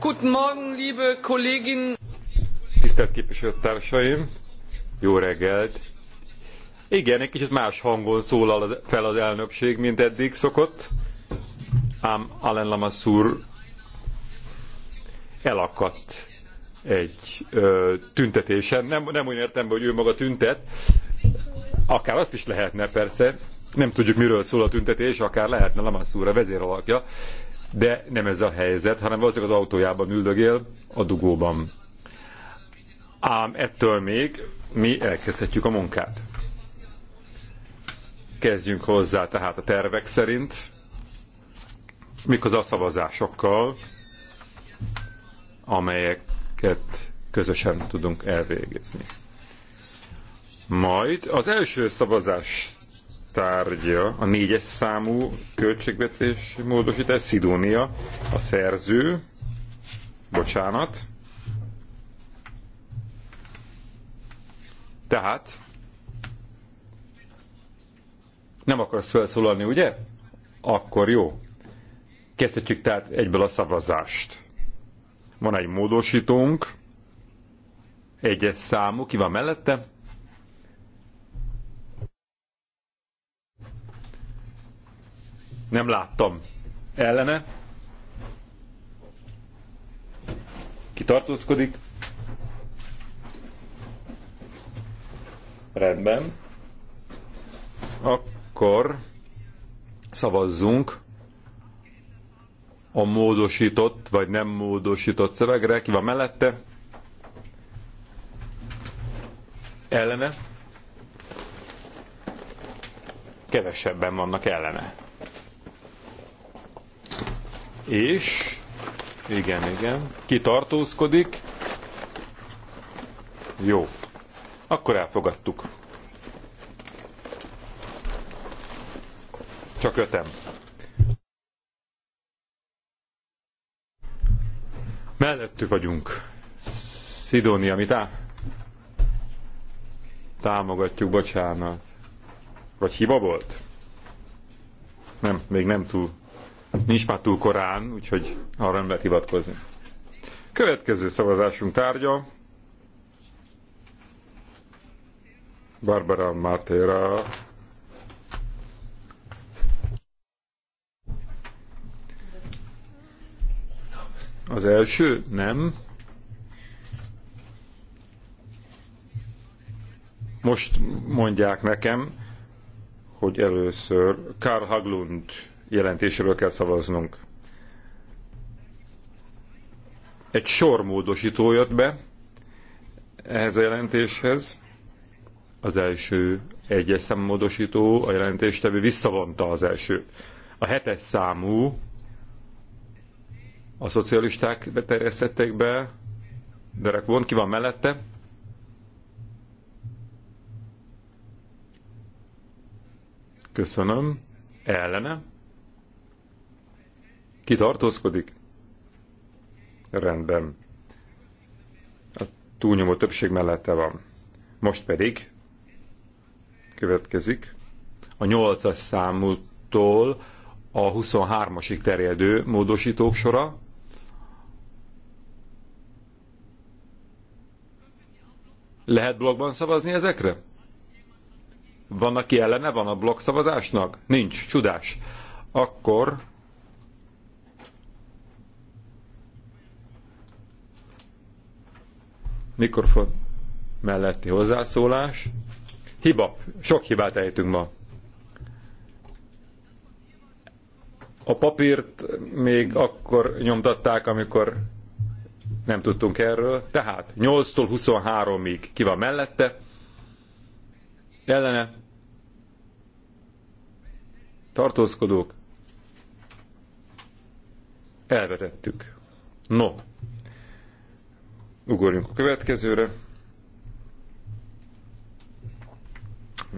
Guten Morgen, liebe Kolleginnen. Tisztelt képviselőtársaim, jó reggelt. Igen, egy kicsit más hangon szólal fel az elnökség, mint eddig szokott. Ám Alain Lamassur elakadt egy ö, tüntetésen. Nem, nem úgy értem, hogy ő maga tüntet, akár azt is lehetne persze, nem tudjuk, miről szól a tüntetés, akár lehetne Lamassúra a vezéralakja, de nem ez a helyzet, hanem valószínűleg az autójában üldögél a dugóban. Ám ettől még mi elkezdhetjük a munkát. Kezdjünk hozzá tehát a tervek szerint, az a szavazásokkal, amelyeket közösen tudunk elvégezni. Majd az első szavazás tárgya a négyes számú költségvetés módosítás, Szidónia, a szerző, bocsánat. Tehát, nem akarsz felszólalni, ugye? Akkor jó. Kezdhetjük tehát egyből a szavazást. Van egy módosítónk, egyes számú, ki van mellette? Nem láttam. Ellene. Ki tartózkodik? Rendben. Akkor szavazzunk a módosított vagy nem módosított szövegre. Ki van mellette? Ellene? Kevesebben vannak ellene. És, igen, igen, kitartózkodik. Jó, akkor elfogadtuk. Csak ötem. Mellettük vagyunk. Szidónia, mi tá? Támogatjuk, bocsánat. Vagy hiba volt? Nem, még nem túl Hát nincs már túl korán, úgyhogy arra nem lehet hivatkozni. Következő szavazásunk tárgya. Barbara Matera. Az első? Nem. Most mondják nekem, hogy először Karl Haglund jelentésről kell szavaznunk. Egy sor módosító jött be ehhez a jelentéshez. Az első egyes számú módosító, a jelentéstevő visszavonta az elsőt. A hetes számú a szocialisták beterjesztették be, Derek von, ki van mellette? Köszönöm. Ellene? Ki tartózkodik? Rendben. A túlnyomó többség mellette van. Most pedig következik a 8-as számútól a 23-asig terjedő módosítók sora. Lehet blogban szavazni ezekre? Van, aki ellene van a blog szavazásnak? Nincs, csodás. Akkor mikrofon melletti hozzászólás. Hiba. Sok hibát ejtünk ma. A papírt még akkor nyomtatták, amikor nem tudtunk erről. Tehát 8-tól 23-ig ki van mellette, ellene, tartózkodók, elvetettük. No, Ugorjunk a következőre.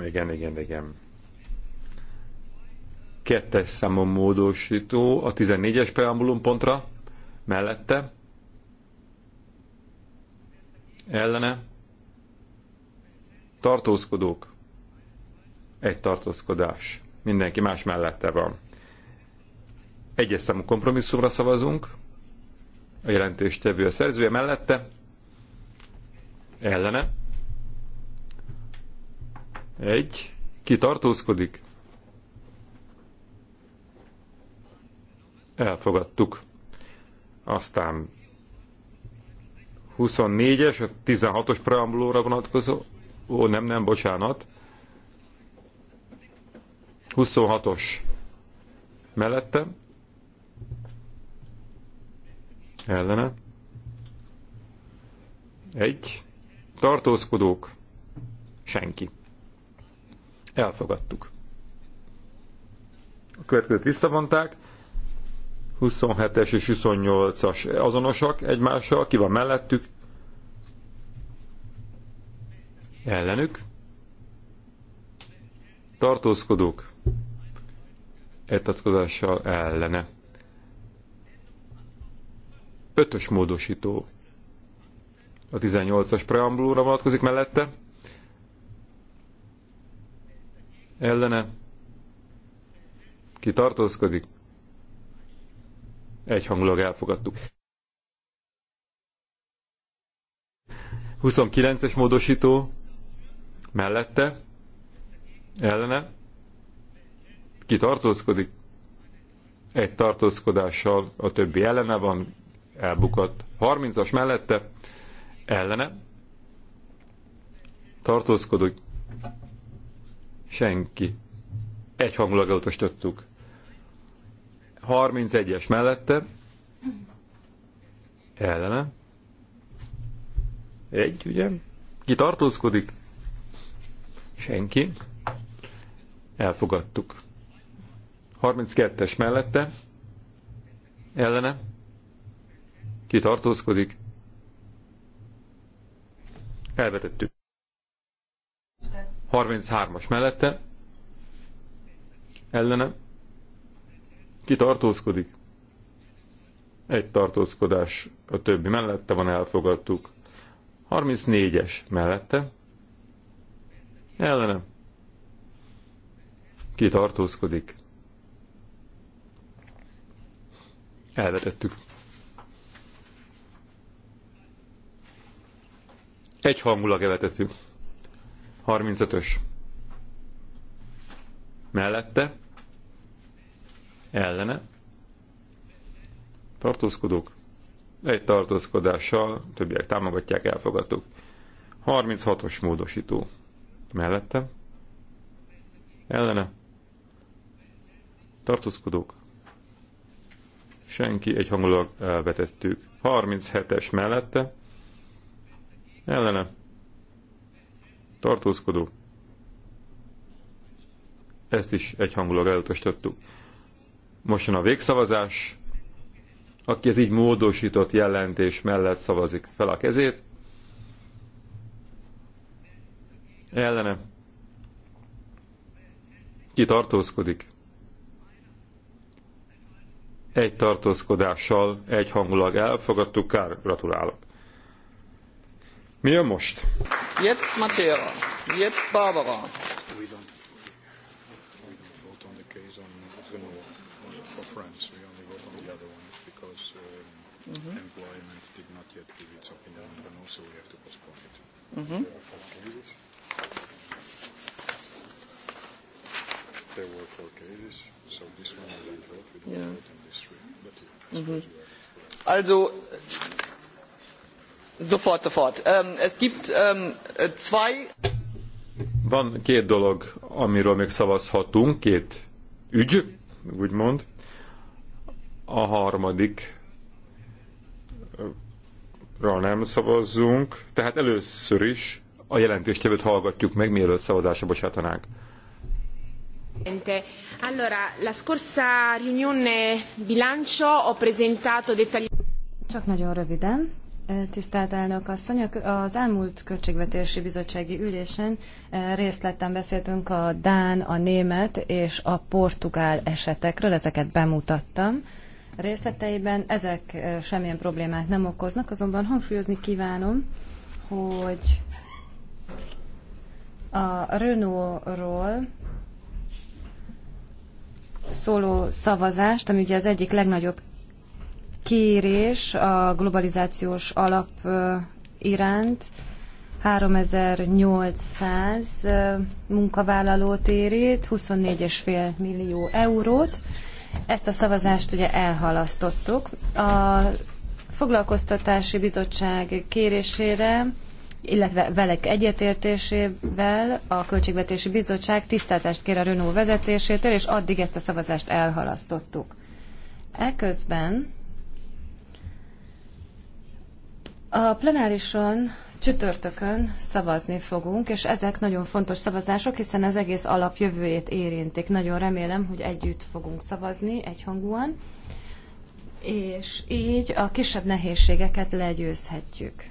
Igen, igen, igen. Kettes számon módosító a 14-es preambulum pontra mellette. Ellene. Tartózkodók. Egy tartózkodás. Mindenki más mellette van. Egyes számú kompromisszumra szavazunk. A jelentéstevő a szerzője mellette ellene. Egy, ki tartózkodik? Elfogadtuk. Aztán 24-es, 16-os preambulóra vonatkozó, ó nem, nem, bocsánat, 26-os mellette, ellene, egy, tartózkodók, senki. Elfogadtuk. A következőt visszavonták, 27-es és 28-as azonosak egymással, ki van mellettük, ellenük, tartózkodók, eltackozással ellene. Ötös módosító a 18-as preambulóra vonatkozik mellette. Ellene ki tartózkodik. Egyhangulag elfogadtuk. 29-es módosító mellette, ellene, ki tartózkodik, egy tartózkodással, a többi ellene van, elbukott. 30-as mellette, ellene tartózkodik senki. hangulag elutasítottuk. 31-es mellette ellene egy, ugye? Ki tartózkodik? Senki. Elfogadtuk. 32-es mellette ellene ki tartózkodik? Elvetettük. 33-as mellette. Ellene. Ki tartózkodik? Egy tartózkodás a többi mellette van, elfogadtuk. 34-es mellette. Ellene. Ki tartózkodik? Elvetettük. Egyhangulag eletettük. 35-ös. Mellette. Ellene. Tartózkodók. Egy tartózkodással, többiek támogatják, elfogadtuk. 36-os módosító. Mellette. Ellene. Tartózkodók. Senki hangulag vetettük, 37-es mellette ellene tartózkodó. Ezt is egyhangulag elutasítottuk. Most jön a végszavazás. Aki az így módosított jelentés mellett szavazik fel a kezét, ellene ki tartózkodik. Egy tartózkodással egyhangulag elfogadtuk, kár, gratulálok. Mi a most? Jetzt Matera, jetzt Barbara. Mm-hmm. Employment did not yet give its opinion, and also we have to postpone it. Mm-hmm. There were four cases, so this one we don't vote, we don't yeah. vote on this three. But yeah, mm-hmm. Also, Ähm, ähm, Van két dolog, amiről még szavazhatunk, két ügy, úgymond. A harmadikról nem szavazzunk, tehát először is a jelentéstevőt hallgatjuk meg, mielőtt szavazásra bocsátanánk. Allora, la scorsa riunione bilancio ho presentato dettagli... Csak nagyon röviden tisztelt elnök asszony! Az elmúlt költségvetési bizottsági ülésen részletten beszéltünk a Dán, a német és a portugál esetekről, ezeket bemutattam. Részleteiben ezek semmilyen problémát nem okoznak, azonban hangsúlyozni kívánom, hogy a Renault-ról szóló szavazást, ami ugye az egyik legnagyobb kérés a globalizációs alap iránt 3800 munkavállalót érít, 24,5 millió eurót. Ezt a szavazást ugye elhalasztottuk. A foglalkoztatási bizottság kérésére illetve velek egyetértésével a Költségvetési Bizottság tisztázást kér a Renault vezetésétől, és addig ezt a szavazást elhalasztottuk. Eközben A plenárison csütörtökön szavazni fogunk, és ezek nagyon fontos szavazások, hiszen az egész alap jövőjét érintik. Nagyon remélem, hogy együtt fogunk szavazni egyhangúan, és így a kisebb nehézségeket legyőzhetjük.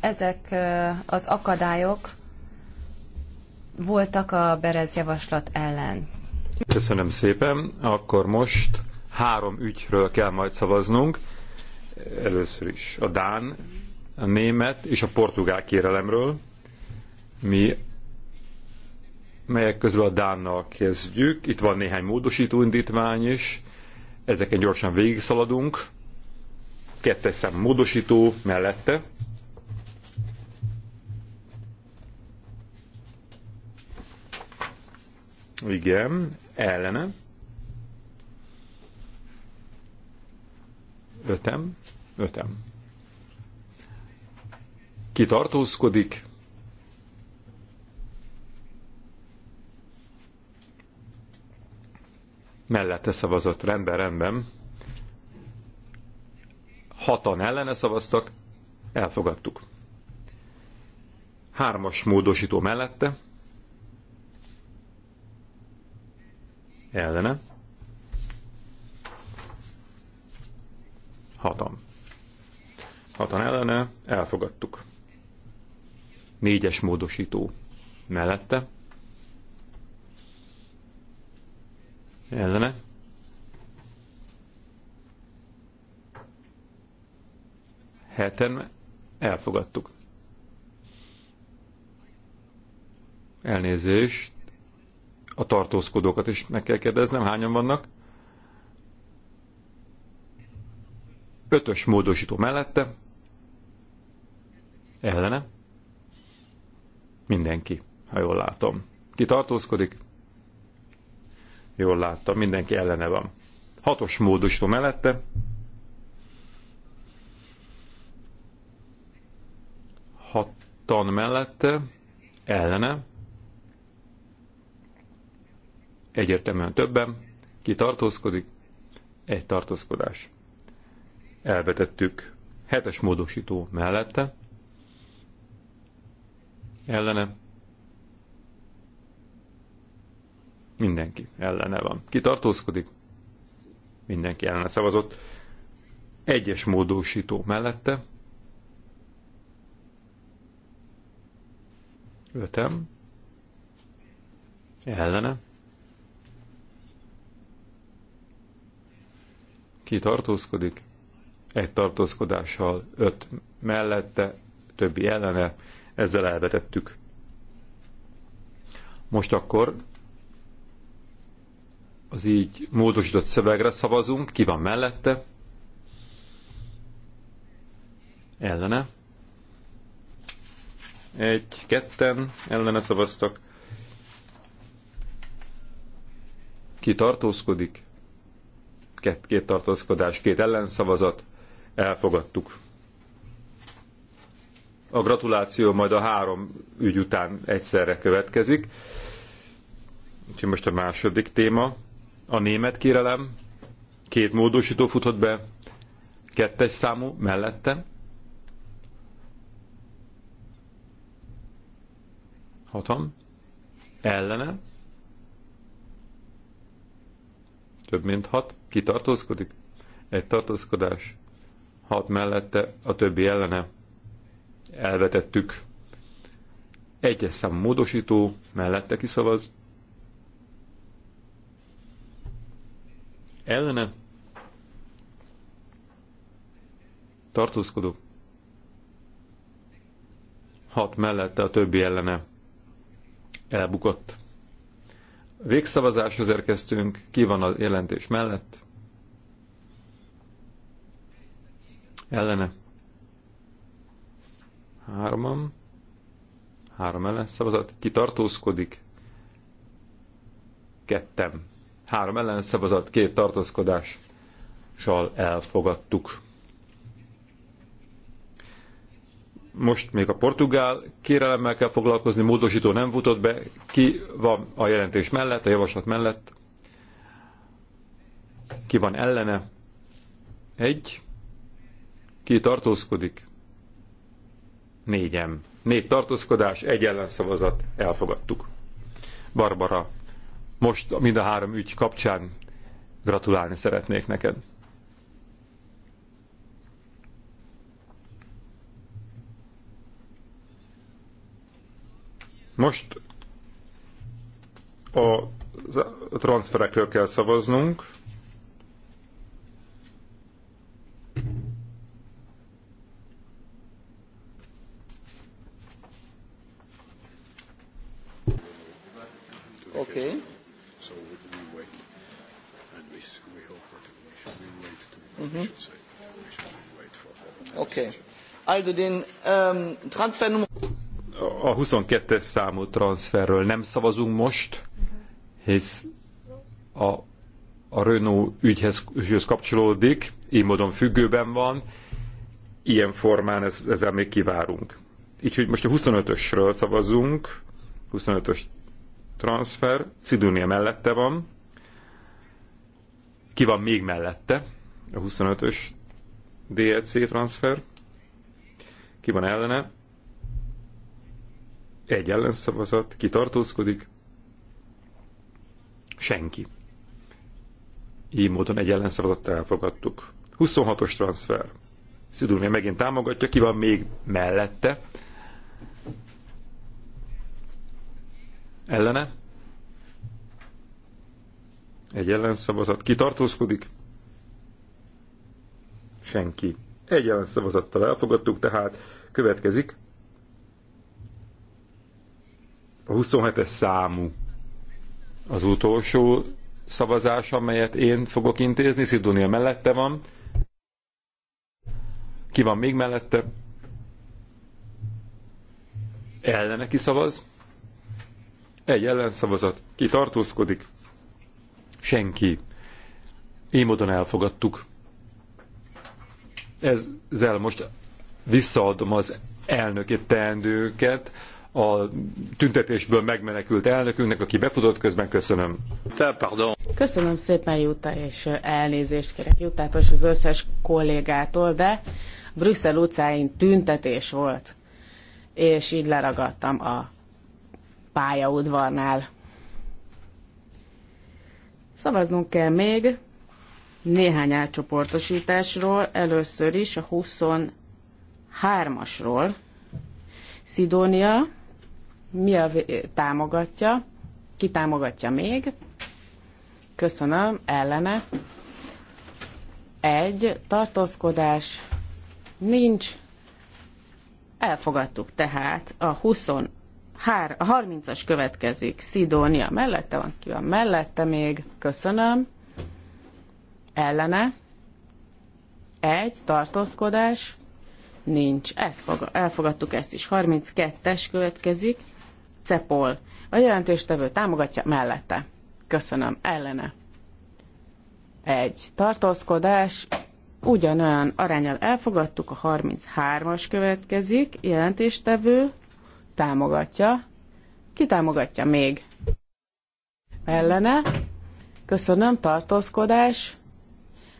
Ezek az akadályok voltak a Berez javaslat ellen. Köszönöm szépen. Akkor most Három ügyről kell majd szavaznunk. Először is a Dán, a Német és a Portugál kérelemről. Mi melyek közül a Dánnal kezdjük. Itt van néhány módosító indítvány is. Ezeken gyorsan végigszaladunk. Kettes szám módosító mellette. Igen, ellene. Ötem? Ötem. Ki tartózkodik? Mellette szavazott. Rendben, rendben. Hatan ellene szavaztak. Elfogadtuk. Hármas módosító mellette. Ellene Hatan. Hatan ellene, elfogadtuk. Négyes módosító mellette. Ellene. Heten elfogadtuk. Elnézést. A tartózkodókat is meg kell kérdeznem, hányan vannak? Ötös módosító mellette. Ellene. Mindenki, ha jól látom. Ki tartózkodik? Jól láttam, mindenki ellene van. Hatos módosító mellette. hattan mellette. Ellene. Egyértelműen többen. Ki tartózkodik? Egy tartózkodás elvetettük. Hetes módosító mellette, ellene, mindenki ellene van. Ki tartózkodik? Mindenki ellene szavazott. Egyes módosító mellette, ötem, ellene, ki tartózkodik, egy tartózkodással, öt mellette, többi ellene, ezzel elvetettük. Most akkor az így módosított szövegre szavazunk, ki van mellette, ellene, egy, ketten ellene szavaztak, ki tartózkodik, két, két tartózkodás, két ellenszavazat, elfogadtuk. A gratuláció majd a három ügy után egyszerre következik. Úgyhogy most a második téma, a német kérelem. Két módosító futott be, kettes számú mellette. Hatam. Ellene. Több mint hat. Ki tartózkodik? Egy tartózkodás hat mellette, a többi ellene elvetettük. Egyes szám módosító mellette kiszavaz. Ellene tartózkodó. Hat mellette, a többi ellene elbukott. Végszavazáshoz érkeztünk, ki van a jelentés mellett? ellene. Hárman. Három ellen szavazat. Ki tartózkodik? Kettem. Három ellen szavazat, két tartózkodással elfogadtuk. Most még a portugál kérelemmel kell foglalkozni, módosító nem futott be. Ki van a jelentés mellett, a javaslat mellett? Ki van ellene? Egy ki tartózkodik? Négyem. Négy tartózkodás, egy ellenszavazat. Elfogadtuk. Barbara, most mind a három ügy kapcsán gratulálni szeretnék neked. Most a transferekről kell szavaznunk. Okay. So we wait, and we, we hope that the Commission will wait to what mm-hmm. should say. The Commission will wait for all Okay. Also den um, Transfer a 22-es számú transferről nem szavazunk most, hisz a, a Renault ügyhez, ügyhez kapcsolódik, így módon függőben van, ilyen formán ez, ezzel még kivárunk. Így, hogy most a 25-ösről szavazunk, 25-ös transfer, Cidunia mellette van. Ki van még mellette? A 25-ös DLC transfer. Ki van ellene? Egy ellenszavazat. Ki tartózkodik? Senki. Így módon egy ellenszavazattal elfogadtuk. 26-os transfer. Cidunia megint támogatja, ki van még mellette? Ellene? Egy ellenszavazat. Ki tartózkodik? Senki. Egy ellenszavazattal elfogadtuk, tehát következik a 27-es számú az utolsó szavazás, amelyet én fogok intézni. Szidónia mellette van. Ki van még mellette? Ellene ki szavaz? egy ellenszavazat, ki tartózkodik, senki. Így módon elfogadtuk. Ezzel most visszaadom az elnöki teendőket a tüntetésből megmenekült elnökünknek, aki befutott közben. Köszönöm. Köszönöm szépen, Jutta, és elnézést kérek Juttától és az összes kollégától, de Brüsszel utcáin tüntetés volt, és így leragadtam a pályaudvarnál. Szavaznunk kell még néhány átcsoportosításról, először is a 23-asról. Szidónia mi a támogatja, ki támogatja még. Köszönöm, ellene. Egy, tartózkodás nincs. Elfogadtuk tehát a 20 Hár, a 30-as következik. Szidónia mellette van, ki van mellette még. Köszönöm. Ellene. Egy, tartózkodás. Nincs. Ezt fog, elfogadtuk ezt is. 32-es következik. Cepol. A jelentéstevő támogatja mellette. Köszönöm. Ellene. Egy, tartózkodás. Ugyanolyan arányal elfogadtuk. A 33-as következik. Jelentéstevő támogatja. Ki támogatja még? Ellene. Köszönöm, tartózkodás.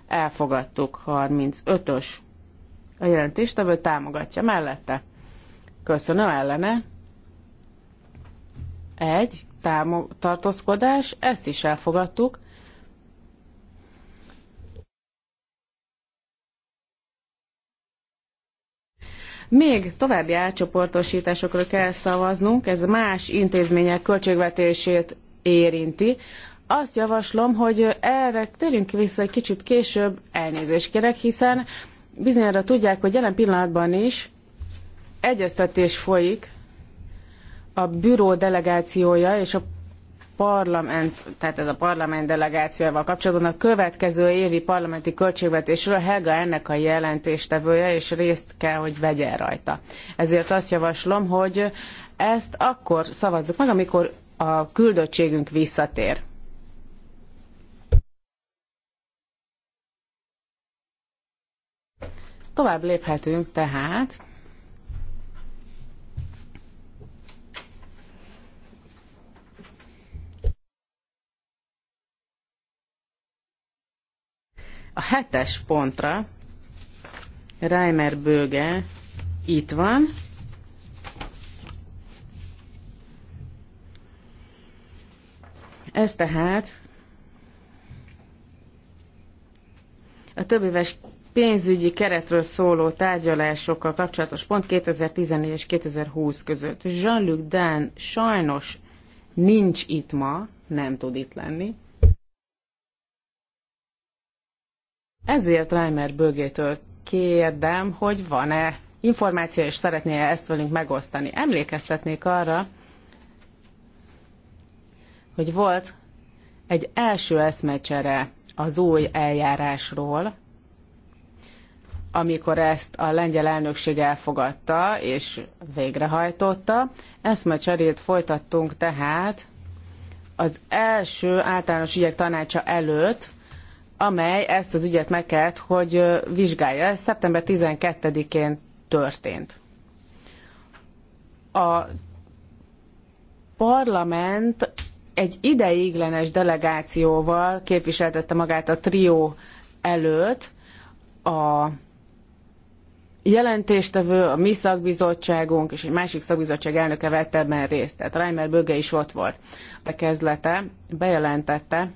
Elfogadtuk 35-ös. A jelentéstevő támogatja mellette. Köszönöm, ellene. Egy támo- tartózkodás, ezt is elfogadtuk. Még további átcsoportosításokra kell szavaznunk, ez más intézmények költségvetését érinti. Azt javaslom, hogy erre térjünk vissza egy kicsit később, elnézést kérek, hiszen bizonyára tudják, hogy jelen pillanatban is egyeztetés folyik a büró delegációja és a parlament, tehát ez a parlament delegációval kapcsolatban a következő évi parlamenti költségvetésről Helga ennek a jelentéstevője, és részt kell, hogy vegyen rajta. Ezért azt javaslom, hogy ezt akkor szavazzuk meg, amikor a küldöttségünk visszatér. Tovább léphetünk tehát A hetes pontra Reimer Bőge itt van. Ez tehát a többéves pénzügyi keretről szóló tárgyalásokkal kapcsolatos pont 2014 és 2020 között. Jean-Luc Dan sajnos nincs itt ma, nem tud itt lenni, Ezért Reimer Bögétől kérdem, hogy van-e információ, és szeretné -e ezt velünk megosztani. Emlékeztetnék arra, hogy volt egy első eszmecsere az új eljárásról, amikor ezt a lengyel elnökség elfogadta és végrehajtotta. Eszmecserét folytattunk tehát az első általános ügyek tanácsa előtt, amely ezt az ügyet meg kellett, hogy vizsgálja. Ez szeptember 12-én történt. A parlament egy ideiglenes delegációval képviseltette magát a trió előtt. A jelentéstevő, a mi szakbizottságunk és egy másik szakbizottság elnöke vett ebben részt. Tehát Reimer Böge is ott volt. A kezdlete bejelentette,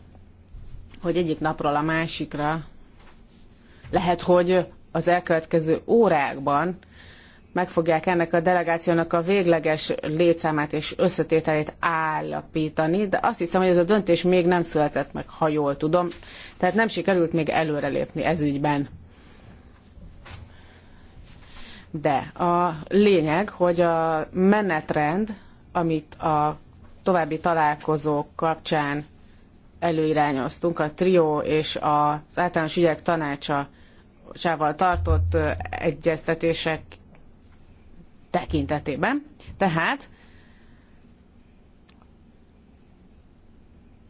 hogy egyik napról a másikra lehet, hogy az elkövetkező órákban megfogják ennek a delegációnak a végleges létszámát és összetételét állapítani, de azt hiszem, hogy ez a döntés még nem született meg, ha jól tudom. Tehát nem sikerült még előrelépni ez ügyben. De a lényeg, hogy a menetrend, amit a további találkozók kapcsán előirányoztunk. A TRIO és az általános ügyek tanácsa tartott egyeztetések tekintetében. Tehát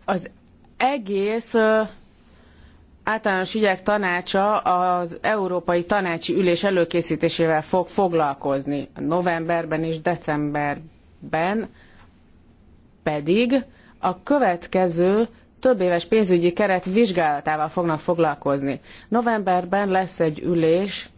az egész általános ügyek tanácsa az Európai Tanácsi Ülés előkészítésével fog foglalkozni. Novemberben és decemberben pedig a következő több éves pénzügyi keret vizsgálatával fognak foglalkozni. Novemberben lesz egy ülés,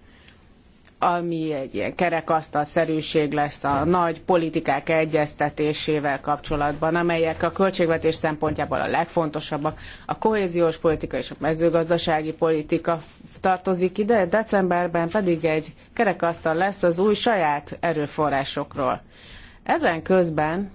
ami egy ilyen kerekasztalszerűség lesz a nagy politikák egyeztetésével kapcsolatban, amelyek a költségvetés szempontjából a legfontosabbak. A kohéziós politika és a mezőgazdasági politika tartozik ide, decemberben pedig egy kerekasztal lesz az új saját erőforrásokról. Ezen közben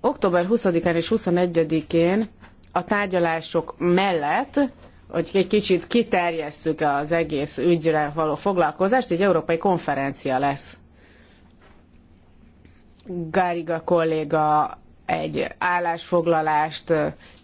október 20-án és 21-én a tárgyalások mellett, hogy egy kicsit kiterjesszük az egész ügyre való foglalkozást, egy európai konferencia lesz. Gáriga kolléga egy állásfoglalást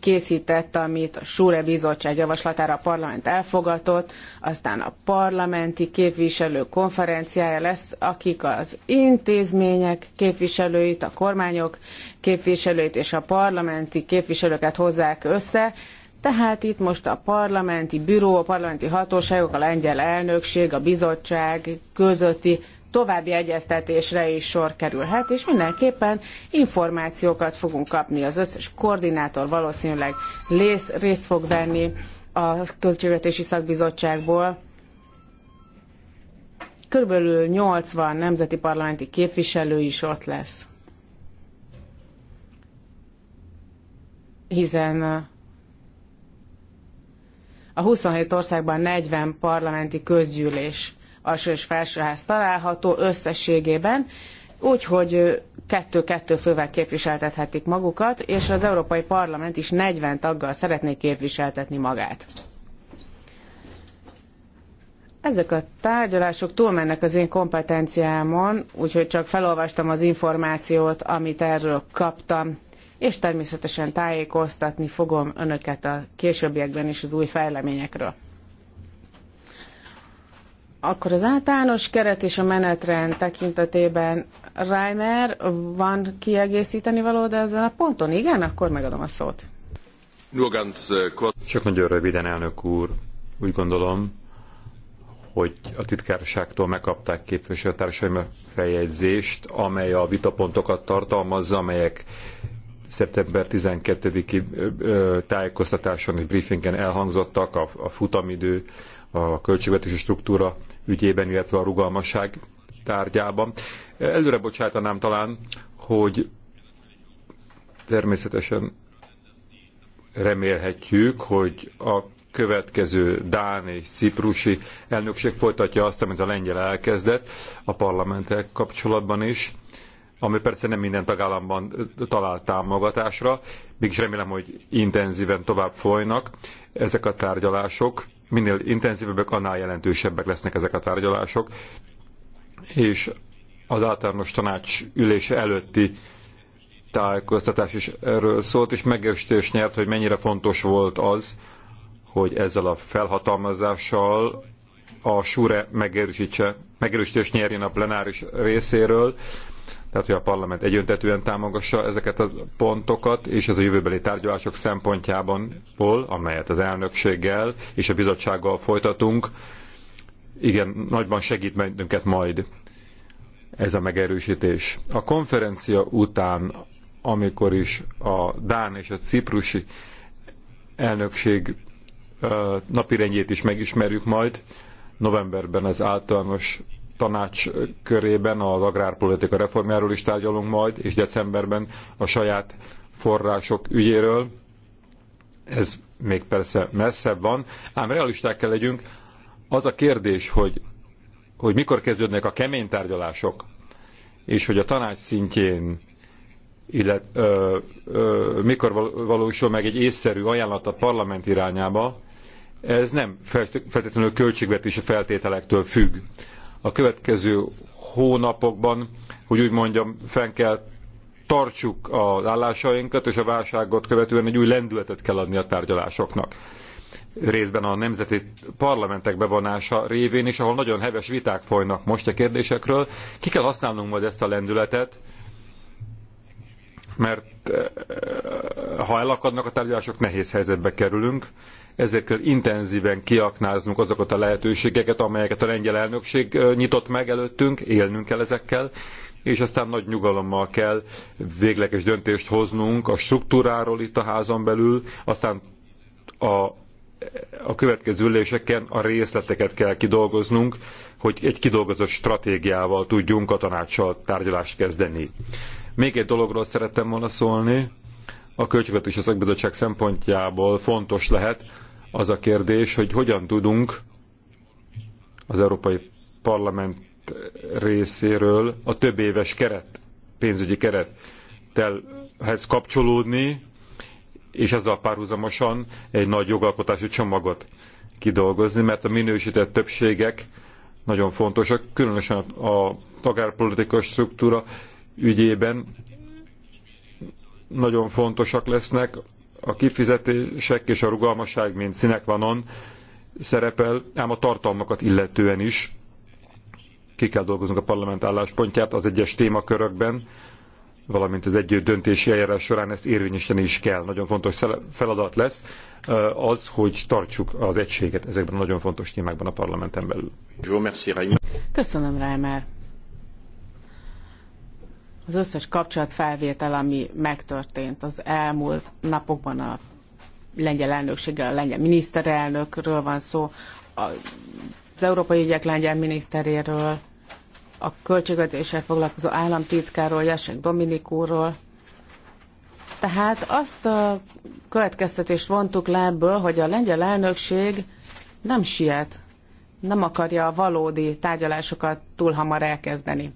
készített, amit a Súre Bizottság javaslatára a parlament elfogadott, aztán a parlamenti képviselők konferenciája lesz, akik az intézmények képviselőit, a kormányok képviselőit és a parlamenti képviselőket hozzák össze, tehát itt most a parlamenti büró, a parlamenti hatóságok, a lengyel elnökség, a bizottság közötti további egyeztetésre is sor kerülhet, és mindenképpen információkat fogunk kapni. Az összes koordinátor valószínűleg részt fog venni a Költségvetési Szakbizottságból, körülbelül 80 nemzeti parlamenti képviselő is ott lesz. Hiszen uh, a 27 országban 40 parlamenti közgyűlés alsó és felsőház található összességében, úgyhogy kettő-kettő fővel képviseltethetik magukat, és az Európai Parlament is 40 taggal szeretné képviseltetni magát. Ezek a tárgyalások túlmennek az én kompetenciámon, úgyhogy csak felolvastam az információt, amit erről kaptam, és természetesen tájékoztatni fogom önöket a későbbiekben is az új fejleményekről. Akkor az általános keret és a menetrend tekintetében Reimer van kiegészíteni való, de ezen a ponton igen, akkor megadom a szót. Äh, Csak nagyon röviden, elnök úr. Úgy gondolom, hogy a titkárságtól megkapták képviselőtársaim a feljegyzést, amely a vitapontokat tartalmazza, amelyek szeptember 12-i tájékoztatáson és briefingen elhangzottak, a, a futamidő, a költségvetési struktúra ügyében, illetve a rugalmasság tárgyában. Előre bocsátanám talán, hogy természetesen remélhetjük, hogy a következő Dán és Ciprusi elnökség folytatja azt, amit a lengyel elkezdett a parlamentek kapcsolatban is, ami persze nem minden tagállamban talált támogatásra, mégis remélem, hogy intenzíven tovább folynak ezek a tárgyalások minél intenzívebbek, annál jelentősebbek lesznek ezek a tárgyalások, és az általános tanács ülése előtti tájékoztatás is erről szólt, és megérstés nyert, hogy mennyire fontos volt az, hogy ezzel a felhatalmazással a SURE megerősítse, megerősítést nyerjen a plenáris részéről, tehát hogy a parlament egyöntetően támogassa ezeket a pontokat, és ez a jövőbeli tárgyalások szempontjában, amelyet az elnökséggel és a bizottsággal folytatunk, igen, nagyban segít bennünket majd ez a megerősítés. A konferencia után, amikor is a Dán és a Ciprusi elnökség napirendjét is megismerjük majd, novemberben az általános tanács körében az agrárpolitika reformjáról is tárgyalunk majd, és decemberben a saját források ügyéről. Ez még persze messzebb van, ám realisták kell legyünk. Az a kérdés, hogy, hogy mikor kezdődnek a kemény tárgyalások, és hogy a tanács szintjén illetve ö, ö, mikor valósul meg egy észszerű ajánlat a parlament irányába, ez nem feltétlenül költségvetési feltételektől függ a következő hónapokban, hogy úgy mondjam, fenn kell tartsuk az állásainkat, és a válságot követően egy új lendületet kell adni a tárgyalásoknak. Részben a nemzeti parlamentek bevonása révén is, ahol nagyon heves viták folynak most a kérdésekről. Ki kell használnunk majd ezt a lendületet, mert eh, ha elakadnak a tárgyalások, nehéz helyzetbe kerülünk, ezért kell intenzíven kiaknáznunk azokat a lehetőségeket, amelyeket a lengyel elnökség nyitott meg előttünk, élnünk kell ezekkel, és aztán nagy nyugalommal kell végleges döntést hoznunk a struktúráról itt a házon belül, aztán a a következő üléseken a részleteket kell kidolgoznunk, hogy egy kidolgozott stratégiával tudjunk a tanácssal tárgyalást kezdeni. Még egy dologról szerettem volna szólni, a költségvetési a szakbizottság szempontjából fontos lehet, az a kérdés, hogy hogyan tudunk az Európai Parlament részéről a több éves keret, pénzügyi kerettelhez kapcsolódni, és ezzel párhuzamosan egy nagy jogalkotási csomagot kidolgozni, mert a minősített többségek nagyon fontosak, különösen a tagárpolitikai struktúra ügyében nagyon fontosak lesznek a kifizetések és a rugalmasság, mint vanon szerepel, ám a tartalmakat illetően is ki kell dolgoznunk a parlament álláspontját az egyes témakörökben, valamint az együtt döntési eljárás során ezt érvényesíteni is kell. Nagyon fontos feladat lesz eh, az, hogy tartsuk az egységet ezekben a nagyon fontos témákban a parlamenten belül. Köszönöm, Reimer az összes kapcsolatfelvétel, ami megtörtént az elmúlt napokban a lengyel elnökséggel, a lengyel miniszterelnökről van szó, az európai ügyek lengyel miniszteréről, a költségvetéssel foglalkozó államtitkáról, Jasek Dominikúról. Tehát azt a következtetést vontuk le ebből, hogy a lengyel elnökség nem siet, nem akarja a valódi tárgyalásokat túl hamar elkezdeni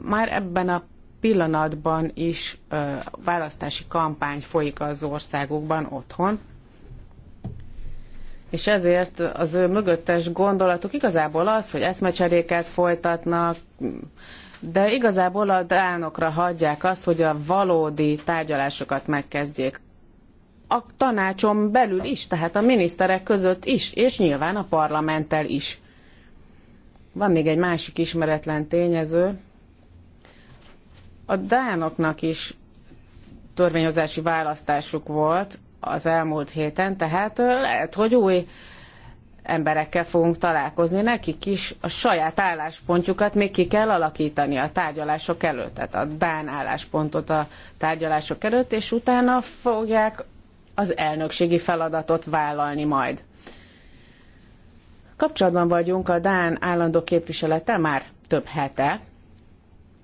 már ebben a pillanatban is ö, választási kampány folyik az országokban otthon, és ezért az ő mögöttes gondolatuk igazából az, hogy eszmecseréket folytatnak, de igazából a dánokra hagyják azt, hogy a valódi tárgyalásokat megkezdjék. A tanácson belül is, tehát a miniszterek között is, és nyilván a parlamenttel is. Van még egy másik ismeretlen tényező, a dánoknak is törvényhozási választásuk volt az elmúlt héten, tehát lehet, hogy új emberekkel fogunk találkozni, nekik is a saját álláspontjukat még ki kell alakítani a tárgyalások előtt, tehát a Dán álláspontot a tárgyalások előtt, és utána fogják az elnökségi feladatot vállalni majd. Kapcsolatban vagyunk a Dán állandó képviselete már több hete,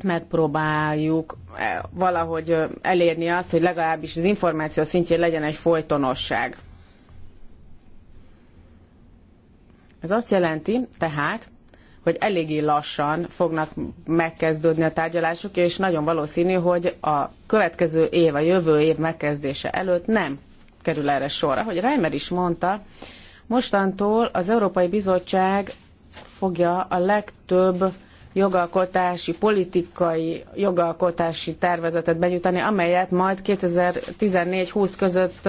megpróbáljuk eh, valahogy elérni azt, hogy legalábbis az információ szintjén legyen egy folytonosság. Ez azt jelenti tehát, hogy eléggé lassan fognak megkezdődni a tárgyalások, és nagyon valószínű, hogy a következő év, a jövő év megkezdése előtt nem kerül erre sorra. Hogy Reimer is mondta, mostantól az Európai Bizottság fogja a legtöbb jogalkotási, politikai jogalkotási tervezetet benyújtani, amelyet majd 2014-20 között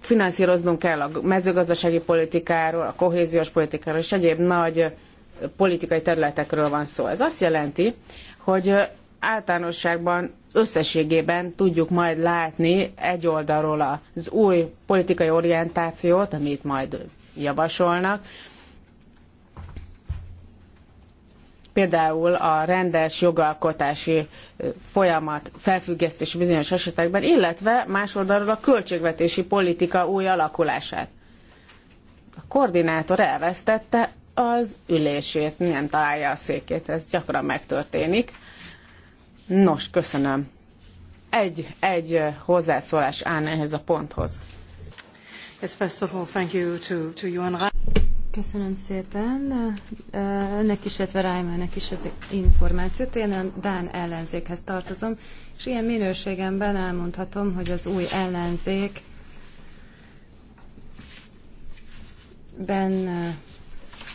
finanszíroznunk kell a mezőgazdasági politikáról, a kohéziós politikáról és egyéb nagy politikai területekről van szó. Ez azt jelenti, hogy általánosságban összességében tudjuk majd látni egy oldalról az új politikai orientációt, amit majd javasolnak, például a rendes jogalkotási folyamat felfüggesztés bizonyos esetekben, illetve másoldalról a költségvetési politika új alakulását. A koordinátor elvesztette az ülését, nem találja a székét, ez gyakran megtörténik. Nos, köszönöm. Egy, egy hozzászólás állna ehhez a ponthoz. Yes, first of all, thank you to, to you and Köszönöm szépen. Önnek is, illetve Rájmának is az információt. Én a Dán ellenzékhez tartozom, és ilyen minőségemben elmondhatom, hogy az új ellenzék ben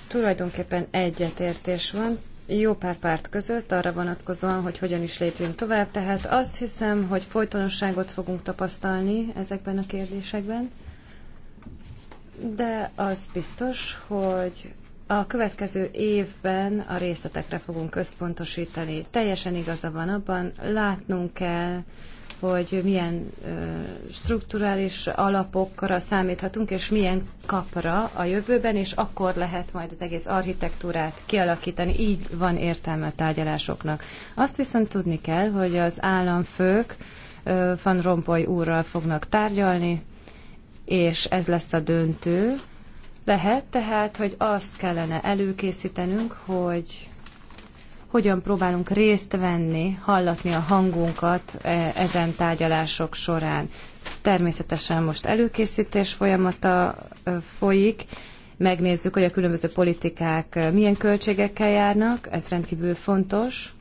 tulajdonképpen egyetértés van, jó pár párt között arra vonatkozóan, hogy hogyan is lépjünk tovább. Tehát azt hiszem, hogy folytonosságot fogunk tapasztalni ezekben a kérdésekben de az biztos, hogy a következő évben a részletekre fogunk központosítani. Teljesen igaza van abban, látnunk kell, hogy milyen ö, strukturális alapokra számíthatunk, és milyen kapra a jövőben, és akkor lehet majd az egész architektúrát kialakítani. Így van értelme a tárgyalásoknak. Azt viszont tudni kell, hogy az államfők ö, Van Rompuy úrral fognak tárgyalni, és ez lesz a döntő. Lehet tehát, hogy azt kellene előkészítenünk, hogy hogyan próbálunk részt venni, hallatni a hangunkat e, ezen tárgyalások során. Természetesen most előkészítés folyamata folyik, megnézzük, hogy a különböző politikák milyen költségekkel járnak, ez rendkívül fontos,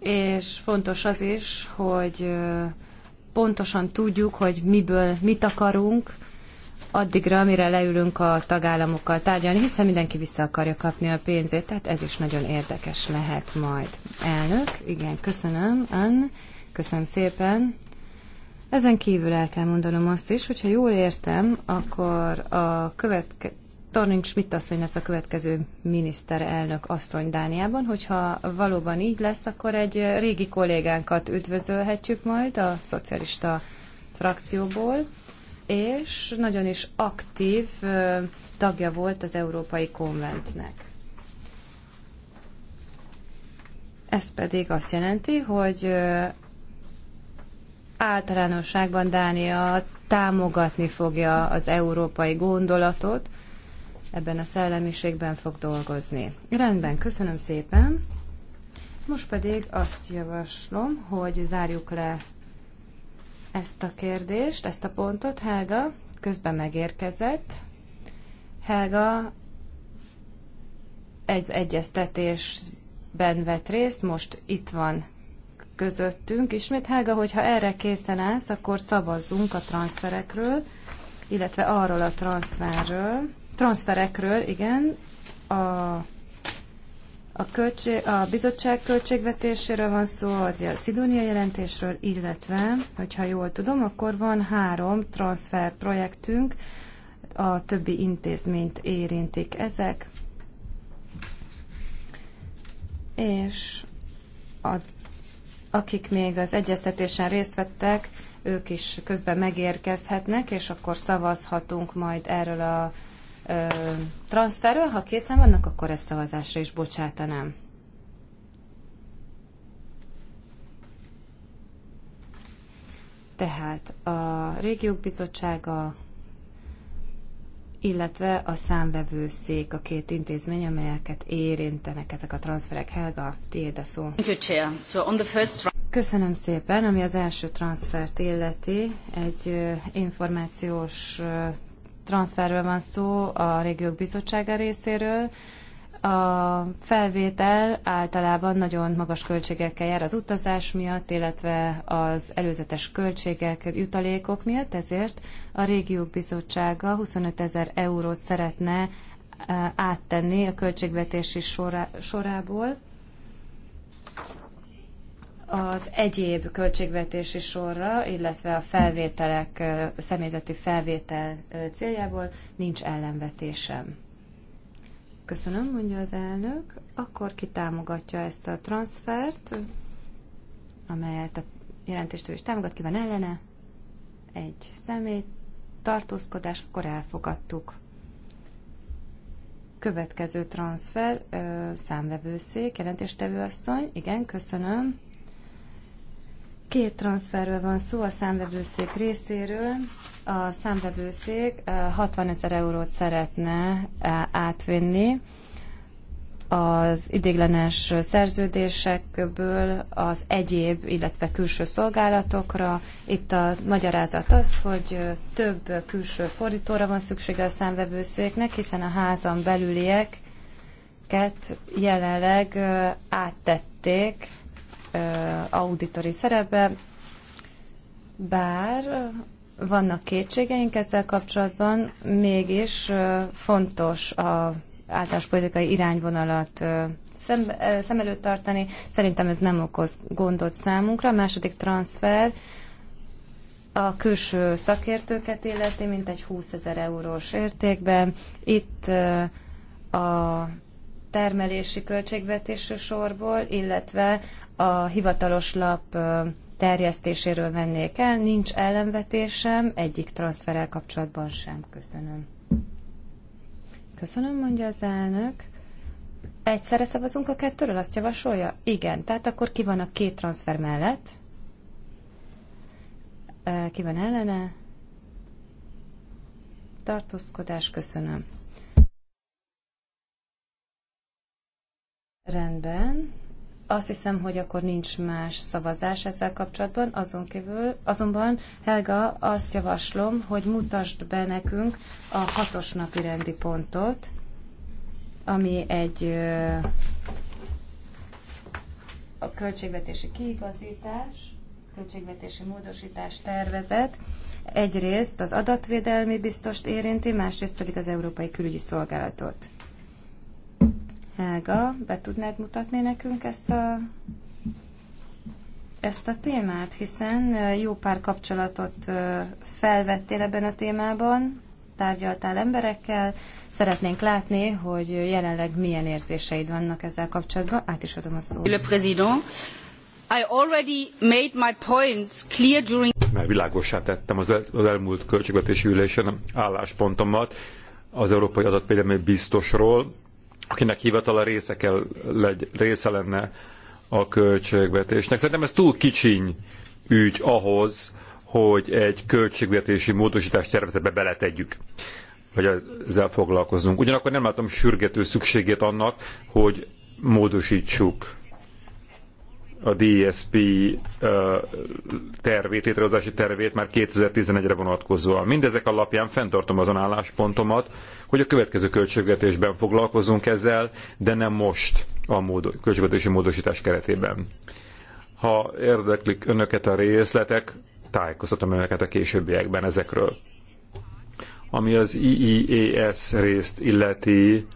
és fontos az is, hogy pontosan tudjuk, hogy miből mit akarunk, addigra, amire leülünk a tagállamokkal tárgyalni, hiszen mindenki vissza akarja kapni a pénzét, tehát ez is nagyon érdekes lehet majd. Elnök, igen, köszönöm, Ann, köszönöm szépen. Ezen kívül el kell mondanom azt is, hogyha jól értem, akkor a követke, Torning Schmidt asszony lesz a következő miniszterelnök asszony Dániában. Hogyha valóban így lesz, akkor egy régi kollégánkat üdvözölhetjük majd a szocialista frakcióból, és nagyon is aktív tagja volt az Európai Konventnek. Ez pedig azt jelenti, hogy általánosságban Dánia támogatni fogja az európai gondolatot, ebben a szellemiségben fog dolgozni. Rendben, köszönöm szépen. Most pedig azt javaslom, hogy zárjuk le ezt a kérdést, ezt a pontot. Helga közben megérkezett. Helga egy egyeztetésben vett részt, most itt van közöttünk. Ismét Helga, hogyha erre készen állsz, akkor szavazzunk a transferekről, illetve arról a transferről, Transferekről, igen. A, a, költség, a bizottság költségvetéséről van szó, a Szidónia jelentésről, illetve, hogyha jól tudom, akkor van három transfer projektünk, a többi intézményt érintik ezek. És a, akik még az egyeztetésen részt vettek, ők is közben megérkezhetnek, és akkor szavazhatunk majd erről a transferről. Ha készen vannak, akkor ezt szavazásra is bocsátanám. Tehát a régiók bizottsága, illetve a számvevőszék, a két intézmény, amelyeket érintenek ezek a transferek. Helga, tiéd a szó. Köszönöm szépen, ami az első transfert illeti, egy információs transferről van szó a régiók bizottsága részéről. A felvétel általában nagyon magas költségekkel jár az utazás miatt, illetve az előzetes költségek, jutalékok miatt, ezért a régiók bizottsága 25 ezer eurót szeretne eh, áttenni a költségvetési sorá, sorából az egyéb költségvetési sorra, illetve a felvételek, személyzeti felvétel céljából nincs ellenvetésem. Köszönöm, mondja az elnök. Akkor ki támogatja ezt a transfert, amelyet a jelentéstől is támogat, ki van ellene? Egy személy, tartózkodás, akkor elfogadtuk. Következő transfer, számvevőszék, jelentéstevő asszony, igen, köszönöm Két transferről van szó a számvevőszék részéről. A számvevőszék 60 ezer eurót szeretne átvinni az idéglenes szerződésekből az egyéb, illetve külső szolgálatokra. Itt a magyarázat az, hogy több külső fordítóra van szüksége a számvevőszéknek, hiszen a házan belülieket jelenleg áttették auditori szerepbe, bár vannak kétségeink ezzel kapcsolatban, mégis fontos a általános politikai irányvonalat szem, előtt tartani. Szerintem ez nem okoz gondot számunkra. A második transfer a külső szakértőket illeti, mint egy 20 ezer eurós értékben. Itt a termelési költségvetésű sorból, illetve a hivatalos lap terjesztéséről vennék el. Nincs ellenvetésem egyik transferrel kapcsolatban sem. Köszönöm. Köszönöm, mondja az elnök. Egyszerre szavazunk a kettőről, azt javasolja? Igen, tehát akkor ki van a két transfer mellett? Ki van ellene? Tartózkodás, köszönöm. Rendben. Azt hiszem, hogy akkor nincs más szavazás ezzel kapcsolatban, azon kívül, azonban Helga, azt javaslom, hogy mutasd be nekünk a hatos napi rendi pontot, ami egy a költségvetési kiigazítás, költségvetési módosítás tervezet. Egyrészt az adatvédelmi biztost érinti, másrészt pedig az Európai Külügyi Szolgálatot. Ága, be tudnád mutatni nekünk ezt a, ezt a témát, hiszen jó pár kapcsolatot felvettél ebben a témában, tárgyaltál emberekkel, szeretnénk látni, hogy jelenleg milyen érzéseid vannak ezzel kapcsolatban. Át is adom a szót. Le président, I already made my points clear during... Már világosá tettem az, el, az elmúlt költségvetési ülésen álláspontomat az Európai Adatvédelmi Biztosról, akinek hivatala része, kell, legy, része lenne a költségvetésnek. Szerintem ez túl kicsiny ügy ahhoz, hogy egy költségvetési módosítás tervezetbe beletegyük hogy ezzel foglalkozzunk. Ugyanakkor nem látom sürgető szükségét annak, hogy módosítsuk a DSP tervét, létrehozási tervét már 2011-re vonatkozóan. Mindezek alapján fenntartom azon álláspontomat, hogy a következő költségvetésben foglalkozunk ezzel, de nem most a módo- költségvetési módosítás keretében. Ha érdeklik önöket a részletek, tájékoztatom önöket a későbbiekben ezekről. Ami az IIES részt illeti,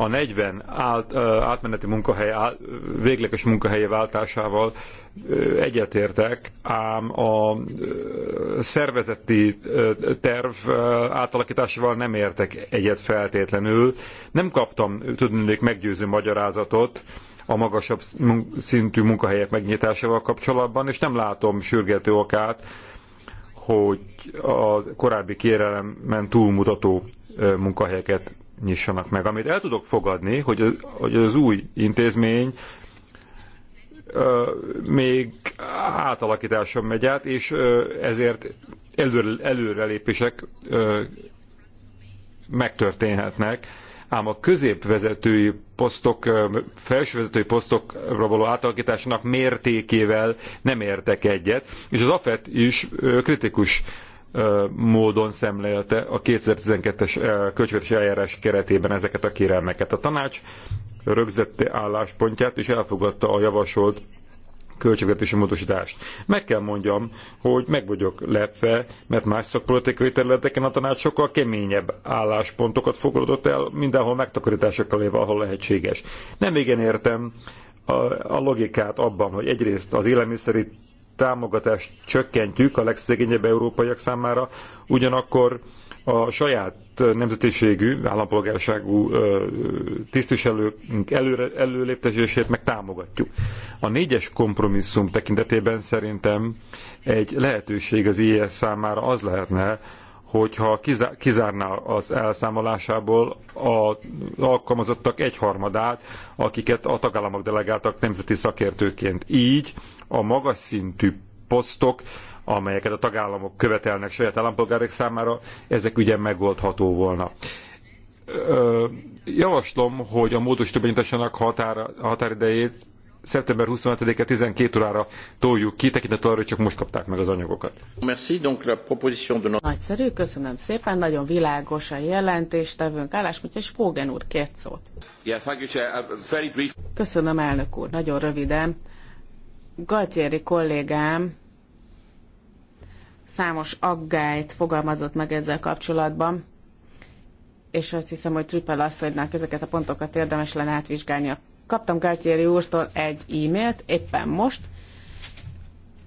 a 40 át, átmeneti munkahely át, végleges munkahelye váltásával egyetértek, ám a szervezeti terv átalakításával nem értek egyet feltétlenül. Nem kaptam tudnék meggyőző magyarázatot a magasabb szintű munkahelyek megnyitásával kapcsolatban, és nem látom sürgető okát, hogy a korábbi kérelemen túlmutató munkahelyeket nyissanak meg. Amit el tudok fogadni, hogy az, hogy az új intézmény még átalakításon megy át, és ezért előre, előrelépések megtörténhetnek, ám a középvezetői posztok, felsővezetői posztokra való átalakításnak mértékével nem értek egyet, és az AFET is kritikus módon szemlélte a 2012-es költségvetési eljárás keretében ezeket a kérelmeket. A tanács rögzette álláspontját és elfogadta a javasolt költségvetési módosítást. Meg kell mondjam, hogy meg vagyok lepve, mert más szakpolitikai területeken a tanács sokkal keményebb álláspontokat fogadott el, mindenhol megtakarításokkal éve, ahol lehetséges. Nem igen értem a, a logikát abban, hogy egyrészt az élelmiszeri támogatást csökkentjük a legszegényebb európaiak számára, ugyanakkor a saját nemzetiségű, állampolgárságú tisztviselők előre, előléptetését meg támogatjuk. A négyes kompromisszum tekintetében szerintem egy lehetőség az IES számára az lehetne, hogyha kizárná az elszámolásából az alkalmazottak egyharmadát, akiket a tagállamok delegáltak nemzeti szakértőként. Így a magas szintű posztok, amelyeket a tagállamok követelnek saját állampolgárok számára, ezek ugye megoldható volna. Javaslom, hogy a módosító határidejét szeptember 27-e 12 órára toljuk ki, tekintettel arra, hogy csak most kapták meg az anyagokat. Merci, donc la proposition de... Nagyszerű, köszönöm szépen, nagyon világos a állás, mint és Fogen úr kért szót. Yeah, thank you, chair. Uh, very brief. Köszönöm, elnök úr, nagyon röviden. Galtieri kollégám számos aggályt fogalmazott meg ezzel kapcsolatban, és azt hiszem, hogy Trüppel asszonynak ezeket a pontokat érdemes lenne átvizsgálni a Kaptam Galtieri úrtól egy e-mailt éppen most,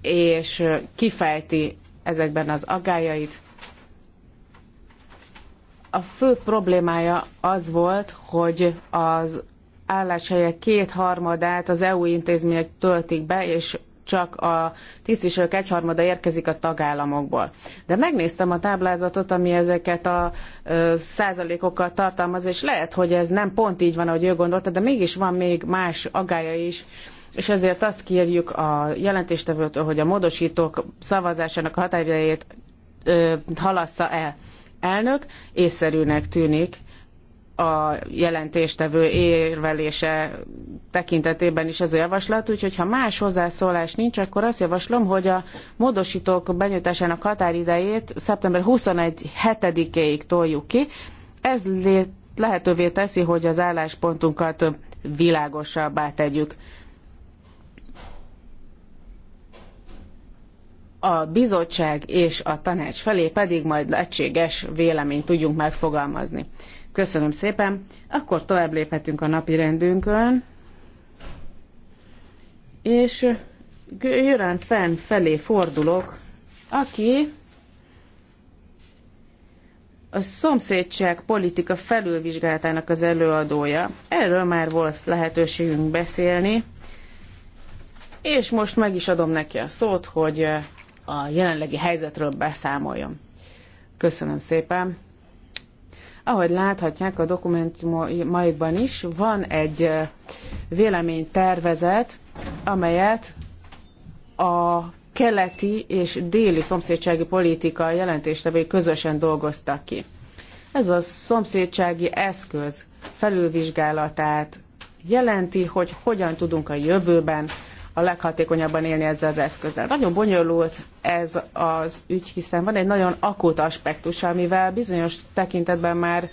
és kifejti ezekben az agájait. A fő problémája az volt, hogy az álláshelyek kétharmadát az EU intézmények töltik be, és csak a tisztviselők egyharmada érkezik a tagállamokból. De megnéztem a táblázatot, ami ezeket a ö, százalékokat tartalmaz, és lehet, hogy ez nem pont így van, ahogy ő gondolta, de mégis van még más agája is, és ezért azt kérjük a jelentéstevőtől, hogy a módosítók szavazásának a határidejét halassza el. Elnök észszerűnek tűnik, a jelentéstevő érvelése tekintetében is ez a javaslat, úgyhogy ha más hozzászólás nincs, akkor azt javaslom, hogy a módosítók benyújtásának határidejét szeptember 21 7-éig toljuk ki. Ez lehetővé teszi, hogy az álláspontunkat világosabbá tegyük. a bizottság és a tanács felé pedig majd egységes véleményt tudjunk megfogalmazni. Köszönöm szépen. Akkor tovább léphetünk a napi rendünkön. És Jörán Fenn felé fordulok, aki a szomszédság politika felülvizsgálatának az előadója. Erről már volt lehetőségünk beszélni, és most meg is adom neki a szót, hogy a jelenlegi helyzetről beszámoljon. Köszönöm szépen! Ahogy láthatják a dokumentumaikban is, van egy véleménytervezet, amelyet a keleti és déli szomszédsági politika jelentéstevői közösen dolgoztak ki. Ez a szomszédsági eszköz felülvizsgálatát jelenti, hogy hogyan tudunk a jövőben a leghatékonyabban élni ezzel az eszközzel. Nagyon bonyolult ez az ügy, hiszen van egy nagyon akut aspektus, amivel bizonyos tekintetben már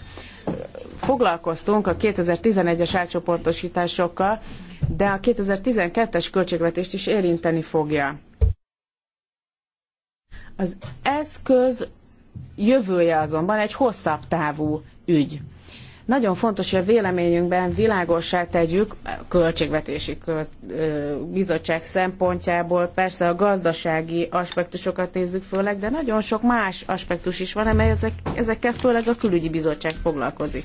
foglalkoztunk a 2011-es átcsoportosításokkal, de a 2012-es költségvetést is érinteni fogja. Az eszköz jövője azonban egy hosszabb távú ügy. Nagyon fontos, hogy a véleményünkben világossá tegyük, a költségvetési köz, bizottság szempontjából persze a gazdasági aspektusokat nézzük főleg, de nagyon sok más aspektus is van, amely ezek, ezekkel főleg a külügyi bizottság foglalkozik.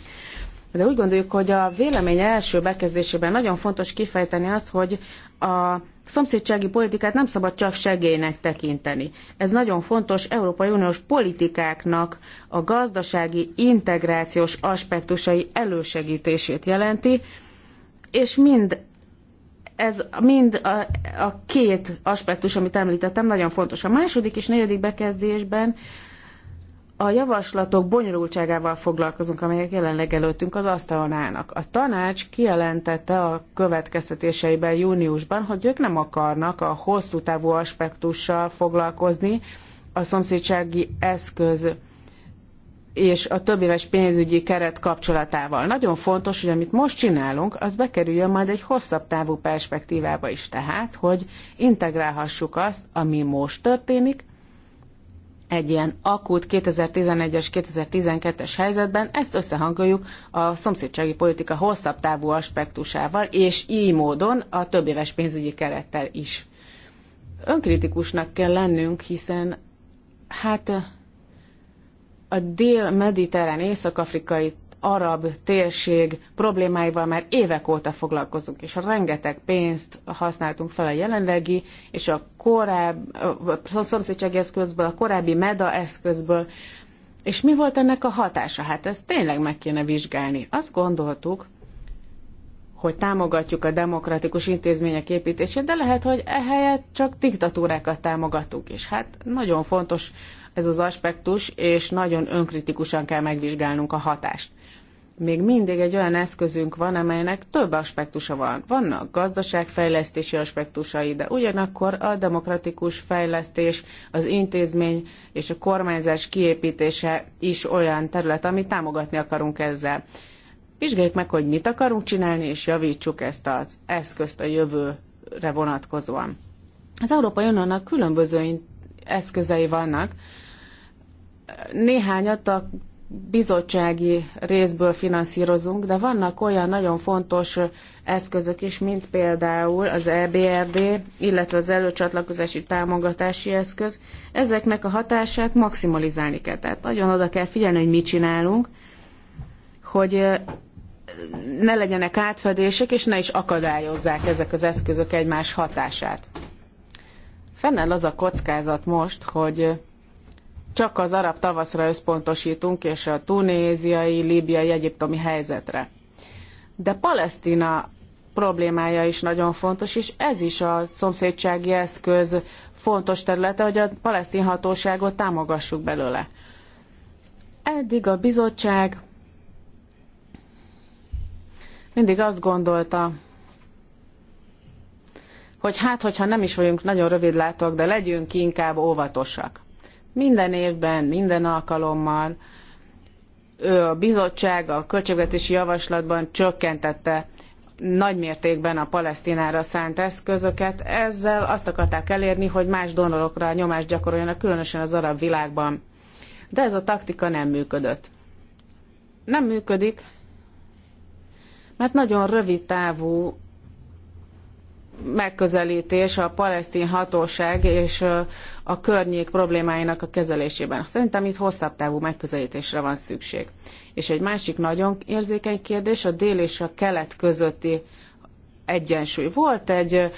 De úgy gondoljuk, hogy a vélemény első bekezdésében nagyon fontos kifejteni azt, hogy a szomszédsági politikát nem szabad csak segélynek tekinteni. Ez nagyon fontos Európai Uniós politikáknak a gazdasági integrációs aspektusai elősegítését jelenti, és mind ez mind a, a két aspektus, amit említettem, nagyon fontos. A második és negyedik bekezdésben a javaslatok bonyolultságával foglalkozunk, amelyek jelenleg előttünk az asztalon állnak. A tanács kijelentette a következtetéseiben júniusban, hogy ők nem akarnak a hosszú távú aspektussal foglalkozni a szomszédsági eszköz és a többéves pénzügyi keret kapcsolatával. Nagyon fontos, hogy amit most csinálunk, az bekerüljön majd egy hosszabb távú perspektívába is, tehát, hogy integrálhassuk azt, ami most történik, egy ilyen akut 2011-es, 2012-es helyzetben, ezt összehangoljuk a szomszédsági politika hosszabb távú aspektusával, és így módon a több éves pénzügyi kerettel is. Önkritikusnak kell lennünk, hiszen hát a dél-mediterrán észak-afrikai arab térség problémáival már évek óta foglalkozunk, és rengeteg pénzt használtunk fel a jelenlegi, és a korábbi a szomszédsági eszközből, a korábbi MEDA eszközből, és mi volt ennek a hatása? Hát ezt tényleg meg kéne vizsgálni. Azt gondoltuk, hogy támogatjuk a demokratikus intézmények építését, de lehet, hogy ehelyett csak diktatúrákat támogatunk. És hát nagyon fontos ez az aspektus, és nagyon önkritikusan kell megvizsgálnunk a hatást még mindig egy olyan eszközünk van, amelynek több aspektusa van. Vannak gazdaságfejlesztési aspektusai, de ugyanakkor a demokratikus fejlesztés, az intézmény és a kormányzás kiépítése is olyan terület, amit támogatni akarunk ezzel. Vizsgáljuk meg, hogy mit akarunk csinálni, és javítsuk ezt az eszközt a jövőre vonatkozóan. Az Európai Uniónak különböző eszközei vannak, néhányat a bizottsági részből finanszírozunk, de vannak olyan nagyon fontos eszközök is, mint például az EBRD, illetve az előcsatlakozási támogatási eszköz. Ezeknek a hatását maximalizálni kell. Tehát nagyon oda kell figyelni, hogy mit csinálunk, hogy ne legyenek átfedések, és ne is akadályozzák ezek az eszközök egymás hatását. Fennel az a kockázat most, hogy csak az arab tavaszra összpontosítunk, és a tunéziai, líbiai, egyiptomi helyzetre. De Palesztina problémája is nagyon fontos, és ez is a szomszédsági eszköz fontos területe, hogy a palesztin hatóságot támogassuk belőle. Eddig a bizottság mindig azt gondolta, hogy hát, hogyha nem is vagyunk nagyon rövidlátók, de legyünk inkább óvatosak. Minden évben, minden alkalommal a bizottság a költségvetési javaslatban csökkentette nagymértékben a palesztinára szánt eszközöket. Ezzel azt akarták elérni, hogy más donorokra nyomást gyakoroljanak, különösen az arab világban. De ez a taktika nem működött. Nem működik, mert nagyon rövid távú megközelítés a palesztin hatóság és a környék problémáinak a kezelésében. Szerintem itt hosszabb távú megközelítésre van szükség. És egy másik nagyon érzékeny kérdés a dél és a kelet közötti egyensúly. Volt egy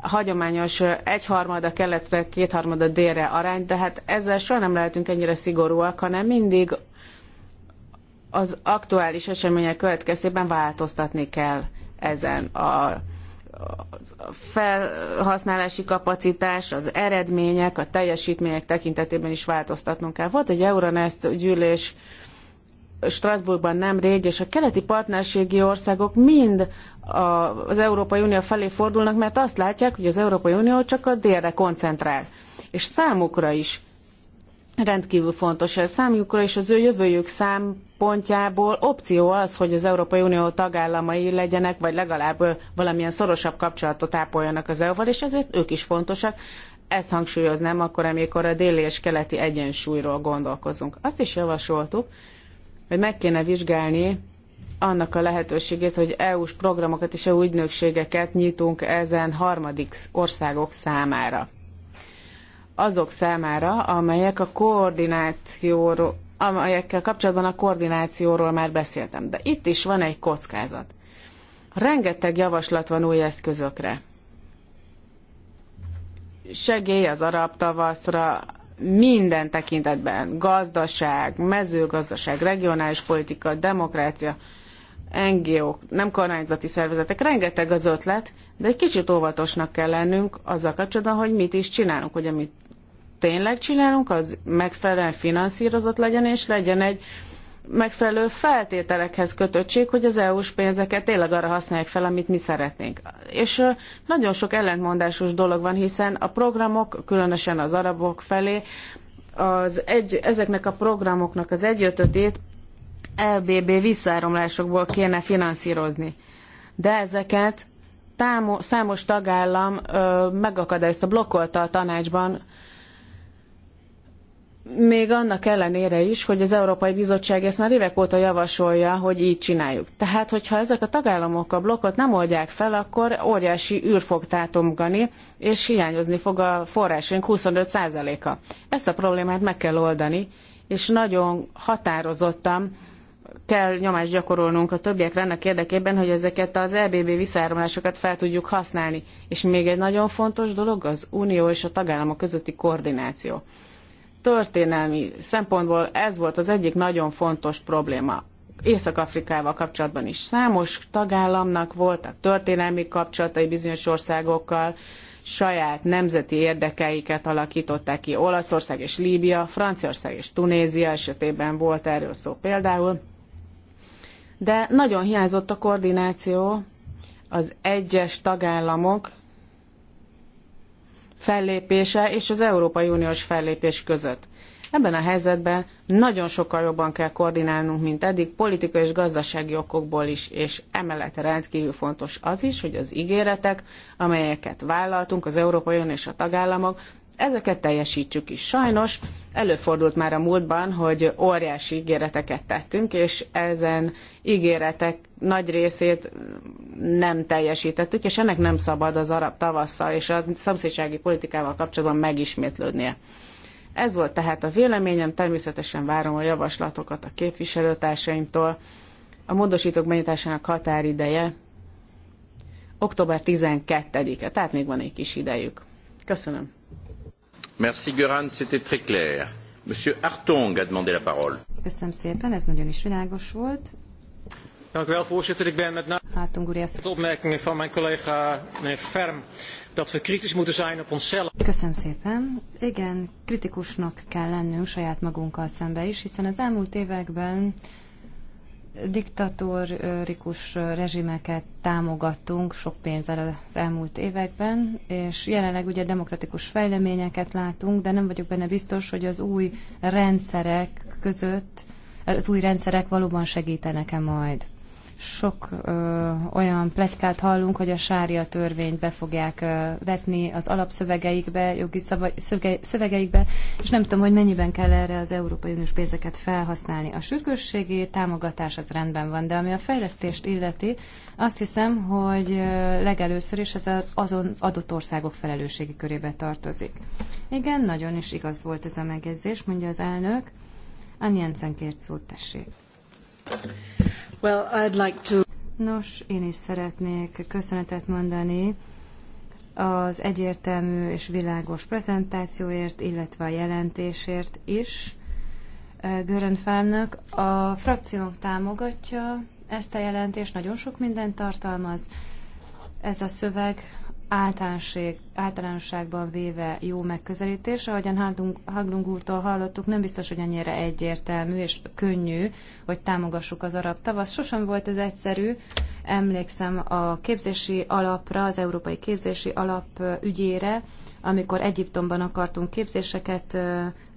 hagyományos egyharmada keletre, kétharmada délre arány, de hát ezzel soha nem lehetünk ennyire szigorúak, hanem mindig az aktuális események következtében változtatni kell ezen a a felhasználási kapacitás, az eredmények, a teljesítmények tekintetében is változtatnunk kell. Volt egy Euronest gyűlés Strasbourgban nemrég, és a keleti partnerségi országok mind az Európai Unió felé fordulnak, mert azt látják, hogy az Európai Unió csak a délre koncentrál. És számukra is Rendkívül fontos ez számukra, és az ő jövőjük szempontjából opció az, hogy az Európai Unió tagállamai legyenek, vagy legalább valamilyen szorosabb kapcsolatot ápoljanak az EU-val, és ezért ők is fontosak. Ezt hangsúlyoznám akkor, amikor a déli és keleti egyensúlyról gondolkozunk. Azt is javasoltuk, hogy meg kéne vizsgálni annak a lehetőségét, hogy EU-s programokat és EU ügynökségeket nyitunk ezen harmadik országok számára azok számára, amelyek a koordinációról, amelyekkel kapcsolatban a koordinációról már beszéltem. De itt is van egy kockázat. Rengeteg javaslat van új eszközökre. Segély az arab tavaszra, minden tekintetben, gazdaság, mezőgazdaság, regionális politika, demokrácia, ngo nem kormányzati szervezetek, rengeteg az ötlet, de egy kicsit óvatosnak kell lennünk azzal kapcsolatban, hogy mit is csinálunk, hogy amit tényleg csinálunk, az megfelelően finanszírozott legyen, és legyen egy megfelelő feltételekhez kötöttség, hogy az EU-s pénzeket tényleg arra használják fel, amit mi szeretnénk. És nagyon sok ellentmondásos dolog van, hiszen a programok, különösen az arabok felé, az egy, ezeknek a programoknak az egyötötét LBB visszáromlásokból kéne finanszírozni. De ezeket támo, számos tagállam ö, megakadályozta, blokkolta a tanácsban, még annak ellenére is, hogy az Európai Bizottság ezt már évek óta javasolja, hogy így csináljuk. Tehát, hogyha ezek a tagállamok a blokkot nem oldják fel, akkor óriási űr fog tátomgani, és hiányozni fog a forrásunk 25%-a. Ezt a problémát meg kell oldani, és nagyon határozottan kell nyomást gyakorolnunk a többiekre annak érdekében, hogy ezeket az EBB visszaáramlásokat fel tudjuk használni. És még egy nagyon fontos dolog az unió és a tagállamok közötti koordináció történelmi szempontból ez volt az egyik nagyon fontos probléma. Észak-Afrikával kapcsolatban is számos tagállamnak voltak történelmi kapcsolatai bizonyos országokkal, saját nemzeti érdekeiket alakították ki. Olaszország és Líbia, Franciaország és Tunézia esetében volt erről szó például. De nagyon hiányzott a koordináció az egyes tagállamok fellépése és az Európai Uniós fellépés között. Ebben a helyzetben nagyon sokkal jobban kell koordinálnunk, mint eddig, politikai és gazdasági okokból is, és emellett rendkívül fontos az is, hogy az ígéretek, amelyeket vállaltunk az Európai Unió és a tagállamok, ezeket teljesítsük is. Sajnos előfordult már a múltban, hogy óriási ígéreteket tettünk, és ezen ígéretek nagy részét nem teljesítettük, és ennek nem szabad az arab tavasszal és a szomszédsági politikával kapcsolatban megismétlődnie. Ez volt tehát a véleményem, természetesen várom a javaslatokat a képviselőtársaimtól. A módosítók benyitásának határideje október 12-e, tehát még van egy kis idejük. Köszönöm. Merci Göran, c'était très clair. Monsieur Hartong a demandé la parole. Köszönöm szépen, ez nagyon is világos volt. Dank u wel, voorzitter. Ik ben met name ah, de opmerkingen van mijn collega meneer Ferm dat we kritisch moeten zijn op onszelf. Köszönöm szépen. Igen, kritikusnak kell lennünk saját magunkkal szembe is, hiszen az elmúlt években diktatórikus rezsimeket támogattunk sok pénzzel az elmúlt években, és jelenleg ugye demokratikus fejleményeket látunk, de nem vagyok benne biztos, hogy az új rendszerek között, az új rendszerek valóban segítenek-e majd. Sok ö, olyan plegykát hallunk, hogy a sária törvényt be fogják ö, vetni az alapszövegeikbe, jogi szava, szöge, szövegeikbe, és nem tudom, hogy mennyiben kell erre az Európai Uniós pénzeket felhasználni. A sürgősségi támogatás az rendben van, de ami a fejlesztést illeti, azt hiszem, hogy ö, legelőször is ez azon adott országok felelősségi körébe tartozik. Igen, nagyon is igaz volt ez a megjegyzés, mondja az elnök. Ann Jensen kért szót, tessék. Well, I'd like to... Nos, én is szeretnék köszönetet mondani az egyértelmű és világos prezentációért, illetve a jelentésért is Gören Fámnak. A frakciónk támogatja ezt a jelentést, nagyon sok mindent tartalmaz. Ez a szöveg általánosságban véve jó megközelítés. Ahogyan Haglung, Haglung úrtól hallottuk, nem biztos, hogy annyira egyértelmű és könnyű, hogy támogassuk az arab tavasz. Sosem volt ez egyszerű. Emlékszem a képzési alapra, az európai képzési alap ügyére, amikor Egyiptomban akartunk képzéseket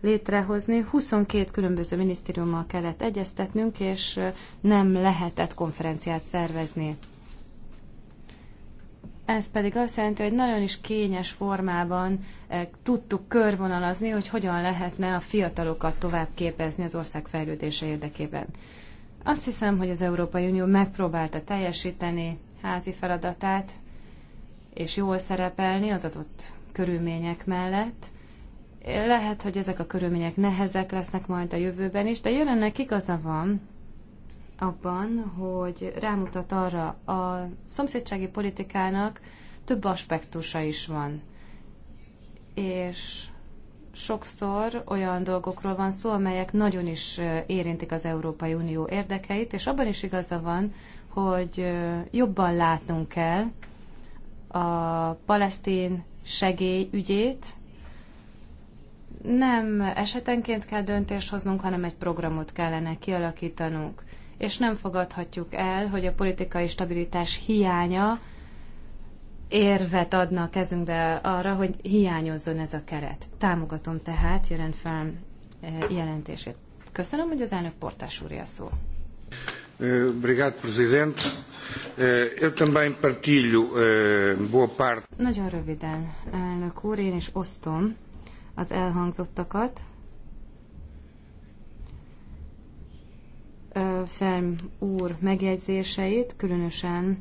létrehozni, 22 különböző minisztériummal kellett egyeztetnünk, és nem lehetett konferenciát szervezni. Ez pedig azt jelenti, hogy nagyon is kényes formában eh, tudtuk körvonalazni, hogy hogyan lehetne a fiatalokat tovább képezni az ország fejlődése érdekében. Azt hiszem, hogy az Európai Unió megpróbálta teljesíteni házi feladatát, és jól szerepelni az adott körülmények mellett. Lehet, hogy ezek a körülmények nehezek lesznek majd a jövőben is, de jelenleg igaza van, abban, hogy rámutat arra, a szomszédsági politikának több aspektusa is van. És sokszor olyan dolgokról van szó, amelyek nagyon is érintik az Európai Unió érdekeit, és abban is igaza van, hogy jobban látnunk kell a palesztin segélyügyét. Nem esetenként kell döntést hoznunk, hanem egy programot kellene kialakítanunk és nem fogadhatjuk el, hogy a politikai stabilitás hiánya érvet adna a kezünkbe arra, hogy hiányozzon ez a keret. Támogatom tehát Jelen fel eh, jelentését. Köszönöm, hogy az elnök portás úrja szó. Eh, obrigado, Presidente. Eh, eu também partilho boa parte. Nagyon röviden, elnök úr, én is osztom az elhangzottakat. Felm úr megjegyzéseit, különösen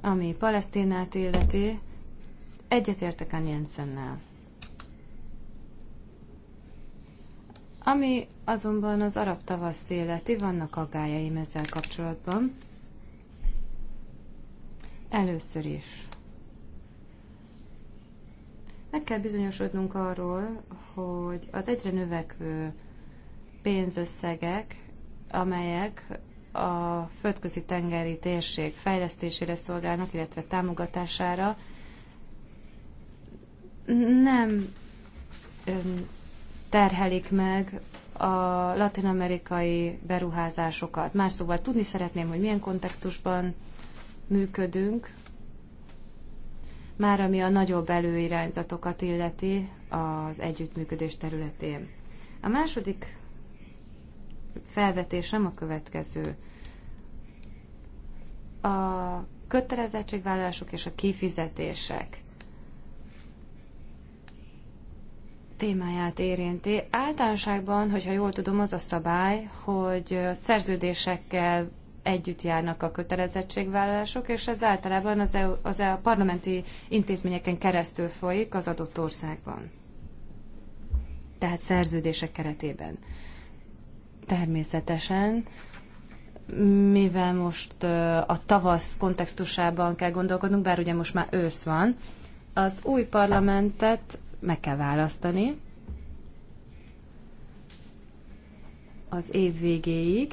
ami Palesztinát illeti, egyetértek a Jensennel. Ami azonban az arab tavasz életi, vannak aggájaim ezzel kapcsolatban. Először is. Meg kell bizonyosodnunk arról, hogy az egyre növekvő pénzösszegek amelyek a földközi tengeri térség fejlesztésére szolgálnak, illetve támogatására. Nem terhelik meg a latinamerikai beruházásokat. Más szóval tudni szeretném, hogy milyen kontextusban működünk, már ami a nagyobb előirányzatokat illeti az együttműködés területén. A második felvetésem a következő. A kötelezettségvállalások és a kifizetések témáját érinti. Általánoságban, hogyha jól tudom, az a szabály, hogy szerződésekkel együtt járnak a kötelezettségvállalások, és ez általában az, EU, az EU parlamenti intézményeken keresztül folyik az adott országban. Tehát szerződések keretében. Természetesen, mivel most a tavasz kontextusában kell gondolkodnunk, bár ugye most már ősz van, az új parlamentet meg kell választani az év végéig,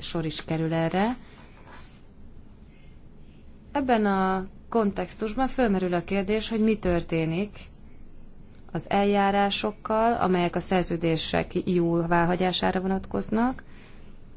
sor is kerül erre. Ebben a kontextusban fölmerül a kérdés, hogy mi történik az eljárásokkal, amelyek a szerződések jóváhagyására vonatkoznak,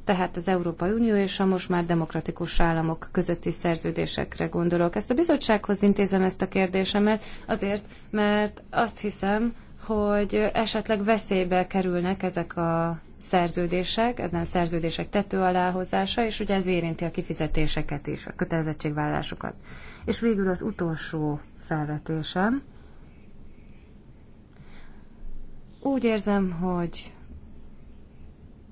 tehát az Európai Unió és a most már demokratikus államok közötti szerződésekre gondolok. Ezt a bizottsághoz intézem ezt a kérdésemet azért, mert azt hiszem, hogy esetleg veszélybe kerülnek ezek a szerződések, ezen a szerződések tető aláhozása, és ugye ez érinti a kifizetéseket is, a kötelezettségvállalásokat. És végül az utolsó felvetésem, úgy érzem, hogy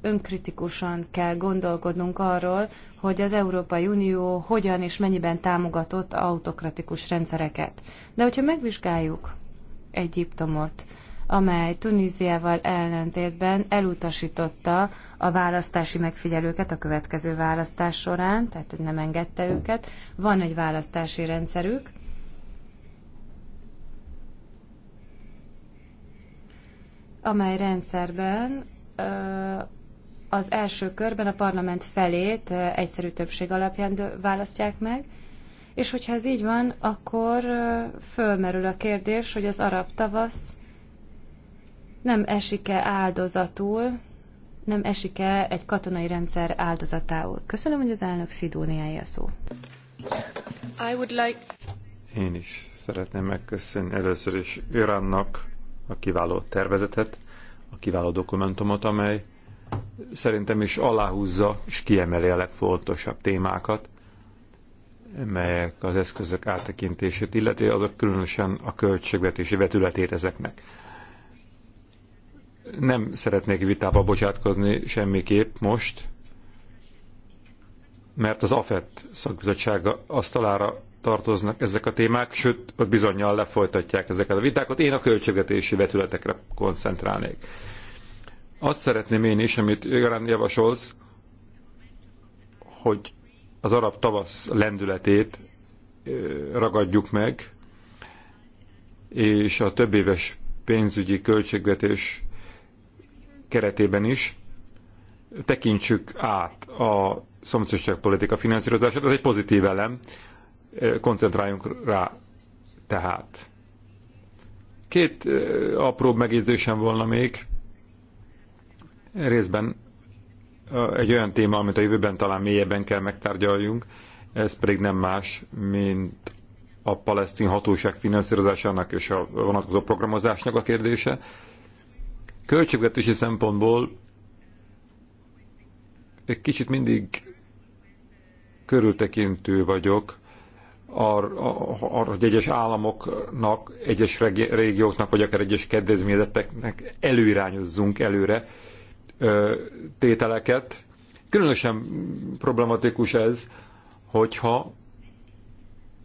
önkritikusan kell gondolkodnunk arról, hogy az Európai Unió hogyan és mennyiben támogatott autokratikus rendszereket. De hogyha megvizsgáljuk Egyiptomot, amely Tunéziával ellentétben elutasította a választási megfigyelőket a következő választás során, tehát nem engedte őket. Van egy választási rendszerük, amely rendszerben az első körben a parlament felét egyszerű többség alapján választják meg, és hogyha ez így van, akkor fölmerül a kérdés, hogy az arab tavasz nem esik-e áldozatul, nem esik-e egy katonai rendszer áldozatául. Köszönöm, hogy az elnök Szidóniája szó. I would like... Én is szeretném megköszönni először is Iránnak a kiváló tervezetet, a kiváló dokumentumot, amely szerintem is aláhúzza és kiemeli a legfontosabb témákat, melyek az eszközök áttekintését illeti, azok különösen a költségvetési vetületét ezeknek. Nem szeretnék vitába bocsátkozni semmiképp most, mert az AFET szakbizottsága asztalára tartoznak ezek a témák, sőt, ott bizonyal lefolytatják ezeket a vitákat. Én a költségvetési vetületekre koncentrálnék. Azt szeretném én is, amit Garán javasolsz, hogy az arab tavasz lendületét ragadjuk meg, és a több éves pénzügyi költségvetés keretében is tekintsük át a szomszédságpolitika finanszírozását. Ez egy pozitív elem, koncentráljunk rá tehát. Két apró megjegyzésem volna még, részben egy olyan téma, amit a jövőben talán mélyebben kell megtárgyaljunk, ez pedig nem más, mint a palesztin hatóság finanszírozásának és a vonatkozó programozásnak a kérdése. Költségvetési szempontból egy kicsit mindig körültekintő vagyok, arra, hogy egyes államoknak, egyes régióknak, vagy akár egyes kedvezményezetteknek előirányozzunk előre tételeket. Különösen problematikus ez, hogyha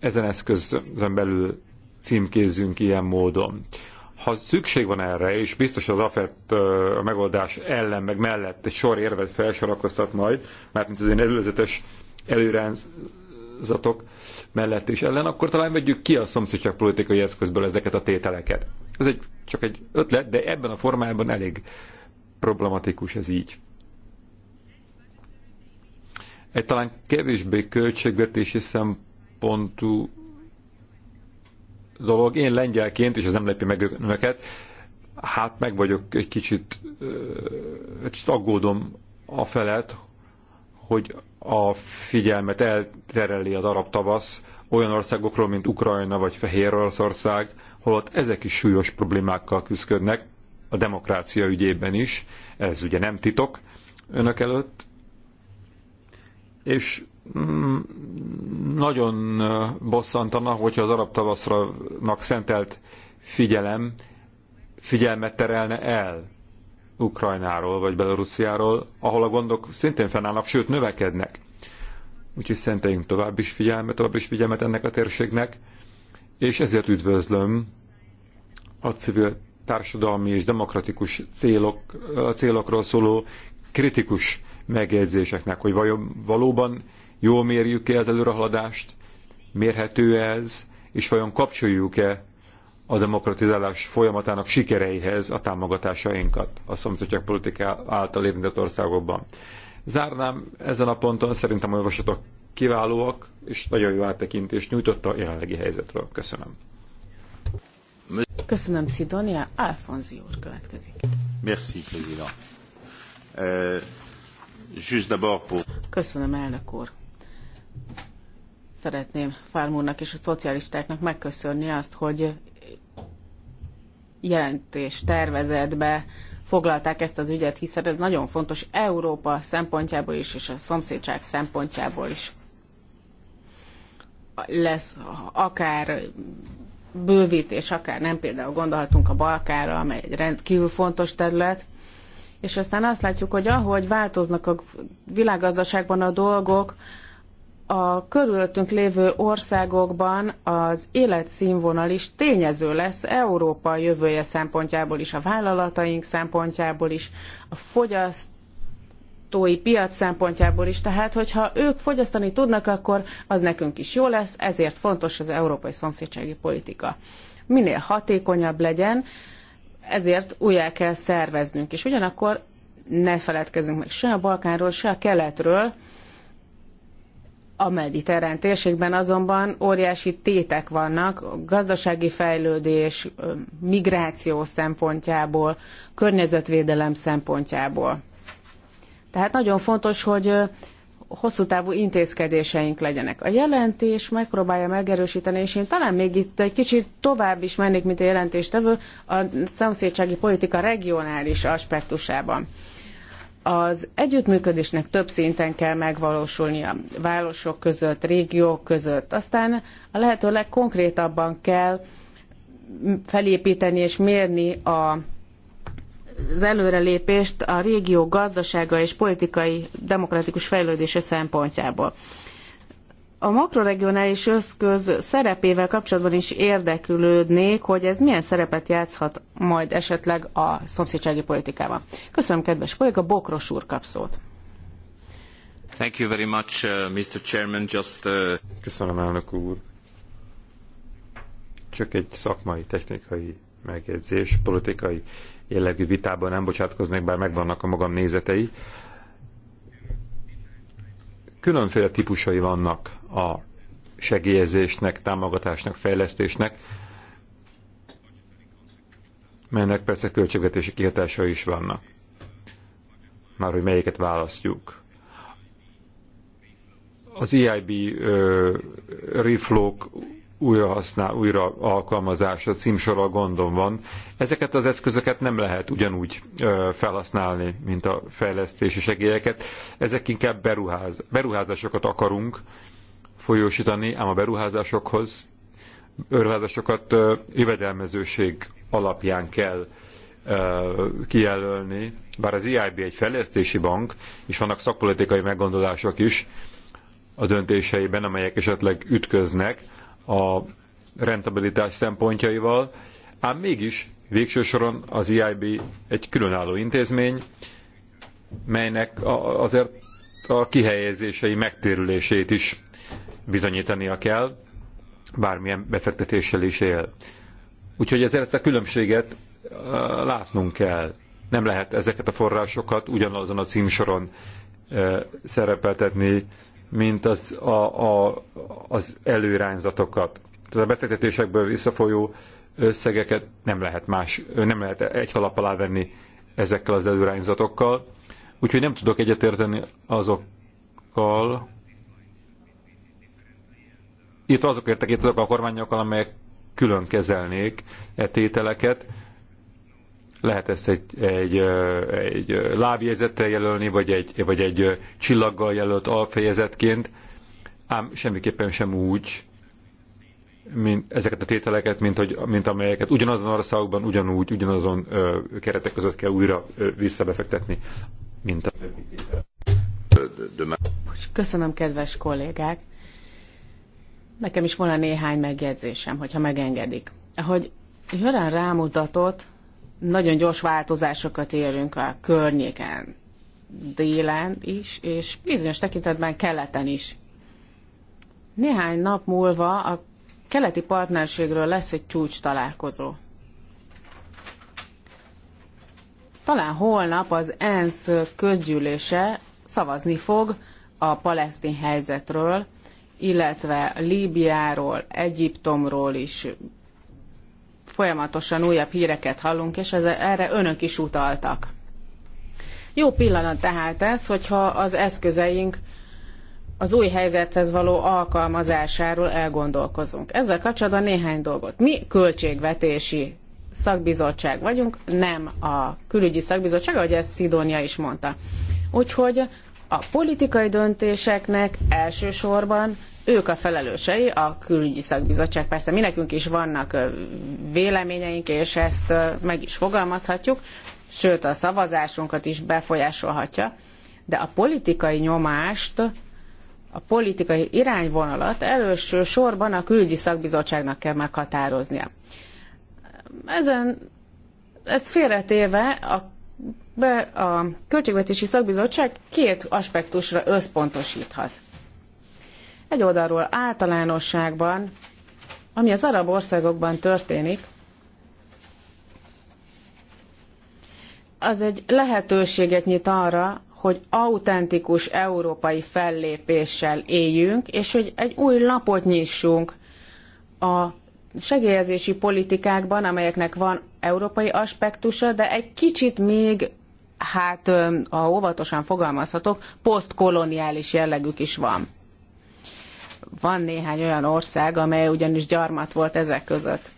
ezen eszközön belül címkézzünk ilyen módon. Ha szükség van erre, és biztos az AFET a megoldás ellen, meg mellett egy sor érvet felsorakoztat majd, mert mint az én előzetes előránz kormányzatok mellett is ellen, akkor talán vegyük ki a szomszédság politikai eszközből ezeket a tételeket. Ez egy, csak egy ötlet, de ebben a formában elég problematikus ez így. Egy talán kevésbé költségvetési szempontú dolog. Én lengyelként, és ez nem lepi meg önöket, hát meg vagyok egy kicsit, egy kicsit aggódom a felett, hogy a figyelmet eltereli az arab tavasz olyan országokról, mint Ukrajna vagy Fehér Oroszország, holott ezek is súlyos problémákkal küzdködnek, a demokrácia ügyében is, ez ugye nem titok önök előtt, és mm, nagyon bosszantana, hogyha az arab tavaszra szentelt figyelem figyelmet terelne el Ukrajnáról vagy Belorussziáról, ahol a gondok szintén fennállnak, sőt növekednek. Úgyhogy szenteljünk tovább is figyelmet, tovább is figyelmet ennek a térségnek, és ezért üdvözlöm a civil társadalmi és demokratikus célok, célokról szóló kritikus megjegyzéseknek, hogy vajon valóban jól mérjük-e az előrehaladást, mérhető -e ez, és vajon kapcsoljuk-e a demokratizálás folyamatának sikereihez a támogatásainkat a szomszédság politiká által érintett országokban. Zárnám ezen a ponton, szerintem a javaslatok kiválóak, és nagyon jó áttekintést nyújtotta a jelenlegi helyzetről. Köszönöm. Köszönöm, Szidonia. Alfonzi úr következik. Merci, président. Uh, just d'abord pour... Köszönöm, elnök úr szeretném Fármúrnak és a szocialistáknak megköszönni azt, hogy jelentés tervezetbe foglalták ezt az ügyet, hiszen ez nagyon fontos Európa szempontjából is, és a szomszédság szempontjából is lesz akár bővítés, akár nem, például gondolhatunk a Balkára, amely egy rendkívül fontos terület, és aztán azt látjuk, hogy ahogy változnak a világgazdaságban a dolgok, a körülöttünk lévő országokban az életszínvonal is tényező lesz Európa jövője szempontjából is, a vállalataink szempontjából is, a fogyasztói piac szempontjából is. Tehát, hogyha ők fogyasztani tudnak, akkor az nekünk is jó lesz, ezért fontos az európai szomszédsági politika. Minél hatékonyabb legyen, ezért újjá kell szerveznünk. És ugyanakkor ne feledkezzünk meg se a Balkánról, se a keletről, a mediterrán térségben azonban óriási tétek vannak, gazdasági fejlődés, migráció szempontjából, környezetvédelem szempontjából. Tehát nagyon fontos, hogy hosszú távú intézkedéseink legyenek. A jelentés megpróbálja megerősíteni, és én talán még itt egy kicsit tovább is mennék, mint a jelentéstevő, a szomszédsági politika regionális aspektusában. Az együttműködésnek több szinten kell megvalósulnia, városok között, régiók között. Aztán a lehető legkonkrétabban kell felépíteni és mérni a az előrelépést a régió gazdasága és politikai demokratikus fejlődése szempontjából a makroregionális összköz szerepével kapcsolatban is érdeklődnék, hogy ez milyen szerepet játszhat majd esetleg a szomszédsági politikában. Köszönöm, kedves kolléga, Bokros úr kap szót. Thank you very much, uh, Mr. Chairman. Just, uh... Köszönöm, elnök úr. Csak egy szakmai, technikai megjegyzés, politikai jellegű vitában nem bocsátkoznék, bár megvannak a magam nézetei. Különféle típusai vannak a segélyezésnek, támogatásnak, fejlesztésnek, melynek persze költségvetési kihatásai is vannak. Már hogy melyiket választjuk. Az EIB ö, reflók újrahasznál, újra alkalmazása címsorral gondom van. Ezeket az eszközöket nem lehet ugyanúgy ö, felhasználni, mint a fejlesztési segélyeket. Ezek inkább beruház, beruházásokat akarunk, folyósítani, ám a beruházásokhoz beruházásokat jövedelmezőség alapján kell kijelölni, bár az EIB egy fejlesztési bank, és vannak szakpolitikai meggondolások is a döntéseiben, amelyek esetleg ütköznek a rentabilitás szempontjaival, ám mégis végső soron az EIB egy különálló intézmény, melynek azért a kihelyezései megtérülését is bizonyítania kell, bármilyen befektetéssel is él. Úgyhogy ezért ezt a különbséget uh, látnunk kell. Nem lehet ezeket a forrásokat ugyanazon a címsoron uh, szerepeltetni, mint az, a, a, az előrányzatokat. Tehát a befektetésekből visszafolyó összegeket nem lehet más, nem lehet egy halap alá venni ezekkel az előrányzatokkal. Úgyhogy nem tudok egyetérteni azokkal, itt azok értek itt azok a kormányokkal, amelyek külön kezelnék e tételeket. Lehet ezt egy, egy, egy lábjegyzettel jelölni, vagy egy, vagy egy csillaggal jelölt alfejezetként, ám semmiképpen sem úgy, mint, ezeket a tételeket, mint, hogy, mint amelyeket ugyanazon országokban ugyanúgy, ugyanazon ö, keretek között kell újra ö, visszabefektetni, mint a Köszönöm, kedves kollégák! Nekem is volna néhány megjegyzésem, hogyha megengedik. Ahogy Jörán rámutatott, nagyon gyors változásokat érünk a környéken, délen is, és bizonyos tekintetben keleten is. Néhány nap múlva a keleti partnerségről lesz egy csúcs találkozó. Talán holnap az ENSZ közgyűlése szavazni fog a palesztin helyzetről, illetve Líbiáról, Egyiptomról is folyamatosan újabb híreket hallunk, és ez, erre önök is utaltak. Jó pillanat tehát ez, hogyha az eszközeink az új helyzethez való alkalmazásáról elgondolkozunk. Ezzel kapcsolatban néhány dolgot. Mi költségvetési szakbizottság vagyunk, nem a külügyi szakbizottság, ahogy ezt Szidónia is mondta. Úgyhogy a politikai döntéseknek elsősorban ők a felelősei, a külügyi szakbizottság persze mi nekünk is vannak véleményeink, és ezt meg is fogalmazhatjuk, sőt a szavazásunkat is befolyásolhatja, de a politikai nyomást, a politikai irányvonalat elsősorban a külügyi szakbizottságnak kell meghatároznia. Ezen, ez félretéve a be a Költségvetési Szakbizottság két aspektusra összpontosíthat. Egy oldalról általánosságban, ami az arab országokban történik, az egy lehetőséget nyit arra, hogy autentikus európai fellépéssel éljünk, és hogy egy új lapot nyissunk a segélyezési politikákban, amelyeknek van európai aspektusa, de egy kicsit még, hát ha óvatosan fogalmazhatok, posztkoloniális jellegük is van. Van néhány olyan ország, amely ugyanis gyarmat volt ezek között.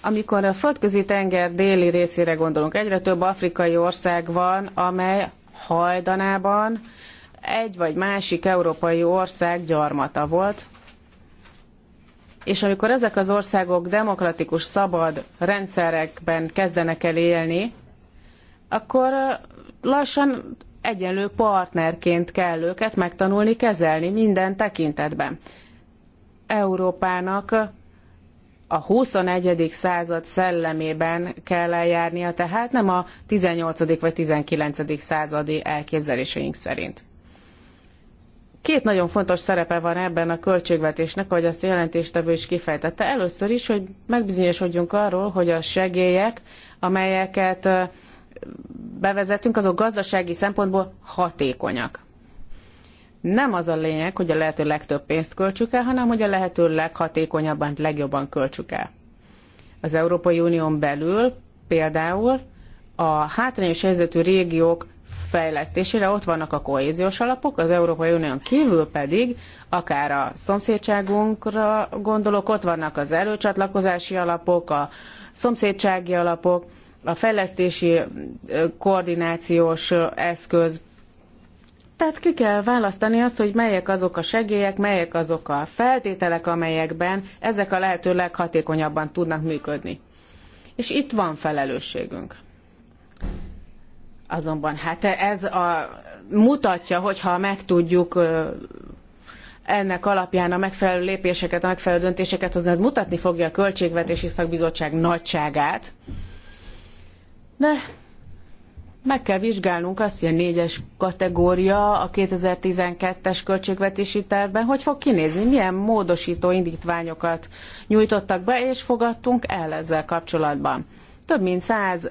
Amikor a földközi tenger déli részére gondolunk, egyre több afrikai ország van, amely hajdanában egy vagy másik európai ország gyarmata volt, és amikor ezek az országok demokratikus, szabad rendszerekben kezdenek el élni, akkor lassan egyenlő partnerként kell őket megtanulni kezelni minden tekintetben. Európának a 21. század szellemében kell eljárnia, tehát nem a 18. vagy 19. századi elképzeléseink szerint. Két nagyon fontos szerepe van ebben a költségvetésnek, ahogy azt jelentéstevő is kifejtette. Először is, hogy megbizonyosodjunk arról, hogy a segélyek, amelyeket bevezetünk, azok gazdasági szempontból hatékonyak. Nem az a lényeg, hogy a lehető legtöbb pénzt költsük el, hanem hogy a lehető leghatékonyabban, legjobban költsük el. Az Európai Unión belül például a hátrányos helyzetű régiók fejlesztésére ott vannak a kohéziós alapok, az Európai Unión kívül pedig, akár a szomszédságunkra gondolok, ott vannak az előcsatlakozási alapok, a szomszédsági alapok, a fejlesztési koordinációs eszköz. Tehát ki kell választani azt, hogy melyek azok a segélyek, melyek azok a feltételek, amelyekben ezek a lehető leghatékonyabban tudnak működni. És itt van felelősségünk. Azonban hát ez a, mutatja, hogyha meg tudjuk ennek alapján a megfelelő lépéseket, a megfelelő döntéseket hozni, ez mutatni fogja a Költségvetési Szakbizottság nagyságát. De meg kell vizsgálnunk azt, hogy a négyes kategória a 2012-es költségvetési tervben hogy fog kinézni, milyen módosító indítványokat nyújtottak be és fogadtunk el ezzel kapcsolatban. Több mint száz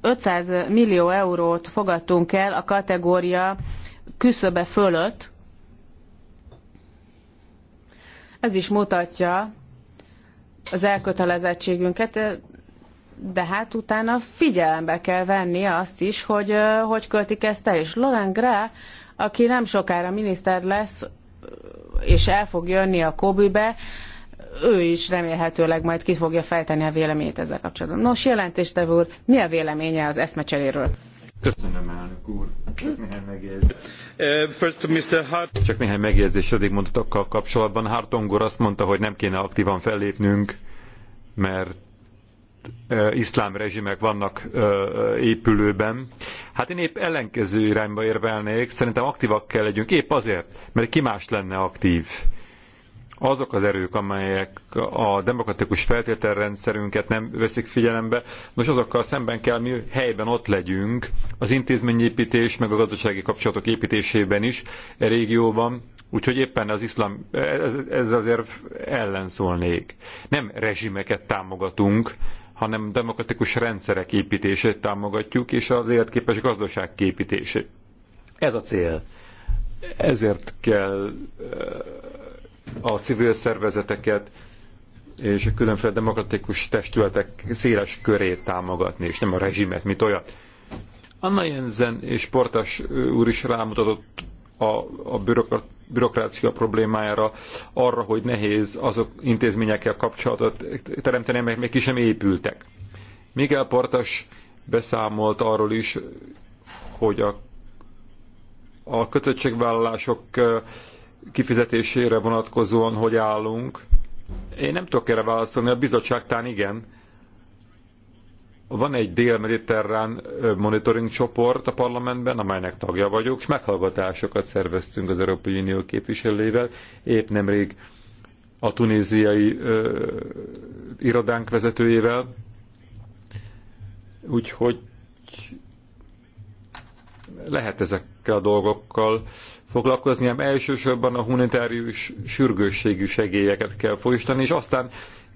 500 millió eurót fogadtunk el a kategória küszöbe fölött. Ez is mutatja az elkötelezettségünket, de hát utána figyelembe kell venni azt is, hogy hogy költik ezt el. És Laurent Gra, aki nem sokára miniszter lesz, és el fog jönni a Kobübe, ő is remélhetőleg majd ki fogja fejteni a véleményét ezzel kapcsolatban. Nos, jelentéstevő úr, mi a véleménye az eszmecseréről? Köszönöm, elnök úr. Csak néhány megjegyzés. Uh, first, Mr. Hart. Csak néhány megjegyzés eddig mondatokkal kapcsolatban. Hartong úr azt mondta, hogy nem kéne aktívan fellépnünk, mert uh, iszlám rezsimek vannak ö, uh, épülőben. Hát én épp ellenkező irányba érvelnék, szerintem aktívak kell legyünk, épp azért, mert ki más lenne aktív. Azok az erők, amelyek a demokratikus feltételrendszerünket nem veszik figyelembe, most azokkal szemben kell mi helyben ott legyünk az intézményépítés, meg a gazdasági kapcsolatok építésében is a e régióban, Úgyhogy éppen az iszlám, ez, ez azért ellenszólnék. Nem rezsimeket támogatunk, hanem demokratikus rendszerek építését támogatjuk, és az életképes gazdaság képítését. Ez a cél. Ezért kell a civil szervezeteket és a különféle demokratikus testületek széles körét támogatni, és nem a rezsimet, mint olyat. Anna Jensen és Portas úr is rámutatott a, a bürokrat, bürokrácia problémájára, arra, hogy nehéz azok intézményekkel kapcsolatot teremteni, amelyek még ki sem épültek. Miguel Portas beszámolt arról is, hogy a, a kötöttségvállalások kifizetésére vonatkozóan hogy állunk. Én nem tudok erre válaszolni, a bizottságtán igen. Van egy dél-mediterrán monitoring csoport a parlamentben, amelynek tagja vagyok, és meghallgatásokat szerveztünk az Európai Unió képviselőivel. Épp nemrég a tunéziai ö, irodánk vezetőjével. Úgyhogy lehet ezekkel a dolgokkal foglalkozni, ám elsősorban a humanitárius sürgősségű segélyeket kell folyosítani, és aztán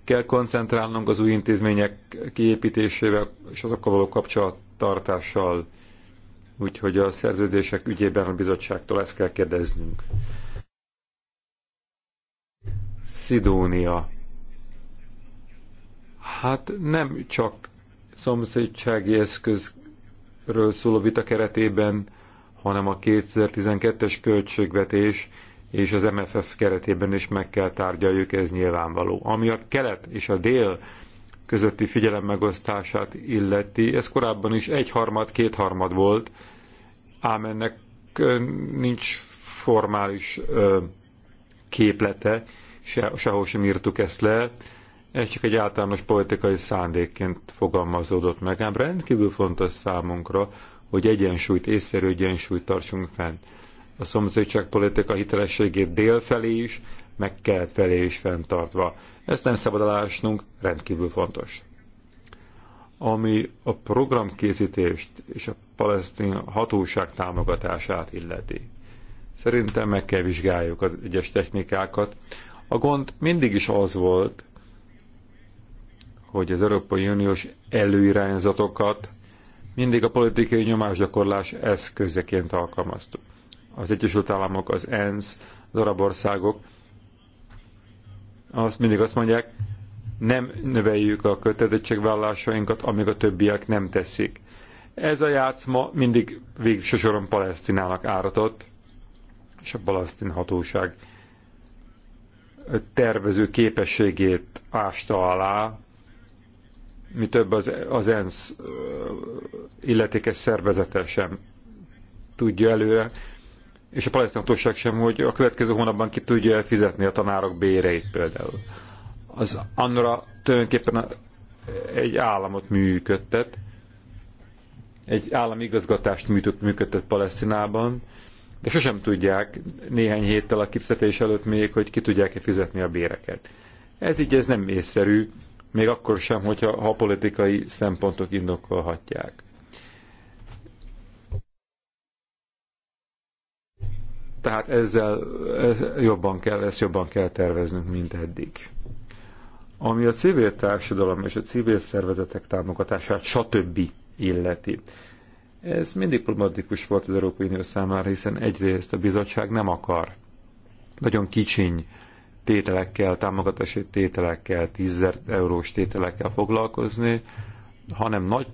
kell koncentrálnunk az új intézmények kiépítésével és azokkal való kapcsolattartással. Úgyhogy a szerződések ügyében a bizottságtól ezt kell kérdeznünk. Szidónia. Hát nem csak szomszédsági eszköz ről szóló vita keretében, hanem a 2012-es költségvetés és az MFF keretében is meg kell tárgyaljuk, ez nyilvánvaló. Ami a kelet és a dél közötti figyelem megosztását illeti, ez korábban is egyharmad, kétharmad volt, ám ennek nincs formális képlete, se, sehol sem írtuk ezt le, ez csak egy általános politikai szándékként fogalmazódott meg, ám rendkívül fontos számunkra, hogy egyensúlyt, észszerű egyensúlyt tartsunk fenn. A szomszédság politika hitelességét délfelé is, meg kelet felé is fenntartva. Ezt nem szabad elásnunk, rendkívül fontos. Ami a programkészítést és a palesztin hatóság támogatását illeti. Szerintem meg kell vizsgáljuk az egyes technikákat. A gond mindig is az volt, hogy az Európai Uniós előirányzatokat mindig a politikai nyomásgyakorlás eszközeként alkalmaztuk. Az Egyesült Államok, az ENSZ, az arab országok azt mindig azt mondják, nem növeljük a kötelezettségvállalásainkat, amíg a többiek nem teszik. Ez a játszma mindig végső soron Palesztinának áratott, és a palesztin hatóság tervező képességét ásta alá, mi több az, az ENSZ illetékes szervezete sem tudja előre, és a palesztin hatóság sem, hogy a következő hónapban ki tudja fizetni a tanárok béreit például. Az Annora tulajdonképpen egy államot működtet, egy állami igazgatást működtet Palesztinában, de sosem tudják néhány héttel a kifizetés előtt még, hogy ki tudják-e fizetni a béreket. Ez így ez nem észszerű, még akkor sem, hogyha ha politikai szempontok indokolhatják. Tehát ezzel ez jobban kell, ezt jobban kell terveznünk, mint eddig. Ami a civil társadalom és a civil szervezetek támogatását, stb. illeti. Ez mindig problematikus volt az Európai Unió számára, hiszen egyrészt a bizottság nem akar nagyon kicsiny tételekkel, támogatási tételekkel, 10 eurós tételekkel foglalkozni, hanem nagy,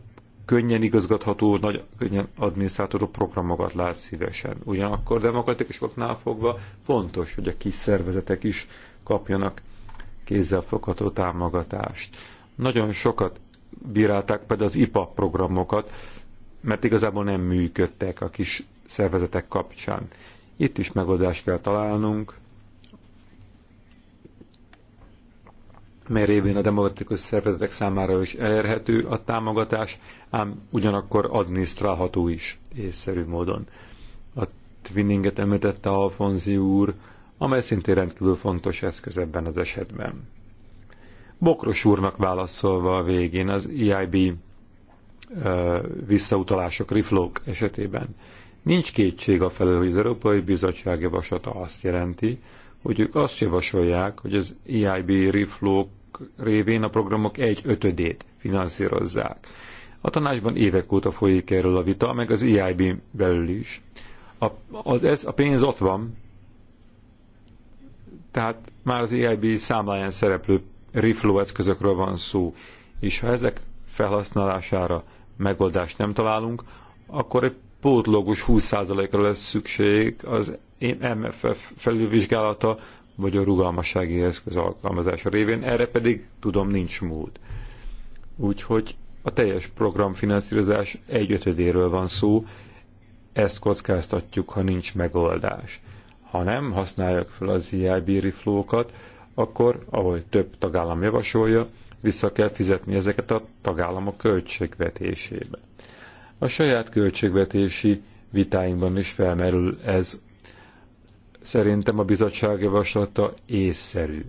könnyen igazgatható, nagy, könnyen adminisztrálható programokat lát szívesen. Ugyanakkor demokratikusoknál fogva fontos, hogy a kis szervezetek is kapjanak fogható támogatást. Nagyon sokat bírálták például az IPA programokat, mert igazából nem működtek a kis szervezetek kapcsán. Itt is megoldást kell találnunk, mely révén a demokratikus szervezetek számára is elérhető a támogatás, ám ugyanakkor adminisztrálható is észszerű módon. A twinninget említette Alfonzi úr, amely szintén rendkívül fontos eszköz ebben az esetben. Bokros úrnak válaszolva a végén az EIB visszautalások, riflók esetében. Nincs kétség a felől, hogy az Európai Bizottság javaslata azt jelenti, hogy ők azt javasolják, hogy az EIB riflók révén a programok egy ötödét finanszírozzák. A tanácsban évek óta folyik erről a vita, meg az EIB belül is. A, az, ez, a pénz ott van, tehát már az EIB számláján szereplő reflow eszközökről van szó, és ha ezek felhasználására megoldást nem találunk, akkor egy pótlógus 20%-ra lesz szükség az MFF felülvizsgálata vagy a rugalmassági eszköz alkalmazása révén, erre pedig tudom nincs mód. Úgyhogy a teljes programfinanszírozás egyötödéről van szó, ezt kockáztatjuk, ha nincs megoldás. Ha nem használják fel az EIB reflókat, akkor, ahogy több tagállam javasolja, vissza kell fizetni ezeket a tagállamok költségvetésébe. A saját költségvetési vitáinkban is felmerül ez Szerintem a bizottság javaslata észszerű.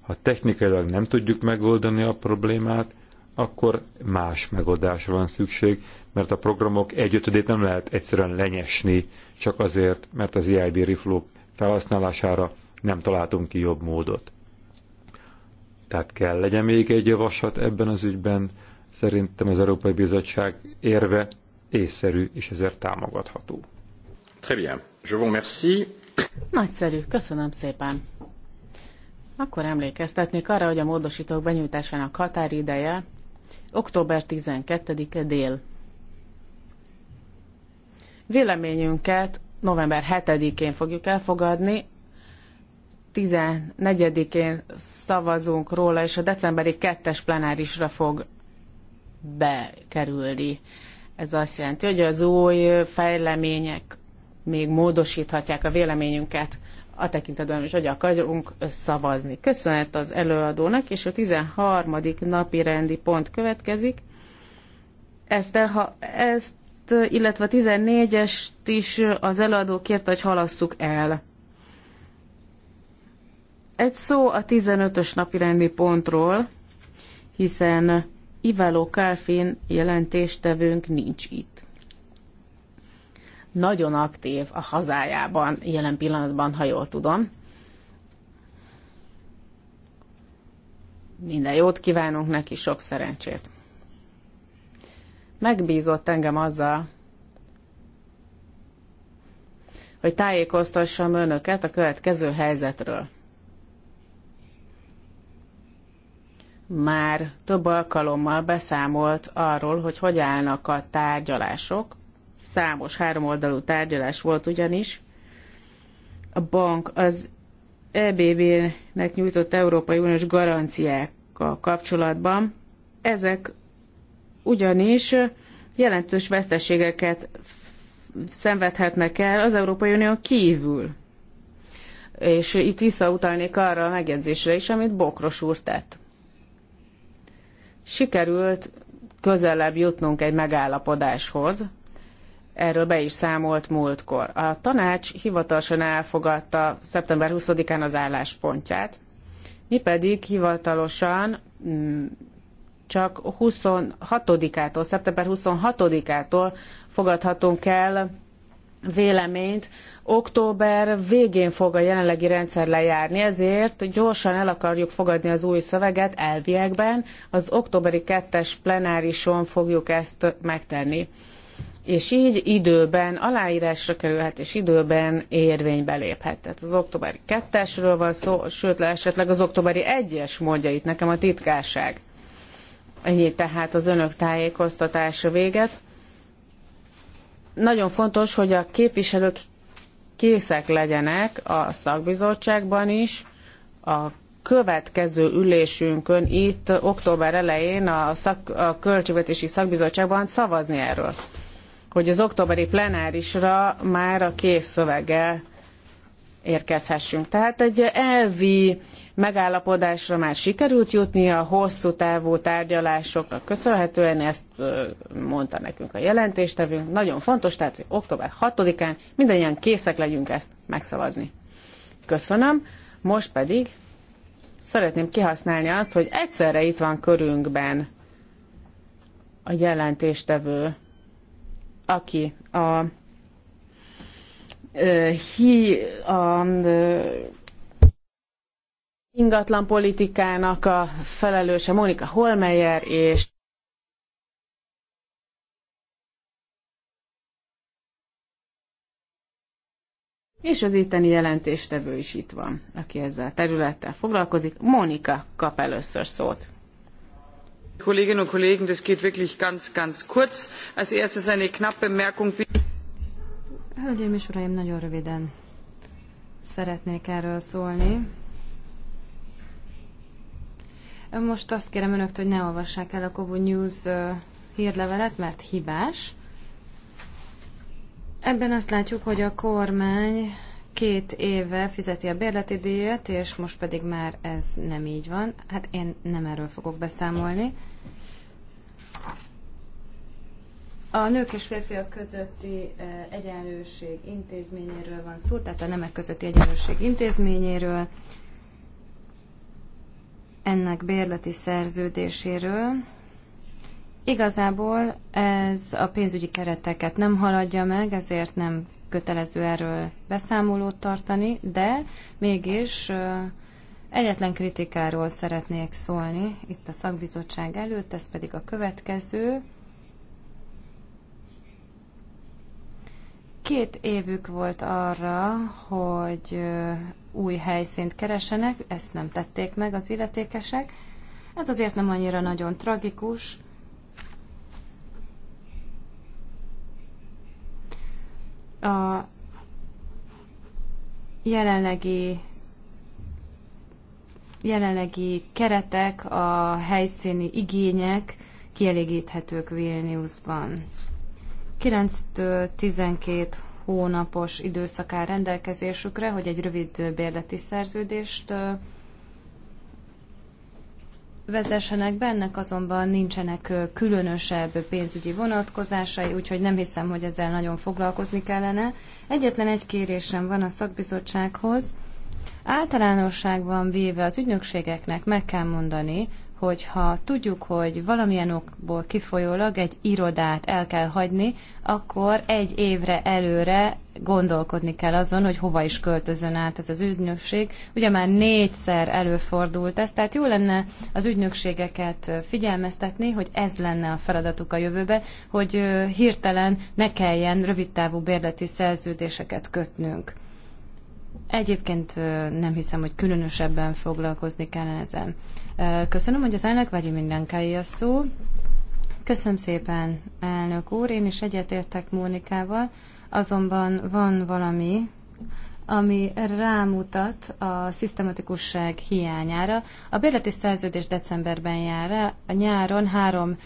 Ha technikailag nem tudjuk megoldani a problémát, akkor más megoldásra van szükség, mert a programok egyötödét nem lehet egyszerűen lenyesni, csak azért, mert az EIB reflow felhasználására nem találtunk ki jobb módot. Tehát kell legyen még egy javaslat ebben az ügyben, szerintem az Európai Bizottság érve észszerű, és ezért támogatható. Très bien. Je vous remercie. Nagyszerű, köszönöm szépen. Akkor emlékeztetnék arra, hogy a módosítók benyújtásának határideje október 12-e dél. Véleményünket november 7-én fogjuk elfogadni, 14-én szavazunk róla, és a decemberi 2 plenárisra fog bekerülni. Ez azt jelenti, hogy az új fejlemények még módosíthatják a véleményünket a tekintetben is, hogy akarunk szavazni. Köszönet az előadónak, és a 13. napi rendi pont következik. Ezt, elha, ezt illetve a 14-est is az előadó kérte, hogy halasszuk el. Egy szó a 15-ös napi rendi pontról, hiszen Iváló Kálfin jelentéstevőnk nincs itt nagyon aktív a hazájában jelen pillanatban, ha jól tudom. Minden jót kívánunk neki, sok szerencsét. Megbízott engem azzal, hogy tájékoztassam önöket a következő helyzetről. Már több alkalommal beszámolt arról, hogy hogy állnak a tárgyalások Számos háromoldalú tárgyalás volt ugyanis. A bank az EBB-nek nyújtott Európai Uniós garanciákkal kapcsolatban. Ezek ugyanis jelentős veszteségeket szenvedhetnek el az Európai Unió kívül. És itt visszautalnék arra a megjegyzésre is, amit Bokros úr tett. Sikerült közelebb jutnunk egy megállapodáshoz, Erről be is számolt múltkor. A tanács hivatalosan elfogadta szeptember 20-án az álláspontját, mi pedig hivatalosan mm, csak 26-ától, szeptember 26-ától fogadhatunk el véleményt. Október végén fog a jelenlegi rendszer lejárni, ezért gyorsan el akarjuk fogadni az új szöveget elviekben. Az októberi kettes plenárison fogjuk ezt megtenni és így időben aláírásra kerülhet, és időben érvénybe léphet. Tehát az októberi kettesről van szó, sőt, esetleg az októberi egyes mondja itt nekem a titkárság. Ennyi tehát az önök tájékoztatása véget. Nagyon fontos, hogy a képviselők készek legyenek a szakbizottságban is, a következő ülésünkön itt október elején a, szak, a Költségvetési Szakbizottságban szavazni erről hogy az októberi plenárisra már a kész szöveggel érkezhessünk. Tehát egy elvi megállapodásra már sikerült jutni a hosszú távú tárgyalásoknak köszönhetően, ezt mondta nekünk a jelentéstevünk. Nagyon fontos, tehát hogy október 6-án mindannyian készek legyünk ezt megszavazni. Köszönöm. Most pedig szeretném kihasználni azt, hogy egyszerre itt van körünkben a jelentéstevő aki a hi, a ingatlan politikának a felelőse Monika Holmeyer, és És az itteni jelentéstevő is itt van, aki ezzel a területtel foglalkozik. Monika kap először szót. Kolleginnen und Kollegen, das geht wirklich ganz, ganz kurz. Als erstes eine knappe Merkung. Hölgyeim és Uraim, nagyon röviden szeretnék erről szólni. Most azt kérem önöktől, hogy ne olvassák el a Kobu News hírlevelet, mert hibás. Ebben azt látjuk, hogy a kormány két éve fizeti a bérleti díjat, és most pedig már ez nem így van. Hát én nem erről fogok beszámolni. A nők és férfiak közötti e, egyenlőség intézményéről van szó, tehát a nemek közötti egyenlőség intézményéről, ennek bérleti szerződéséről. Igazából ez a pénzügyi kereteket nem haladja meg, ezért nem kötelező erről beszámolót tartani, de mégis egyetlen kritikáról szeretnék szólni itt a szakbizottság előtt, ez pedig a következő. Két évük volt arra, hogy új helyszínt keresenek, ezt nem tették meg az illetékesek. Ez azért nem annyira nagyon tragikus, a jelenlegi jelenlegi keretek, a helyszíni igények kielégíthetők Vilniusban. 9-től 12 hónapos időszak rendelkezésükre, hogy egy rövid bérleti szerződést vezessenek bennek, azonban nincsenek különösebb pénzügyi vonatkozásai, úgyhogy nem hiszem, hogy ezzel nagyon foglalkozni kellene. Egyetlen egy kérésem van a szakbizottsághoz. Általánosságban véve az ügynökségeknek meg kell mondani, hogyha tudjuk, hogy valamilyen okból kifolyólag egy irodát el kell hagyni, akkor egy évre előre gondolkodni kell azon, hogy hova is költözön át ez az ügynökség. Ugye már négyszer előfordult ez, tehát jó lenne az ügynökségeket figyelmeztetni, hogy ez lenne a feladatuk a jövőbe, hogy hirtelen ne kelljen rövidtávú bérleti szerződéseket kötnünk. Egyébként nem hiszem, hogy különösebben foglalkozni kellene ezen. Köszönöm, hogy az elnök vagy mindenkáé a szó. Köszönöm szépen, elnök úr. Én is egyetértek Mónikával, azonban van valami, ami rámutat a szisztematikusság hiányára. A bérleti szerződés decemberben jár, a nyáron három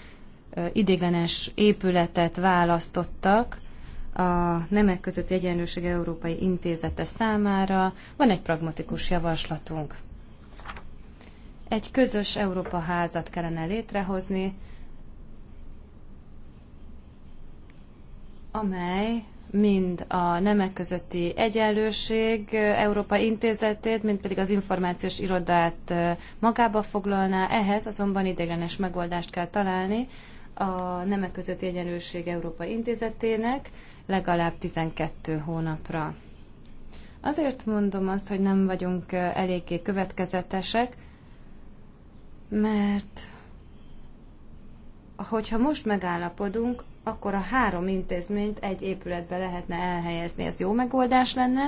idéglenes épületet választottak, a nemek közötti egyenlőség Európai Intézete számára van egy pragmatikus javaslatunk. Egy közös Európa házat kellene létrehozni, amely mind a nemek közötti egyenlőség Európa Intézetét, mind pedig az információs irodát magába foglalná. Ehhez azonban ideiglenes megoldást kell találni a nemek közötti egyenlőség Európa Intézetének, legalább 12 hónapra. Azért mondom azt, hogy nem vagyunk eléggé következetesek, mert hogyha most megállapodunk, akkor a három intézményt egy épületbe lehetne elhelyezni. Ez jó megoldás lenne.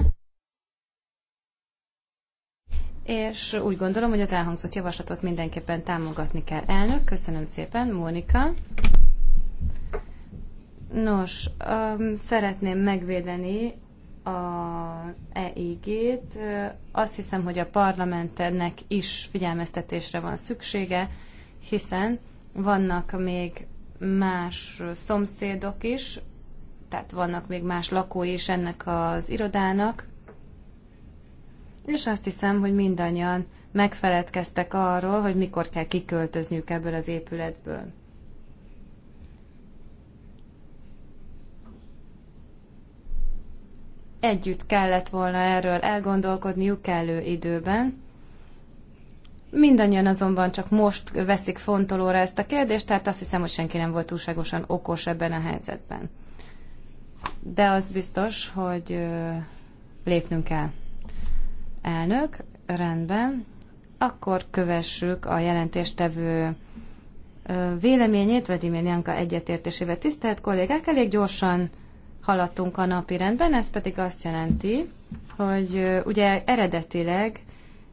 És úgy gondolom, hogy az elhangzott javaslatot mindenképpen támogatni kell. Elnök, köszönöm szépen, Mónika. Nos, um, szeretném megvédeni a EIG-t. Azt hiszem, hogy a parlamentnek is figyelmeztetésre van szüksége, hiszen vannak még más szomszédok is, tehát vannak még más lakói is ennek az irodának, és azt hiszem, hogy mindannyian megfeledkeztek arról, hogy mikor kell kiköltözniük ebből az épületből. együtt kellett volna erről elgondolkodniuk kellő időben. Mindannyian azonban csak most veszik fontolóra ezt a kérdést, tehát azt hiszem, hogy senki nem volt túlságosan okos ebben a helyzetben. De az biztos, hogy lépnünk kell. Elnök, rendben, akkor kövessük a jelentéstevő véleményét, Vladimir Janka egyetértésével. Tisztelt kollégák, elég gyorsan haladtunk a napi rendben, ez pedig azt jelenti, hogy ugye eredetileg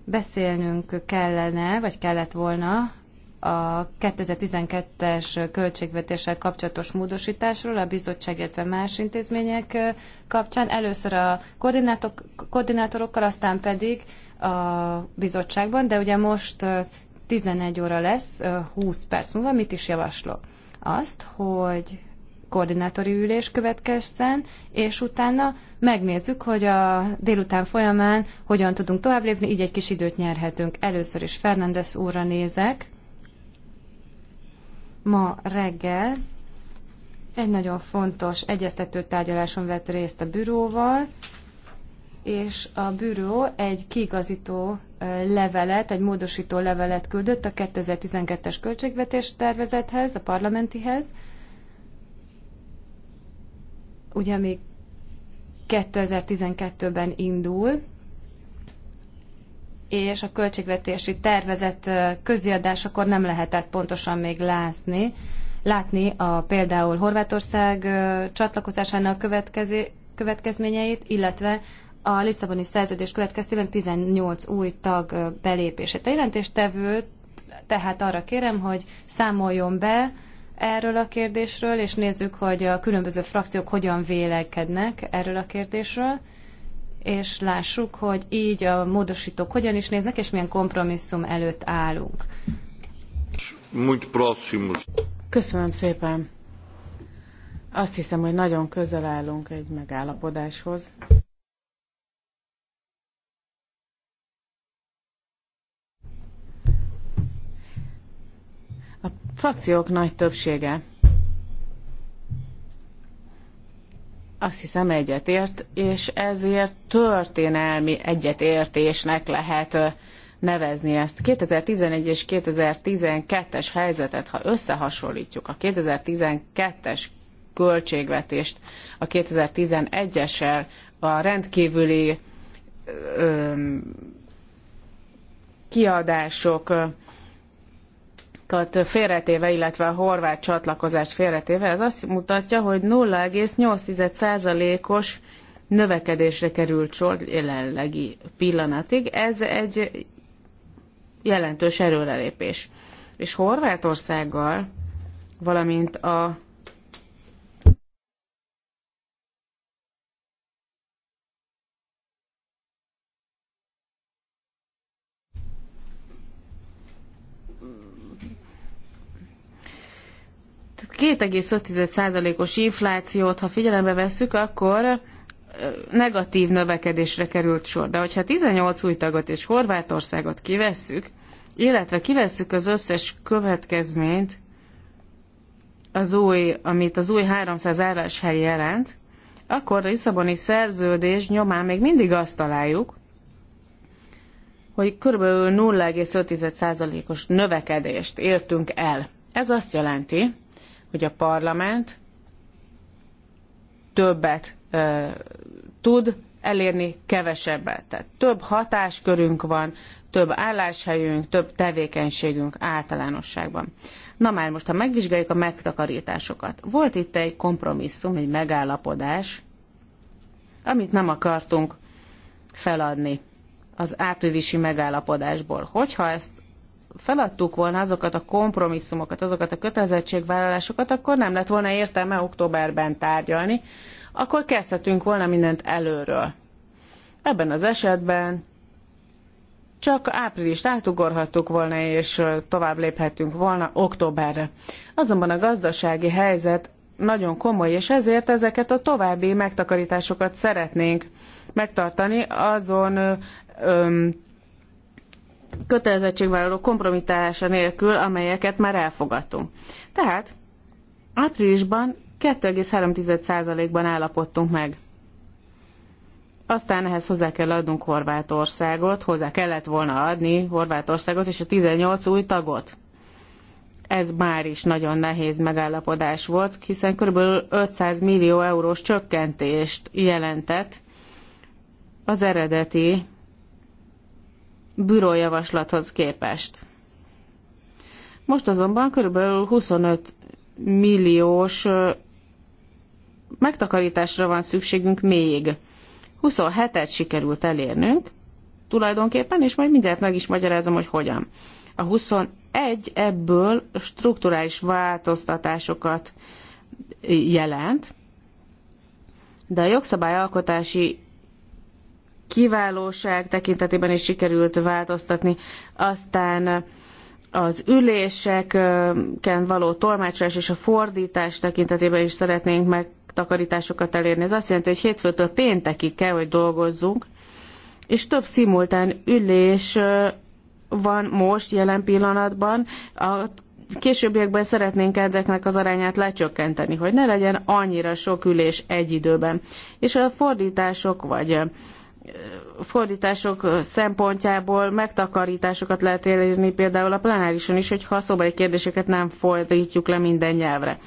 beszélnünk kellene, vagy kellett volna a 2012-es költségvetéssel kapcsolatos módosításról a bizottság, illetve más intézmények kapcsán. Először a koordinátorokkal, aztán pedig a bizottságban, de ugye most 11 óra lesz, 20 perc múlva. Mit is javaslok? Azt, hogy koordinátori ülés következzen, és utána megnézzük, hogy a délután folyamán hogyan tudunk tovább lépni, így egy kis időt nyerhetünk. Először is Fernández úrra nézek. Ma reggel egy nagyon fontos egyeztető tárgyaláson vett részt a büróval, és a bűró egy kiigazító levelet, egy módosító levelet küldött a 2012-es költségvetés tervezethez, a parlamentihez, ugye még 2012-ben indul, és a költségvetési tervezett közdiadásakor nem lehetett pontosan még látni, látni a például Horvátország csatlakozásának következé, következményeit, illetve a Lisszaboni szerződés következtében 18 új tag belépését. A jelentéstevőt tehát arra kérem, hogy számoljon be erről a kérdésről, és nézzük, hogy a különböző frakciók hogyan vélekednek erről a kérdésről, és lássuk, hogy így a módosítók hogyan is néznek, és milyen kompromisszum előtt állunk. Köszönöm szépen. Azt hiszem, hogy nagyon közel állunk egy megállapodáshoz. frakciók nagy többsége azt hiszem egyetért, és ezért történelmi egyetértésnek lehet nevezni ezt. 2011 és 2012-es helyzetet, ha összehasonlítjuk a 2012-es költségvetést a 2011-essel, a rendkívüli ö, kiadások Horvátokat félretéve, illetve a horvát csatlakozást félretéve, ez azt mutatja, hogy 0,8%-os növekedésre került sor jelenlegi pillanatig. Ez egy jelentős erőrelépés. És Horvátországgal, valamint a 2,5%-os inflációt, ha figyelembe vesszük, akkor negatív növekedésre került sor. De hogyha 18 új tagot és Horvátországot kivesszük, illetve kivesszük az összes következményt, az új, amit az új 300 álláshely jelent, akkor a Lisszaboni szerződés nyomán még mindig azt találjuk, hogy kb. 0,5%-os növekedést értünk el. Ez azt jelenti, hogy a parlament többet e, tud elérni kevesebbet. Tehát több hatáskörünk van, több álláshelyünk, több tevékenységünk általánosságban. Na már most, ha megvizsgáljuk a megtakarításokat. Volt itt egy kompromisszum, egy megállapodás, amit nem akartunk feladni az áprilisi megállapodásból. Hogyha ezt feladtuk volna azokat a kompromisszumokat, azokat a kötelezettségvállalásokat, akkor nem lett volna értelme októberben tárgyalni, akkor kezdhetünk volna mindent előről. Ebben az esetben csak áprilist átugorhattuk volna, és tovább léphettünk volna októberre. Azonban a gazdasági helyzet nagyon komoly, és ezért ezeket a további megtakarításokat szeretnénk megtartani azon kötelezettségvállaló kompromitálása nélkül, amelyeket már elfogadtunk. Tehát áprilisban 2,3%-ban állapodtunk meg. Aztán ehhez hozzá kell adnunk Horvátországot, hozzá kellett volna adni Horvátországot és a 18 új tagot. Ez már is nagyon nehéz megállapodás volt, hiszen kb. 500 millió eurós csökkentést jelentett az eredeti bürójavaslathoz képest. Most azonban körülbelül 25 milliós megtakarításra van szükségünk még. 27-et sikerült elérnünk tulajdonképpen, és majd mindent meg is magyarázom, hogy hogyan. A 21 ebből strukturális változtatásokat jelent, de a jogszabályalkotási kiválóság tekintetében is sikerült változtatni. Aztán az üléseken való tolmácsolás és a fordítás tekintetében is szeretnénk megtakarításokat elérni. Ez azt jelenti, hogy hétfőtől péntekig kell, hogy dolgozzunk, és több szimultán ülés van most jelen pillanatban. A későbbiekben szeretnénk ezeknek az arányát lecsökkenteni, hogy ne legyen annyira sok ülés egy időben. És a fordítások vagy fordítások szempontjából megtakarításokat lehet elérni például a plenárison is, hogyha a szobai kérdéseket nem fordítjuk le minden nyelvre.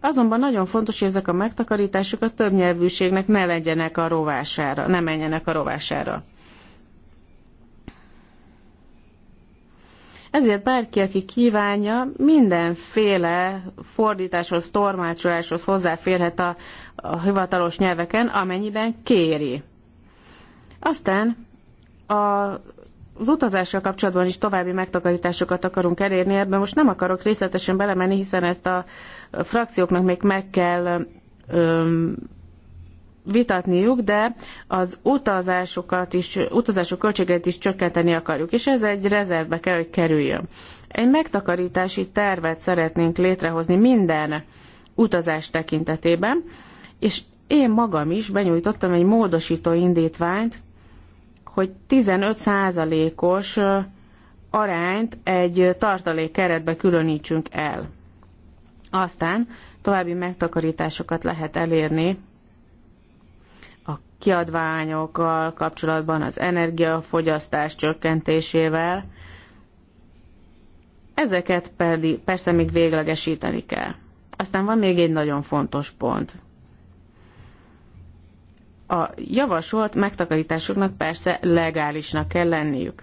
Azonban nagyon fontos, hogy ezek a megtakarítások a többnyelvűségnek ne legyenek a rovására, ne menjenek a rovására. Ezért bárki, aki kívánja, mindenféle fordításhoz, tormácsoláshoz hozzáférhet a, a hivatalos nyelveken, amennyiben kéri. Aztán a, az utazással kapcsolatban is további megtakarításokat akarunk elérni, ebben most nem akarok részletesen belemenni, hiszen ezt a frakcióknak még meg kell öm, vitatniuk, de az utazásokat is, utazások költségeit is csökkenteni akarjuk, és ez egy rezervbe kell, hogy kerüljön. Egy megtakarítási tervet szeretnénk létrehozni minden utazás tekintetében, és én magam is benyújtottam egy módosító indítványt, hogy 15%-os arányt egy tartalék keretbe különítsünk el. Aztán további megtakarításokat lehet elérni a kiadványokkal kapcsolatban, az energiafogyasztás csökkentésével. Ezeket pedig persze még véglegesíteni kell. Aztán van még egy nagyon fontos pont – a javasolt megtakarításoknak persze legálisnak kell lenniük.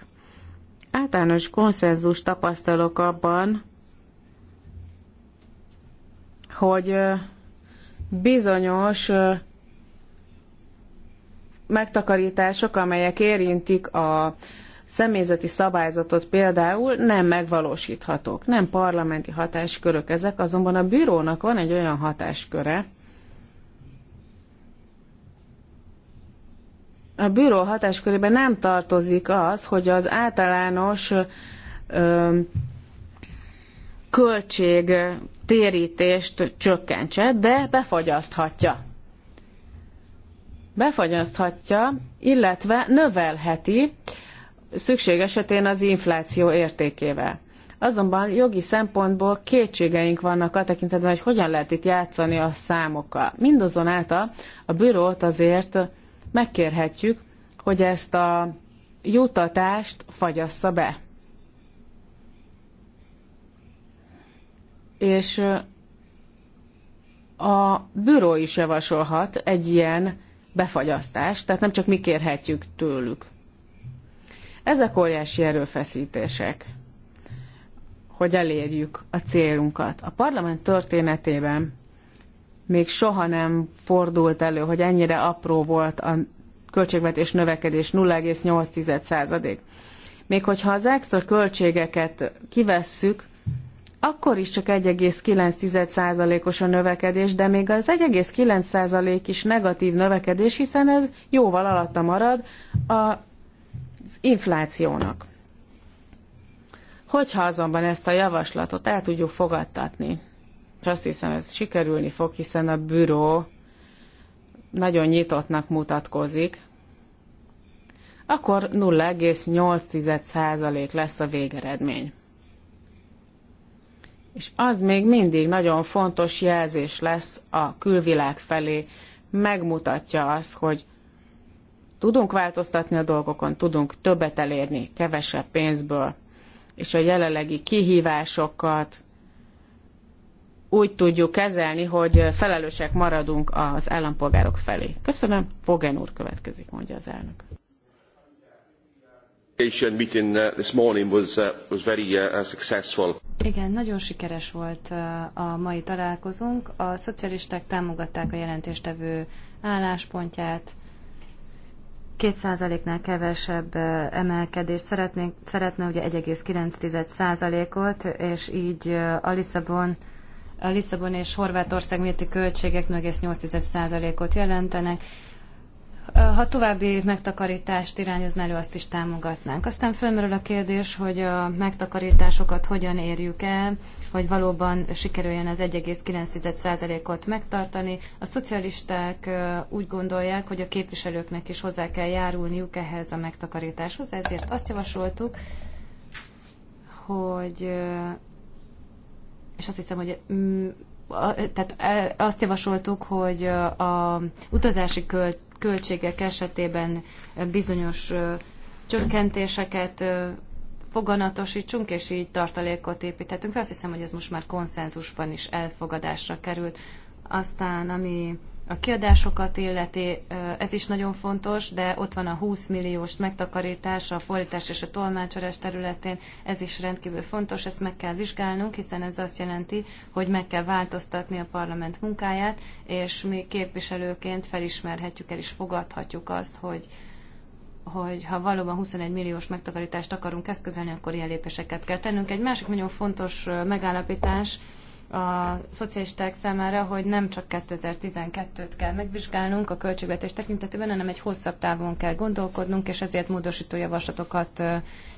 Általános konszenzus tapasztalok abban, hogy bizonyos megtakarítások, amelyek érintik a személyzeti szabályzatot például nem megvalósíthatók, nem parlamenti hatáskörök ezek, azonban a bírónak van egy olyan hatásköre, a bűró hatáskörében nem tartozik az, hogy az általános ö, költség térítést csökkentse, de befagyaszthatja. Befagyaszthatja, illetve növelheti szükség esetén az infláció értékével. Azonban jogi szempontból kétségeink vannak a tekintetben, hogy hogyan lehet itt játszani a számokkal. Mindazonáltal a bürót azért megkérhetjük, hogy ezt a jutatást fagyassza be. És a büró is javasolhat egy ilyen befagyasztást, tehát nem csak mi kérhetjük tőlük. Ezek óriási erőfeszítések, hogy elérjük a célunkat. A parlament történetében még soha nem fordult elő, hogy ennyire apró volt a költségvetés növekedés 0,8%. Még hogyha az extra költségeket kivesszük, akkor is csak 1,9%-os a növekedés, de még az 1,9% is negatív növekedés, hiszen ez jóval alatta marad az inflációnak. Hogyha azonban ezt a javaslatot el tudjuk fogadtatni, és azt hiszem ez sikerülni fog, hiszen a büró nagyon nyitottnak mutatkozik, akkor 0,8% lesz a végeredmény. És az még mindig nagyon fontos jelzés lesz a külvilág felé, megmutatja azt, hogy tudunk változtatni a dolgokon, tudunk többet elérni kevesebb pénzből, és a jelenlegi kihívásokat úgy tudjuk kezelni, hogy felelősek maradunk az állampolgárok felé. Köszönöm. Fogen úr következik, mondja az elnök. Igen, nagyon sikeres volt uh, a mai találkozónk. A szocialisták támogatták a jelentéstevő álláspontját. Két nál kevesebb uh, emelkedést szeretnénk, szeretne ugye 1,9%-ot, és így uh, a Lisszabon a Lisszabon és Horvátország miatti költségek 0,8%-ot jelentenek. Ha további megtakarítást irányozna elő, azt is támogatnánk. Aztán fölmerül a kérdés, hogy a megtakarításokat hogyan érjük el, hogy valóban sikerüljen az 1,9%-ot megtartani. A szocialisták úgy gondolják, hogy a képviselőknek is hozzá kell járulniuk ehhez a megtakarításhoz, ezért azt javasoltuk, hogy és azt hiszem, hogy mm, tehát e, azt javasoltuk, hogy a utazási költségek esetében bizonyos csökkentéseket foganatosítsunk, és így tartalékot építettünk. Azt hiszem, hogy ez most már konszenzusban is elfogadásra került. Aztán, ami a kiadásokat illeti, ez is nagyon fontos, de ott van a 20 milliós megtakarítás a fordítás és a tolmácsolás területén, ez is rendkívül fontos, ezt meg kell vizsgálnunk, hiszen ez azt jelenti, hogy meg kell változtatni a parlament munkáját, és mi képviselőként felismerhetjük el és fogadhatjuk azt, hogy, hogy ha valóban 21 milliós megtakarítást akarunk eszközölni, akkor ilyen lépéseket kell tennünk. Egy másik nagyon fontos megállapítás, a szocialisták számára, hogy nem csak 2012-t kell megvizsgálnunk a költségvetés tekintetében, hanem egy hosszabb távon kell gondolkodnunk, és ezért módosító javaslatokat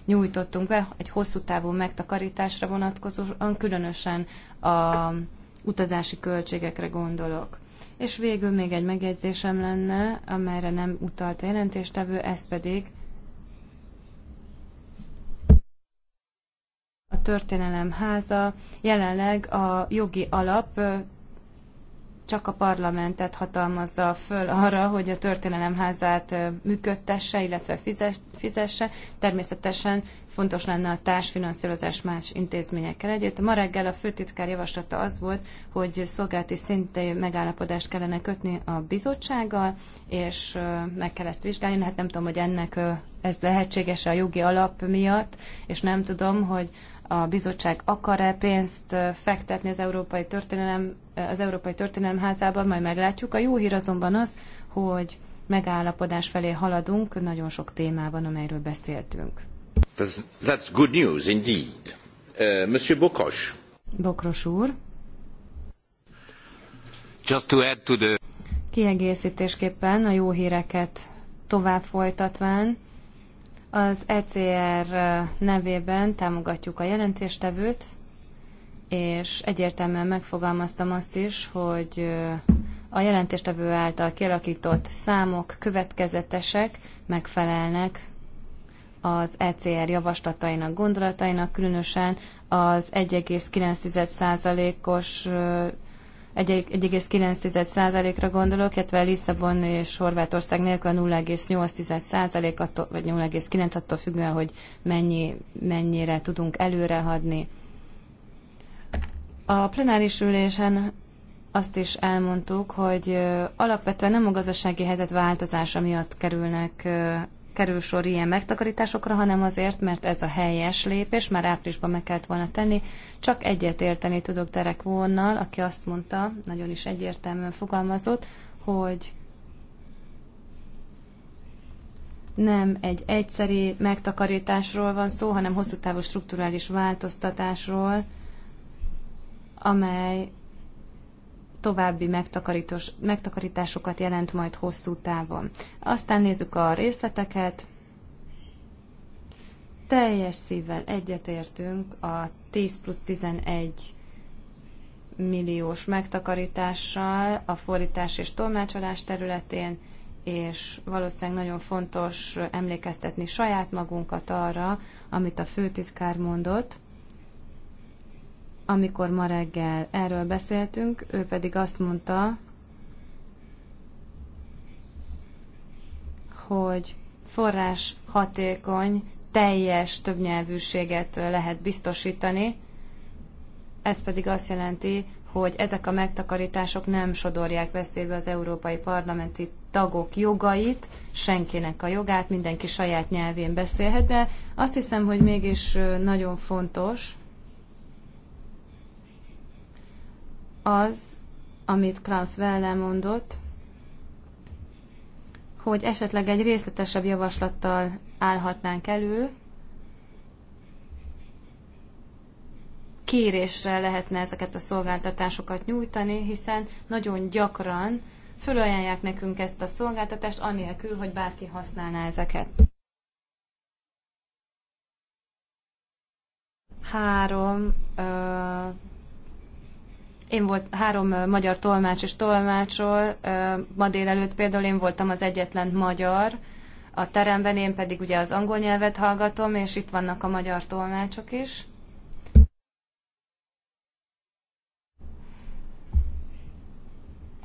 nyújtottunk be egy hosszú távú megtakarításra vonatkozóan, különösen a utazási költségekre gondolok. És végül még egy megjegyzésem lenne, amelyre nem utalt a jelentéstevő, ez pedig történelem háza jelenleg a jogi alap csak a parlamentet hatalmazza föl arra, hogy a történelemházát működtesse, illetve fizesse. Természetesen fontos lenne a társfinanszírozás más intézményekkel együtt. Ma reggel a főtitkár javaslata az volt, hogy szolgálati szintű megállapodást kellene kötni a bizottsággal, és meg kell ezt vizsgálni. Hát nem tudom, hogy ennek ez lehetséges a jogi alap miatt, és nem tudom, hogy a bizottság akar-e pénzt fektetni az Európai Történelem, az Európai Történelem házában, majd meglátjuk. A jó hír azonban az, hogy megállapodás felé haladunk nagyon sok témában, amelyről beszéltünk. That's good news indeed. Uh, Monsieur Bokros. Bokros úr. Just to add to the... Kiegészítésképpen a jó híreket tovább folytatván, az ECR nevében támogatjuk a jelentéstevőt, és egyértelműen megfogalmaztam azt is, hogy a jelentéstevő által kialakított számok következetesek megfelelnek az ECR javaslatainak, gondolatainak, különösen az 1,9%-os 1,9%-ra gondolok, illetve Lisszabon és Horvátország nélkül a 0,8%-attól, vagy 0,9 attól függően, hogy mennyi, mennyire tudunk előrehadni. A plenáris ülésen azt is elmondtuk, hogy alapvetően nem a gazdasági helyzet változása miatt kerülnek kerül sor ilyen megtakarításokra, hanem azért, mert ez a helyes lépés, már áprilisban meg kellett volna tenni. Csak egyet érteni tudok Derek Vonnal, aki azt mondta, nagyon is egyértelműen fogalmazott, hogy nem egy egyszeri megtakarításról van szó, hanem hosszú távú strukturális változtatásról, amely további megtakarítós, megtakarításokat jelent majd hosszú távon. Aztán nézzük a részleteket. Teljes szívvel egyetértünk a 10 plusz 11 milliós megtakarítással a fordítás és tolmácsolás területén, és valószínűleg nagyon fontos emlékeztetni saját magunkat arra, amit a főtitkár mondott, amikor ma reggel erről beszéltünk, ő pedig azt mondta, hogy forrás hatékony, teljes többnyelvűséget lehet biztosítani. Ez pedig azt jelenti, hogy ezek a megtakarítások nem sodorják veszélybe az európai parlamenti tagok jogait, senkinek a jogát, mindenki saját nyelvén beszélhet, de azt hiszem, hogy mégis nagyon fontos, az, amit Klaus Welle mondott, hogy esetleg egy részletesebb javaslattal állhatnánk elő, kérésre lehetne ezeket a szolgáltatásokat nyújtani, hiszen nagyon gyakran fölajánlják nekünk ezt a szolgáltatást, anélkül, hogy bárki használná ezeket. Három ö, én volt három magyar tolmács és tolmácsról. Ma délelőtt például én voltam az egyetlen magyar a teremben, én pedig ugye az angol nyelvet hallgatom, és itt vannak a magyar tolmácsok is.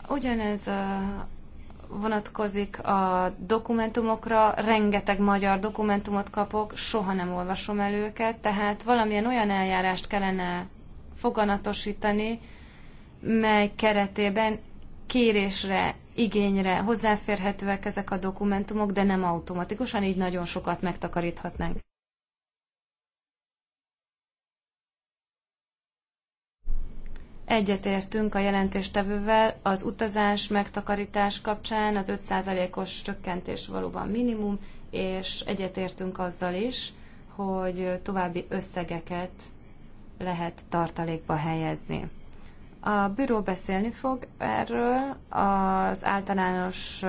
Ugyanez vonatkozik a dokumentumokra, rengeteg magyar dokumentumot kapok, soha nem olvasom el őket, tehát valamilyen olyan eljárást kellene foganatosítani, mely keretében kérésre, igényre hozzáférhetőek ezek a dokumentumok, de nem automatikusan, így nagyon sokat megtakaríthatnánk. Egyetértünk a jelentéstevővel az utazás megtakarítás kapcsán az 5%-os csökkentés valóban minimum, és egyetértünk azzal is, hogy további összegeket lehet tartalékba helyezni. A büró beszélni fog erről, az általános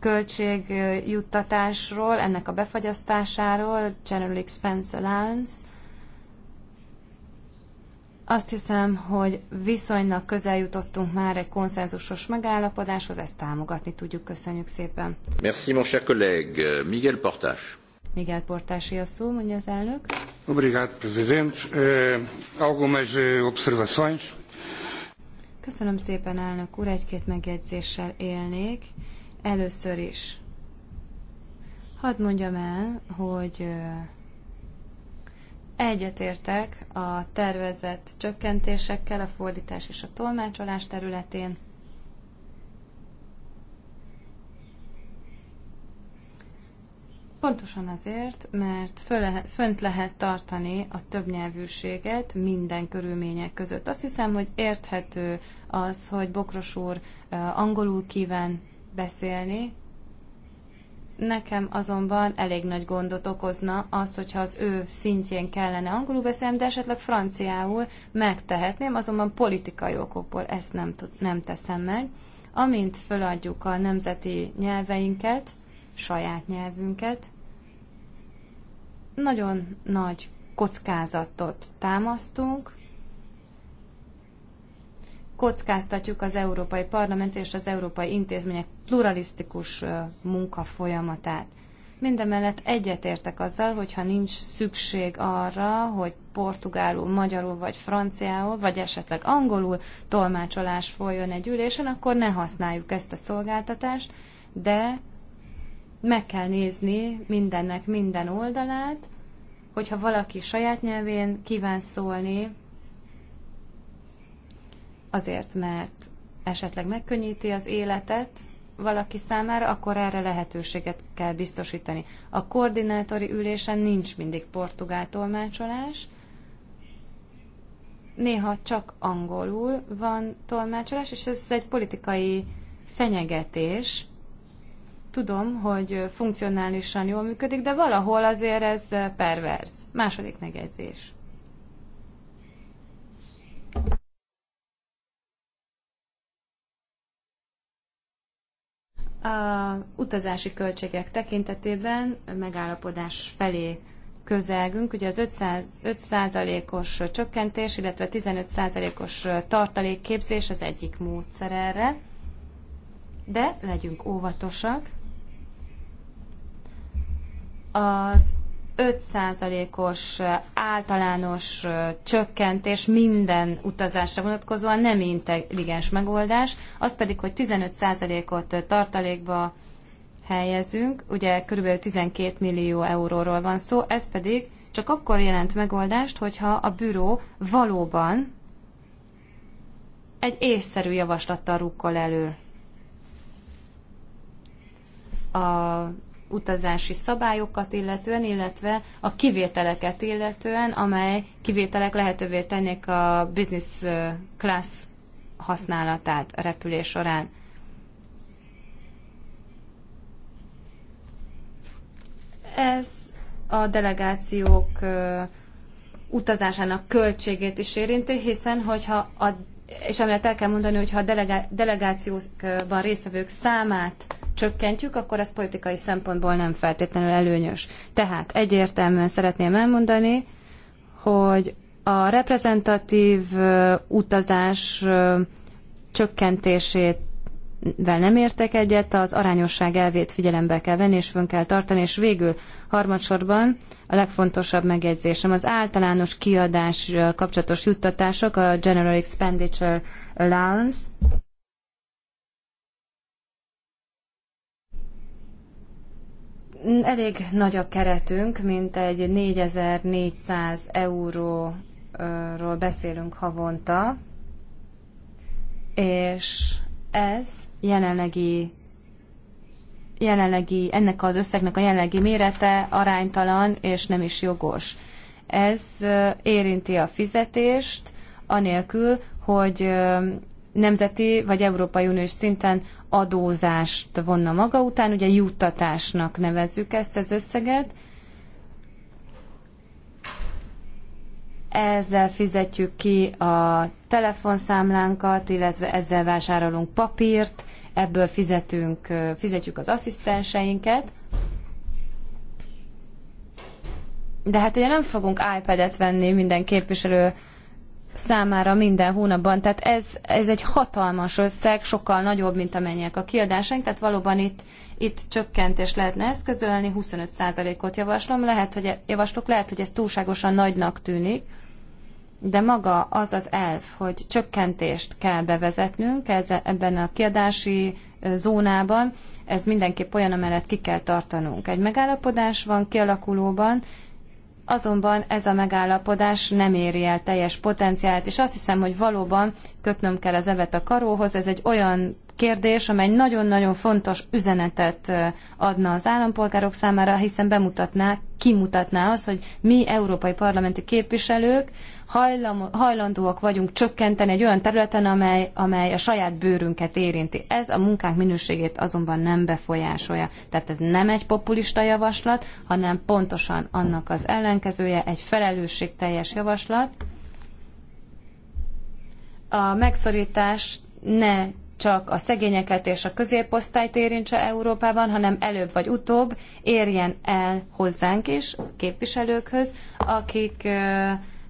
költségjuttatásról, ennek a befagyasztásáról, General Expense Allowance. Azt hiszem, hogy viszonylag közel jutottunk már egy konszenzusos megállapodáshoz, ezt támogatni tudjuk. Köszönjük szépen. Merci, mon cher collègue. Miguel Portás. Miguel Portási a szó, mondja az elnök. Obrigado, presidente. Eh, algumas eh, observações. Köszönöm szépen, elnök úr, egy-két megjegyzéssel élnék. Először is hadd mondjam el, hogy egyetértek a tervezett csökkentésekkel a fordítás és a tolmácsolás területén. Pontosan azért, mert föl lehet, fönt lehet tartani a többnyelvűséget minden körülmények között. Azt hiszem, hogy érthető az, hogy Bokros úr angolul kíván beszélni, Nekem azonban elég nagy gondot okozna az, hogyha az ő szintjén kellene angolul beszélnem, de esetleg franciául megtehetném, azonban politikai okokból ezt nem, nem teszem meg. Amint föladjuk a nemzeti nyelveinket, saját nyelvünket, nagyon nagy kockázatot támasztunk, kockáztatjuk az Európai Parlament és az Európai Intézmények pluralisztikus munka folyamatát. Mindemellett egyetértek azzal, hogyha nincs szükség arra, hogy portugálul, magyarul vagy franciául, vagy esetleg angolul tolmácsolás folyjon egy ülésen, akkor ne használjuk ezt a szolgáltatást, de meg kell nézni mindennek minden oldalát, hogyha valaki saját nyelvén kíván szólni, azért, mert esetleg megkönnyíti az életet valaki számára, akkor erre lehetőséget kell biztosítani. A koordinátori ülésen nincs mindig portugál tolmácsolás, néha csak angolul van tolmácsolás, és ez egy politikai fenyegetés, Tudom, hogy funkcionálisan jól működik, de valahol azért ez eh, pervers. Második megjegyzés. A utazási költségek tekintetében megállapodás felé közelgünk. Ugye az 500, 5%-os csökkentés, illetve 15%-os tartalékképzés az egyik módszer erre. De legyünk óvatosak, az 5%-os általános csökkentés minden utazásra vonatkozóan nem intelligens megoldás, az pedig, hogy 15%-ot tartalékba helyezünk, ugye kb. 12 millió euróról van szó, ez pedig csak akkor jelent megoldást, hogyha a büró valóban egy észszerű javaslattal rukkol elő a utazási szabályokat illetően, illetve a kivételeket illetően, amely kivételek lehetővé tennék a business class használatát a repülés során. Ez a delegációk utazásának költségét is érinti, hiszen hogyha a és emellett el kell mondani, hogy ha a delegá- delegációkban résztvevők számát csökkentjük, akkor ez politikai szempontból nem feltétlenül előnyös. Tehát egyértelműen szeretném elmondani, hogy a reprezentatív utazás csökkentését vel nem értek egyet, az arányosság elvét figyelembe kell venni, és fönn kell tartani, és végül harmadsorban a legfontosabb megjegyzésem az általános kiadás kapcsolatos juttatások, a General Expenditure Allowance. Elég nagy a keretünk, mint egy 4400 euróról beszélünk havonta, és ez jelenlegi jelenlegi, ennek az összegnek a jelenlegi mérete aránytalan és nem is jogos. Ez érinti a fizetést, anélkül, hogy nemzeti vagy Európai Uniós szinten adózást vonna maga után, ugye juttatásnak nevezzük ezt az összeget, ezzel fizetjük ki a telefonszámlánkat, illetve ezzel vásárolunk papírt, ebből fizetünk, fizetjük az asszisztenseinket. De hát ugye nem fogunk iPad-et venni minden képviselő számára minden hónapban, tehát ez, ez egy hatalmas összeg, sokkal nagyobb, mint amennyiek a kiadásaink, tehát valóban itt, itt csökkentés lehetne eszközölni, 25%-ot javaslom, lehet, hogy e, javaslok, lehet, hogy ez túlságosan nagynak tűnik, de maga az az elf, hogy csökkentést kell bevezetnünk ez, ebben a kiadási zónában, ez mindenképp olyan, amellett ki kell tartanunk. Egy megállapodás van kialakulóban, azonban ez a megállapodás nem éri el teljes potenciált, és azt hiszem, hogy valóban kötnöm kell az evet a karóhoz. Ez egy olyan kérdés, amely nagyon-nagyon fontos üzenetet adna az állampolgárok számára, hiszen bemutatná, kimutatná az, hogy mi európai parlamenti képviselők hajlam, hajlandóak vagyunk csökkenteni egy olyan területen, amely, amely a saját bőrünket érinti. Ez a munkánk minőségét azonban nem befolyásolja. Tehát ez nem egy populista javaslat, hanem pontosan annak az ellenkezője, egy felelősségteljes javaslat, a megszorítás ne csak a szegényeket és a középosztályt érintse Európában, hanem előbb vagy utóbb érjen el hozzánk is, a képviselőkhöz, akik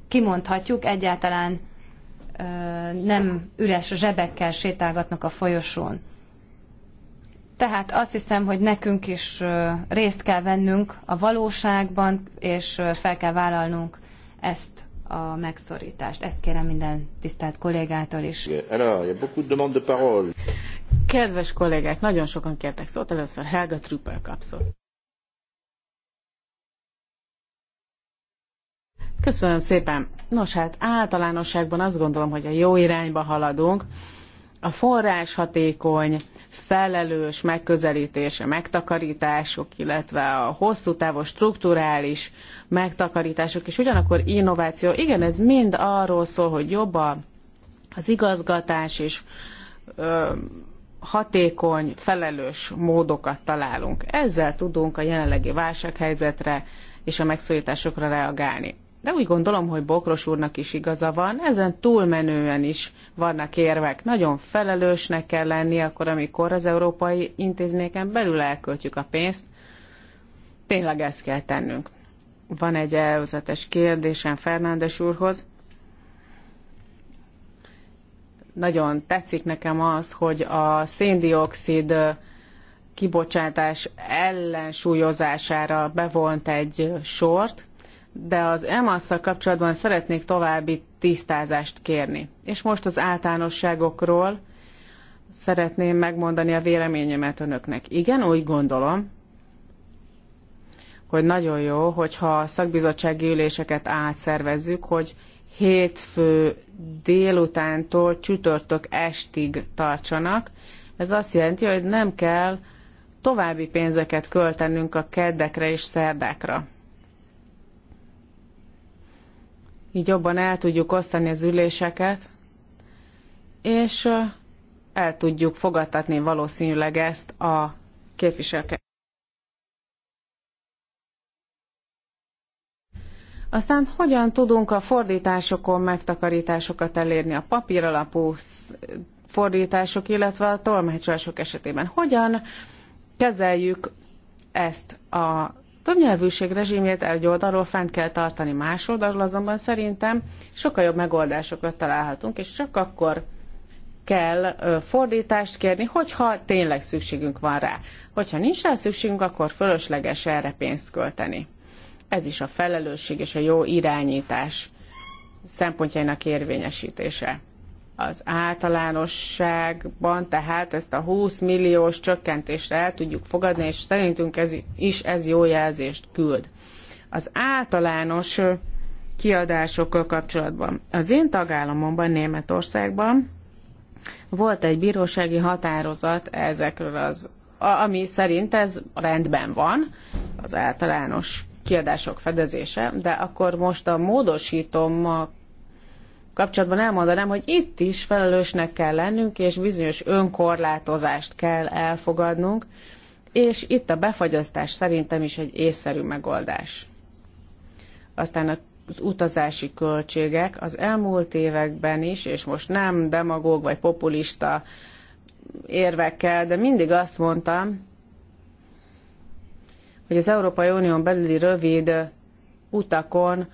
kimondhatjuk egyáltalán nem üres zsebekkel sétálgatnak a folyosón. Tehát azt hiszem, hogy nekünk is részt kell vennünk a valóságban, és fel kell vállalnunk ezt a megszorítást. Ezt kérem minden tisztelt kollégától is. Kedves kollégák, nagyon sokan kértek szót, először Helga Trüppel szót. Köszönöm szépen. Nos, hát általánosságban azt gondolom, hogy a jó irányba haladunk. A hatékony, felelős megközelítése, megtakarítások, illetve a hosszú távos strukturális megtakarítások, és ugyanakkor innováció. Igen, ez mind arról szól, hogy jobb a, az igazgatás, és ö, hatékony, felelős módokat találunk. Ezzel tudunk a jelenlegi válsághelyzetre és a megszorításokra reagálni. De úgy gondolom, hogy Bokros úrnak is igaza van, ezen túlmenően is vannak érvek. Nagyon felelősnek kell lenni akkor, amikor az európai intézményeken belül elköltjük a pénzt. Tényleg ezt kell tennünk. Van egy előzetes kérdésem Fernándes úrhoz. Nagyon tetszik nekem az, hogy a széndiokszid kibocsátás ellensúlyozására bevont egy sort, de az EMASZ-szal kapcsolatban szeretnék további tisztázást kérni. És most az általánosságokról szeretném megmondani a véleményemet önöknek. Igen, úgy gondolom, hogy nagyon jó, hogyha a szakbizottsági üléseket átszervezzük, hogy hétfő délutántól csütörtök estig tartsanak. Ez azt jelenti, hogy nem kell további pénzeket költenünk a keddekre és szerdákra. Így jobban el tudjuk osztani az üléseket, és el tudjuk fogadtatni valószínűleg ezt a képviselőket. Aztán hogyan tudunk a fordításokon megtakarításokat elérni a papír alapú fordítások, illetve a tolmácsolások esetében? Hogyan kezeljük ezt a többnyelvűség rezsimjét egy oldalról fent kell tartani, más oldalról azonban szerintem sokkal jobb megoldásokat találhatunk, és csak akkor kell fordítást kérni, hogyha tényleg szükségünk van rá. Hogyha nincs rá szükségünk, akkor fölösleges erre pénzt költeni. Ez is a felelősség és a jó irányítás szempontjainak érvényesítése. Az általánosságban tehát ezt a 20 milliós csökkentést el tudjuk fogadni, és szerintünk ez is ez jó jelzést küld. Az általános kiadásokkal kapcsolatban. Az én tagállamomban, Németországban volt egy bírósági határozat ezekről az, ami szerint ez rendben van, az általános kiadások fedezése, de akkor most a módosítommal kapcsolatban elmondanám, hogy itt is felelősnek kell lennünk, és bizonyos önkorlátozást kell elfogadnunk, és itt a befagyasztás szerintem is egy észszerű megoldás. Aztán az utazási költségek az elmúlt években is, és most nem demagóg vagy populista érvekkel, de mindig azt mondtam, hogy az Európai Unión belüli rövid utakon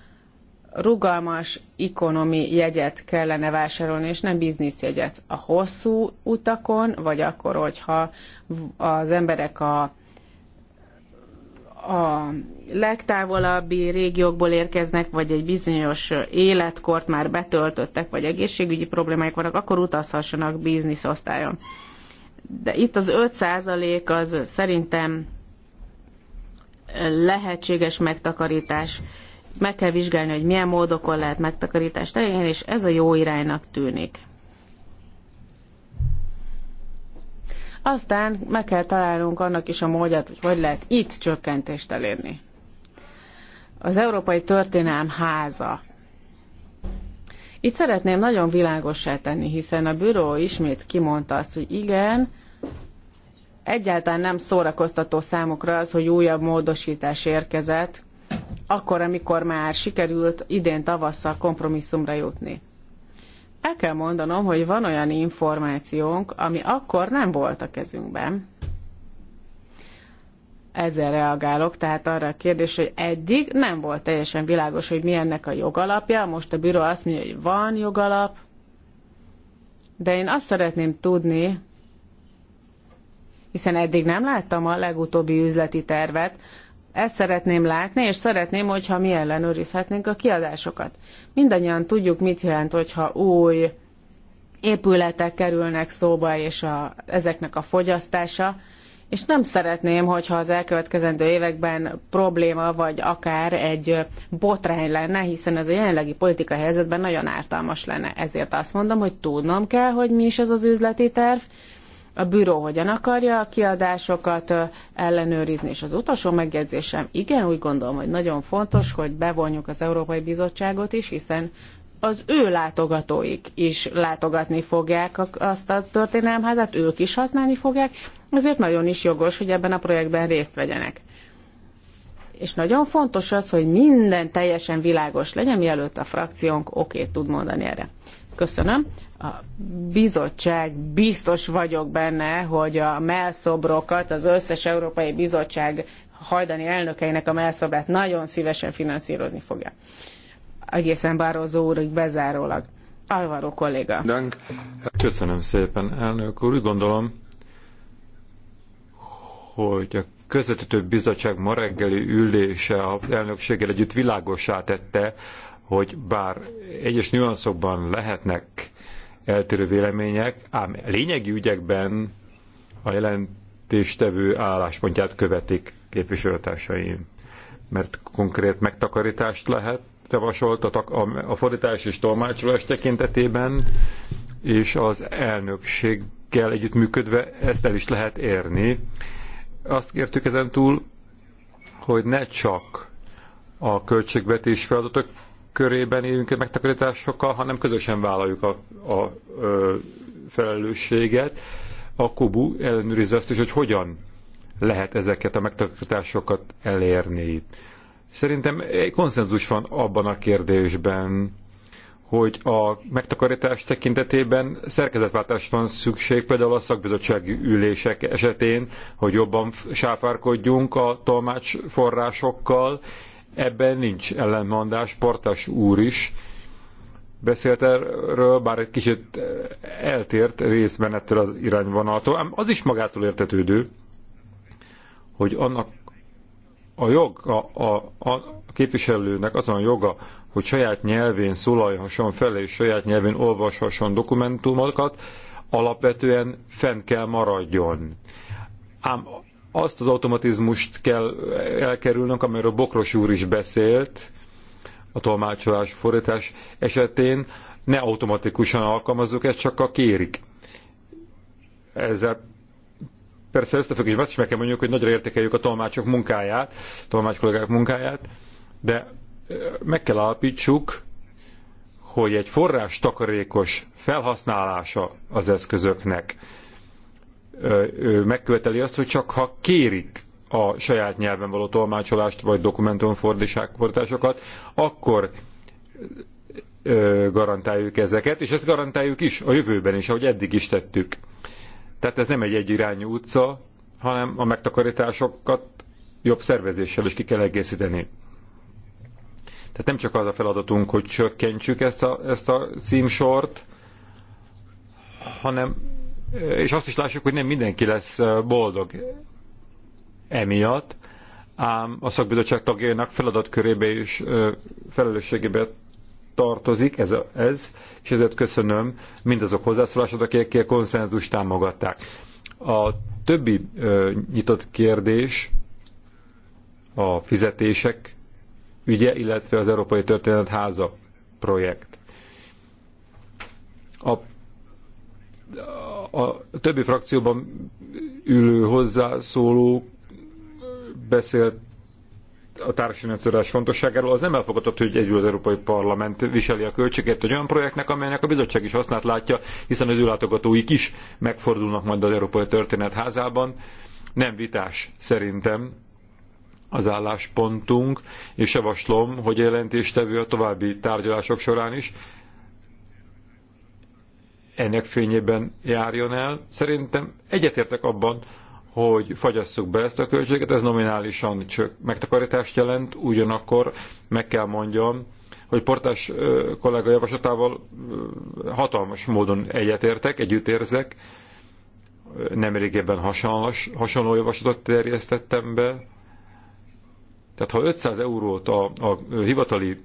rugalmas ikonomi jegyet kellene vásárolni, és nem jegyet A hosszú utakon, vagy akkor, hogyha az emberek a, a legtávolabbi régiókból érkeznek, vagy egy bizonyos életkort már betöltöttek, vagy egészségügyi problémáik vannak, akkor utazhassanak biznisz osztályon. De itt az 5% az szerintem lehetséges megtakarítás. Meg kell vizsgálni, hogy milyen módokon lehet megtakarítást elérni, és ez a jó iránynak tűnik. Aztán meg kell találnunk annak is a módját, hogy hogy lehet itt csökkentést elérni. Az Európai Történelm Háza. Itt szeretném nagyon világossá tenni, hiszen a büró ismét kimondta azt, hogy igen, egyáltalán nem szórakoztató számukra az, hogy újabb módosítás érkezett, akkor, amikor már sikerült idén tavasszal kompromisszumra jutni. El kell mondanom, hogy van olyan információnk, ami akkor nem volt a kezünkben. Ezzel reagálok, tehát arra a kérdésre, hogy eddig nem volt teljesen világos, hogy mi ennek a jogalapja. Most a bíró azt mondja, hogy van jogalap, de én azt szeretném tudni, hiszen eddig nem láttam a legutóbbi üzleti tervet, ezt szeretném látni, és szeretném, hogyha mi ellenőrizhetnénk a kiadásokat. Mindannyian tudjuk, mit jelent, hogyha új épületek kerülnek szóba, és a, ezeknek a fogyasztása, és nem szeretném, hogyha az elkövetkezendő években probléma, vagy akár egy botrány lenne, hiszen ez a jelenlegi politikai helyzetben nagyon ártalmas lenne. Ezért azt mondom, hogy tudnom kell, hogy mi is ez az üzleti terv, a bűró hogyan akarja a kiadásokat ellenőrizni. És az utolsó megjegyzésem, igen, úgy gondolom, hogy nagyon fontos, hogy bevonjuk az Európai Bizottságot is, hiszen az ő látogatóik is látogatni fogják azt a történelemházat, hát ők is használni fogják, ezért nagyon is jogos, hogy ebben a projektben részt vegyenek. És nagyon fontos az, hogy minden teljesen világos legyen, mielőtt a frakciónk okét tud mondani erre. Köszönöm a bizottság, biztos vagyok benne, hogy a melszobrokat, az összes Európai Bizottság hajdani elnökeinek a melszobrát nagyon szívesen finanszírozni fogja. Egészen Bározó úrig bezárólag. Alvaro kolléga. Köszönöm szépen, elnök úr. Úgy gondolom, hogy a közvetítő bizottság ma reggeli ülése az elnökséggel együtt világosá tette, hogy bár egyes nüanszokban lehetnek eltérő vélemények, ám lényegi ügyekben a jelentéstevő álláspontját követik képviselőtársaim. Mert konkrét megtakarítást lehet javasolt a, a, a fordítás és tolmácsolás tekintetében, és az elnökséggel együttműködve ezt el is lehet érni. Azt kértük ezen túl, hogy ne csak a költségvetés feladatok körében élünk megtakarításokkal, hanem közösen vállaljuk a, a, a felelősséget. A Kubu ellenőrizze azt is, hogy hogyan lehet ezeket a megtakarításokat elérni. Szerintem egy konszenzus van abban a kérdésben, hogy a megtakarítás tekintetében szerkezetváltás van szükség, például a szakbizottsági ülések esetén, hogy jobban sáfárkodjunk a tolmács forrásokkal, Ebben nincs ellenmondás, Portas úr is beszélt erről, bár egy kicsit eltért részben ettől az irányvonaltól, ám az is magától értetődő, hogy annak a jog, a, a, a képviselőnek azon a joga, hogy saját nyelvén szólalhasson fel és saját nyelvén olvashasson dokumentumokat, alapvetően fenn kell maradjon. Ám azt az automatizmust kell elkerülnünk, amiről Bokros úr is beszélt, a tolmácsolás, fordítás esetén, ne automatikusan alkalmazzuk, ezt csak a kérik. Ezzel persze összefüggésben is, is meg kell mondjuk, hogy nagyra értékeljük a tolmácsok munkáját, tolmács kollégák munkáját, de meg kell alapítsuk, hogy egy forrás takarékos felhasználása az eszközöknek megköveteli azt, hogy csak ha kérik a saját nyelven való tolmácsolást vagy dokumentumfordításokat, akkor garantáljuk ezeket, és ezt garantáljuk is a jövőben is, ahogy eddig is tettük. Tehát ez nem egy egyirányú utca, hanem a megtakarításokat jobb szervezéssel is ki kell egészíteni. Tehát nem csak az a feladatunk, hogy csökkentsük ezt a, ezt a címsort, hanem és azt is lássuk, hogy nem mindenki lesz boldog emiatt, ám a szakbizottság tagjainak feladatkörébe és felelősségébe tartozik ez, a, ez, és ezért köszönöm mindazok hozzászólásod, akik a konszenzust támogatták. A többi ö, nyitott kérdés a fizetések ügye, illetve az Európai Történet Háza projekt. A a többi frakcióban ülő hozzászóló beszélt a társfinanszírozás fontosságáról, az nem elfogadott, hogy együl az Európai Parlament viseli a költséget egy olyan projektnek, amelynek a bizottság is hasznát látja, hiszen az ülátogatóik is megfordulnak majd az Európai Történet házában. Nem vitás szerintem az álláspontunk, és javaslom, hogy jelentéstevő a további tárgyalások során is ennek fényében járjon el. Szerintem egyetértek abban, hogy fagyasszuk be ezt a költséget, ez nominálisan csak megtakarítást jelent, ugyanakkor meg kell mondjam, hogy Portás kollega javaslatával hatalmas módon egyetértek, együttérzek. Nemrégében hasonlas, hasonló javaslatot terjesztettem be. Tehát ha 500 eurót a, a hivatali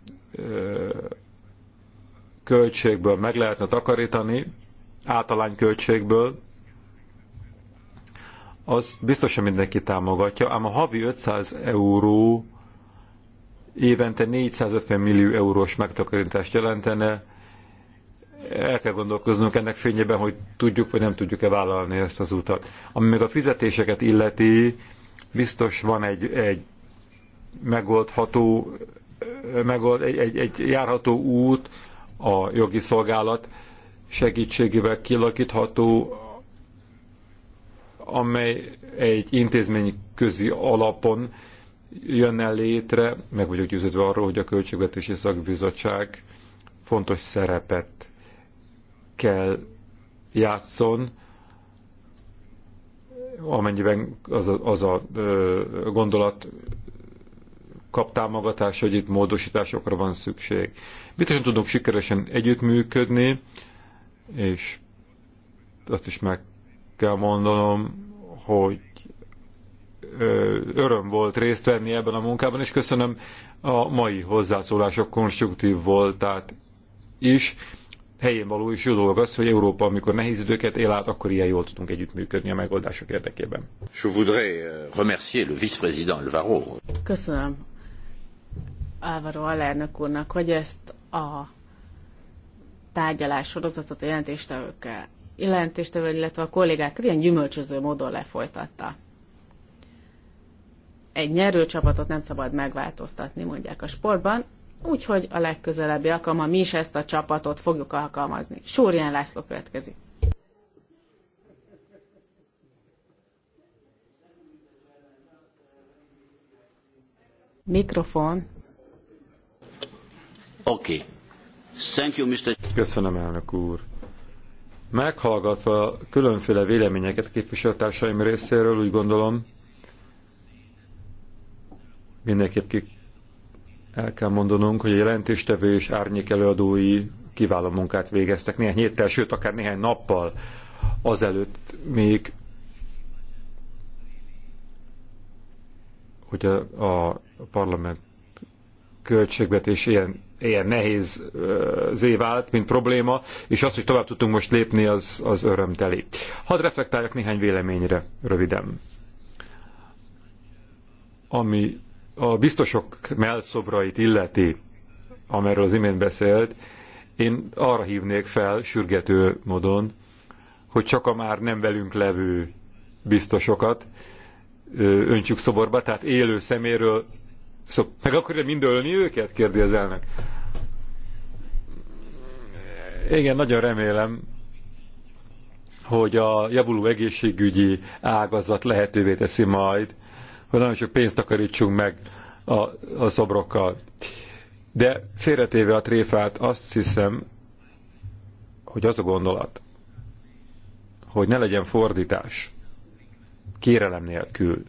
költségből meg lehetne takarítani, általány költségből, az biztosan mindenki támogatja, ám a havi 500 euró évente 450 millió eurós megtakarítást jelentene. El kell gondolkoznunk ennek fényében, hogy tudjuk vagy nem tudjuk-e vállalni ezt az utat. Ami még a fizetéseket illeti, biztos van egy, egy megoldható, megold, egy, egy, egy járható út, a jogi szolgálat segítségével kilakítható, amely egy intézmény közi alapon jönne létre, meg vagyok győződve arról, hogy a Költségvetési Szakbizottság fontos szerepet kell játszon, amennyiben az a, az a gondolat kap támogatás, hogy itt módosításokra van szükség biztosan tudunk sikeresen együttműködni, és azt is meg kell mondanom, hogy öröm volt részt venni ebben a munkában, és köszönöm a mai hozzászólások konstruktív voltát is. Helyén való is jó dolog az, hogy Európa, amikor nehéz időket él át, akkor ilyen jól tudunk együttműködni a megoldások érdekében. Je voudrais euh, remercier le vice-président Alvaro. Köszönöm Álvaro alelnök úrnak, hogy ezt a tárgyalás sorozatot a jelentéstevőkkel, jelentéstevő, illetve a kollégákkal ilyen gyümölcsöző módon lefolytatta. Egy nyerő csapatot nem szabad megváltoztatni, mondják a sportban, úgyhogy a legközelebbi alkalma mi is ezt a csapatot fogjuk alkalmazni. Súrján László következik. Mikrofon. Okay. Thank you, Mr. Köszönöm, elnök úr. Meghallgatva különféle véleményeket képviselőtársaim részéről, úgy gondolom, mindenképp ki el kell mondanunk, hogy a jelentéstevő és árnyék előadói kiváló munkát végeztek néhány héttel, sőt, akár néhány nappal azelőtt még, hogy a, a parlament költségvetés ilyen ilyen nehéz zé vált, mint probléma, és az, hogy tovább tudtunk most lépni, az, az örömteli. Hadd reflektáljak néhány véleményre röviden. Ami a biztosok melszobrait illeti, amiről az imént beszélt, én arra hívnék fel sürgető módon, hogy csak a már nem velünk levő biztosokat öntsük szoborba, tehát élő szeméről Szóval meg akarja ölni őket? kérdi az elnök. Igen, nagyon remélem, hogy a javuló egészségügyi ágazat lehetővé teszi majd, hogy nagyon sok pénzt takarítsunk meg a, a szobrokkal. De félretéve a tréfát, azt hiszem, hogy az a gondolat, hogy ne legyen fordítás, kérelem nélkül,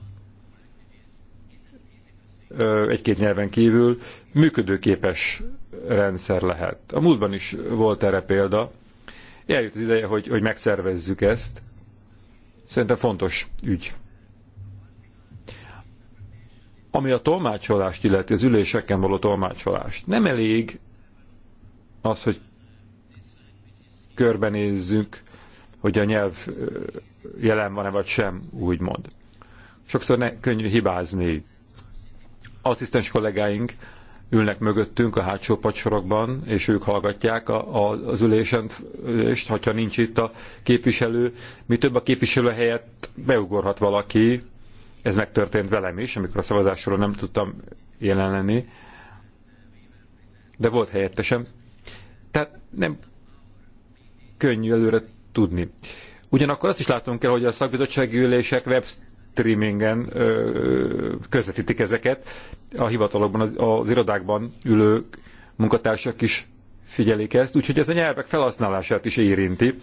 egy-két nyelven kívül működőképes rendszer lehet. A múltban is volt erre példa. Eljött az ideje, hogy, hogy megszervezzük ezt. Szerintem fontos ügy. Ami a tolmácsolást illeti, az üléseken való tolmácsolást, nem elég az, hogy körbenézzünk, hogy a nyelv jelen van-e vagy sem, úgymond. Sokszor ne, könnyű hibázni asszisztens kollégáink ülnek mögöttünk a hátsó pacsorokban, és ők hallgatják a, a, az ülésen, ülést, hogyha nincs itt a képviselő. Mi több a képviselő helyett beugorhat valaki, ez megtörtént velem is, amikor a szavazásról nem tudtam jelen lenni, de volt helyettesem. Tehát nem könnyű előre tudni. Ugyanakkor azt is látnunk kell, hogy a szakbizottsági ülések web streamingen közvetítik ezeket. A hivatalokban, az, az irodákban ülő munkatársak is figyelik ezt, úgyhogy ez a nyelvek felhasználását is érinti.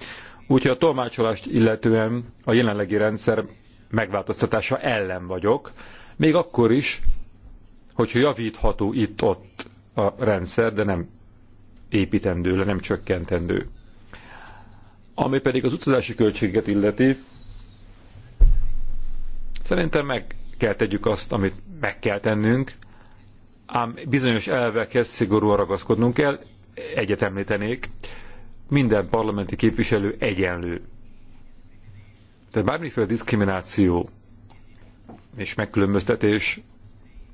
Úgyhogy a tolmácsolást illetően a jelenlegi rendszer megváltoztatása ellen vagyok, még akkor is, hogyha javítható itt-ott a rendszer, de nem építendő, le nem csökkentendő. Ami pedig az utazási költséget illeti, Szerintem meg kell tegyük azt, amit meg kell tennünk, ám bizonyos elvekhez szigorúan ragaszkodnunk kell, egyet említenék, minden parlamenti képviselő egyenlő. Tehát bármiféle diszkrimináció és megkülönböztetés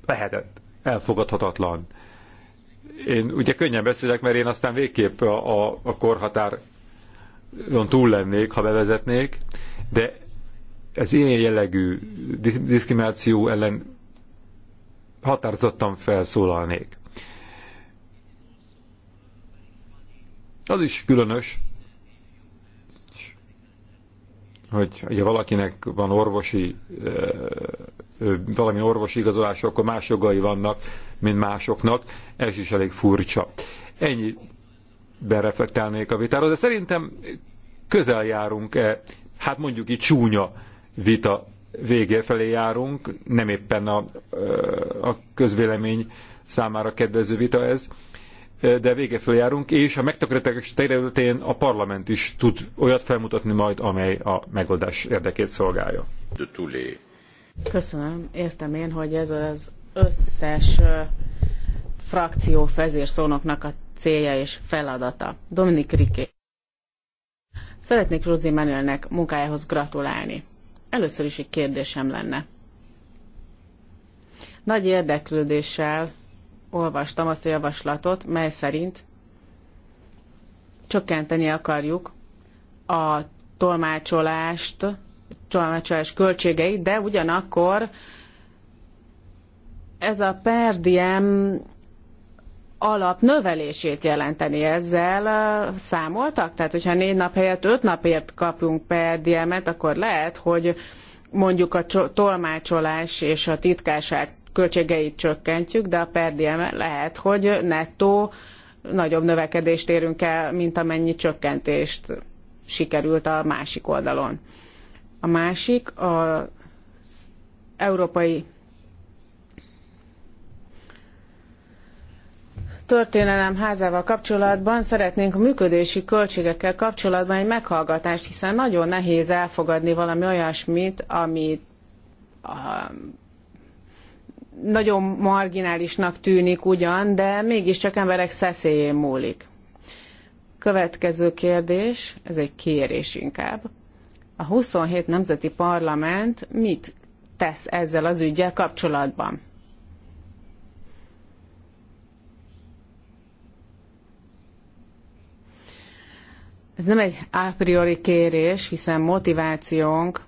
lehetett, elfogadhatatlan. Én ugye könnyen beszélek, mert én aztán végképp a, a, a korhatáron túl lennék, ha bevezetnék, de ez ilyen jellegű diszkrimináció ellen határozottan felszólalnék. Az is különös, hogy ha valakinek van orvosi, valami orvosi igazolás, akkor más jogai vannak, mint másoknak. Ez is elég furcsa. Ennyi bereflektálnék a vitára, de szerintem közel járunk-e, hát mondjuk itt csúnya vita vége felé járunk, nem éppen a, a közvélemény számára kedvező vita ez, de vége felé járunk, és a megtakarítás területén a parlament is tud olyat felmutatni majd, amely a megoldás érdekét szolgálja. Köszönöm. Értem én, hogy ez az összes frakció fezérszónoknak a célja és feladata. Dominik Riké. Szeretnék Rózi Menélnek munkájához gratulálni. Először is egy kérdésem lenne. Nagy érdeklődéssel olvastam azt a javaslatot, mely szerint csökkenteni akarjuk a tolmácsolást, tolmácsolás költségeit, de ugyanakkor ez a perdiem alap növelését jelenteni. Ezzel számoltak? Tehát, hogyha négy nap helyett öt napért kapunk per diemet, akkor lehet, hogy mondjuk a tolmácsolás és a titkárság költségeit csökkentjük, de a per diem lehet, hogy nettó nagyobb növekedést érünk el, mint amennyi csökkentést sikerült a másik oldalon. A másik az Európai történelem házával kapcsolatban szeretnénk a működési költségekkel kapcsolatban egy meghallgatást, hiszen nagyon nehéz elfogadni valami olyasmit, ami a, nagyon marginálisnak tűnik ugyan, de mégiscsak emberek szeszélyén múlik. Következő kérdés, ez egy kérés inkább. A 27 nemzeti parlament mit tesz ezzel az ügyel kapcsolatban? Ez nem egy a priori kérés, hiszen motivációnk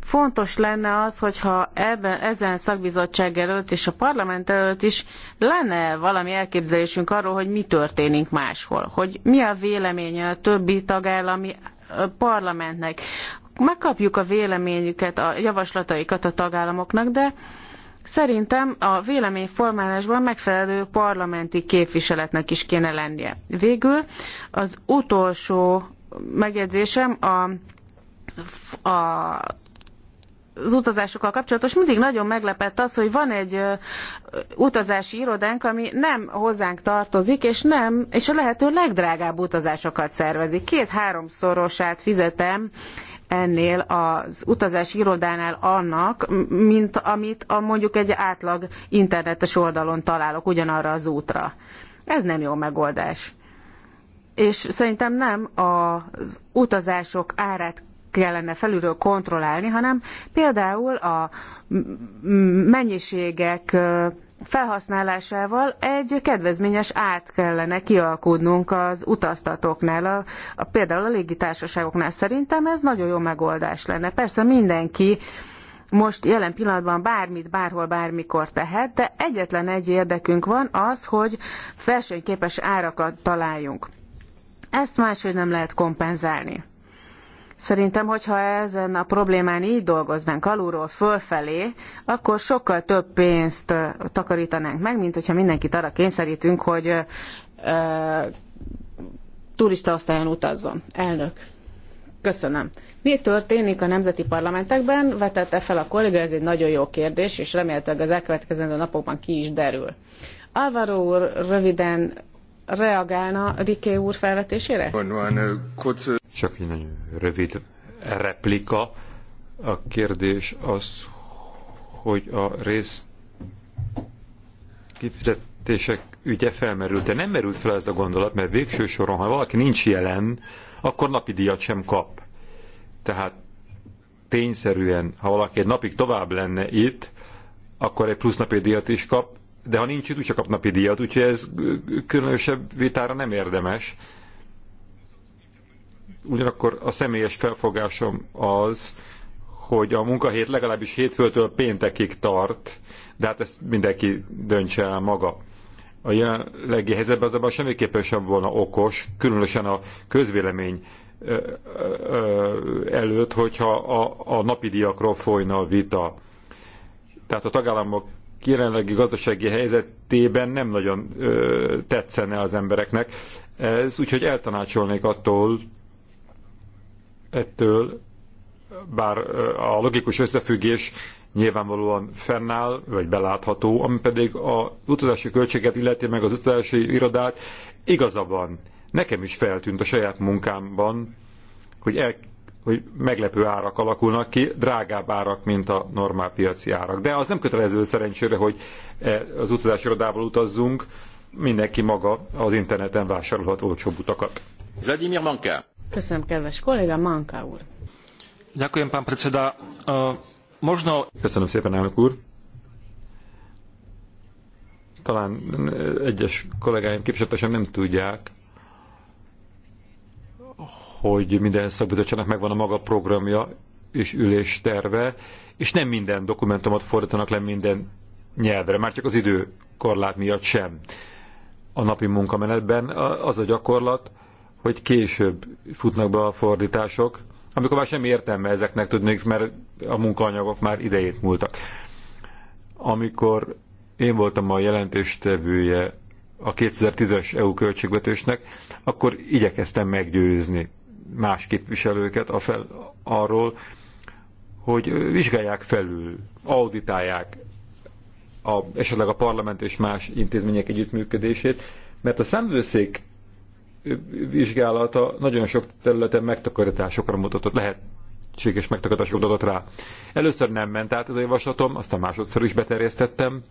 fontos lenne az, hogyha ebben, ezen szakbizottság előtt és a parlament előtt is lenne valami elképzelésünk arról, hogy mi történik máshol, hogy mi a véleménye a többi tagállami parlamentnek. Megkapjuk a véleményüket, a javaslataikat a tagállamoknak, de Szerintem a véleményformálásban megfelelő parlamenti képviseletnek is kéne lennie. Végül az utolsó megjegyzésem a, a az utazásokkal kapcsolatos mindig nagyon meglepett az, hogy van egy utazási irodánk, ami nem hozzánk tartozik, és nem, és a lehető legdrágább utazásokat szervezik. Két-háromszorosát fizetem ennél az utazási irodánál annak, mint amit a mondjuk egy átlag internetes oldalon találok ugyanarra az útra. Ez nem jó megoldás. És szerintem nem az utazások árát kellene felülről kontrollálni, hanem például a mennyiségek felhasználásával egy kedvezményes árt kellene kialkudnunk az utaztatóknál, a, a, például a légitársaságoknál. Szerintem ez nagyon jó megoldás lenne. Persze mindenki most jelen pillanatban bármit, bárhol, bármikor tehet, de egyetlen egy érdekünk van az, hogy versenyképes árakat találjunk. Ezt máshogy nem lehet kompenzálni. Szerintem, hogyha ezen a problémán így dolgoznánk alulról fölfelé, akkor sokkal több pénzt takarítanánk meg, mint hogyha mindenkit arra kényszerítünk, hogy turistaosztályon turista osztályon utazzon. Elnök. Köszönöm. Mi történik a nemzeti parlamentekben? Vetette fel a kolléga, ez egy nagyon jó kérdés, és remélhetőleg az elkövetkezendő napokban ki is derül. Alvaro úr röviden reagálna a úr felvetésére? Csak egy nagyon rövid replika. A kérdés az, hogy a rész kifizetések ügye felmerült, de nem merült fel ez a gondolat, mert végső soron, ha valaki nincs jelen, akkor napi díjat sem kap. Tehát tényszerűen, ha valaki egy napig tovább lenne itt, akkor egy plusz napi díjat is kap, de ha nincs itt, úgyse kap napi díjat, úgyhogy ez különösebb vitára nem érdemes. Ugyanakkor a személyes felfogásom az, hogy a munkahét legalábbis hétfőtől péntekig tart, de hát ezt mindenki döntse el maga. A jelenlegi helyzetben azonban semmiképpen sem volna okos, különösen a közvélemény előtt, hogyha a, a napi diakról folyna a vita. Tehát a tagállamok jelenlegi gazdasági helyzetében nem nagyon ö, tetszene az embereknek. Ez úgyhogy eltanácsolnék attól, ettől, bár a logikus összefüggés nyilvánvalóan fennáll, vagy belátható, ami pedig a utazási költséget illeti meg az utazási irodát, igazabban Nekem is feltűnt a saját munkámban, hogy el hogy meglepő árak alakulnak ki, drágább árak, mint a normál piaci árak. De az nem kötelező szerencsére, hogy e, az utazási irodából utazzunk, mindenki maga az interneten vásárolhat olcsóbb utakat. Vladimir Manka. Köszönöm, kedves kolléga, Manka úr. Ďakujem, pán predseda. E, možno... Köszönöm szépen, elnök úr. Talán e, egyes kollégáim képviselőtesem nem tudják, hogy minden szakbizottságnak megvan a maga programja és ülés terve, és nem minden dokumentumot fordítanak le minden nyelvre, már csak az időkorlát miatt sem. A napi munkamenetben az a gyakorlat, hogy később futnak be a fordítások, amikor már semmi értelme ezeknek tudnék, mert a munkaanyagok már idejét múltak. Amikor én voltam a jelentéstevője a 2010-es EU költségvetésnek, akkor igyekeztem meggyőzni más képviselőket a fel, arról, hogy vizsgálják felül, auditálják a, esetleg a parlament és más intézmények együttműködését, mert a szemvőszék vizsgálata nagyon sok területen megtakarításokra mutatott, lehetséges megtakarításokra adott rá. Először nem ment át ez a javaslatom, aztán másodszor is beterjesztettem,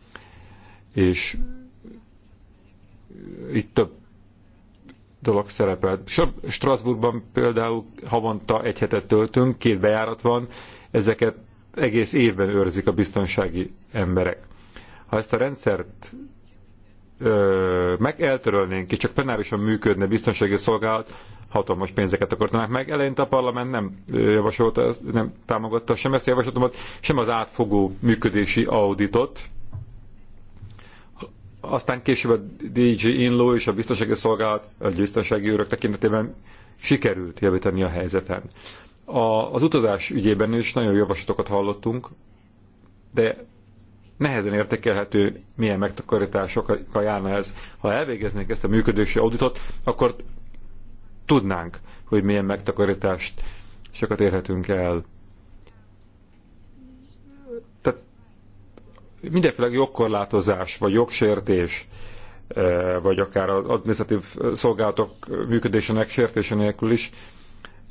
és itt több dolog szerepel. Strasbourgban például havonta egy hetet töltünk, két bejárat van, ezeket egész évben őrzik a biztonsági emberek. Ha ezt a rendszert ö, meg eltörölnénk, és csak penárisan működne biztonsági szolgálat, hatalmas pénzeket akartanák meg. Eleinte a parlament nem javasolta, nem támogatta sem ezt a javaslatomat, sem az átfogó működési auditot, aztán később a DJ Inlo és a biztonsági szolgálat, a biztonsági őrök tekintetében sikerült javítani a helyzeten. A, az utazás ügyében is nagyon javaslatokat hallottunk, de nehezen értékelhető, milyen megtakarításokkal járna ez. Ha elvégeznék ezt a működési auditot, akkor tudnánk, hogy milyen megtakarítást sokat érhetünk el. mindenféle jogkorlátozás, vagy jogsértés, e, vagy akár az administratív szolgálatok működésének sértése nélkül is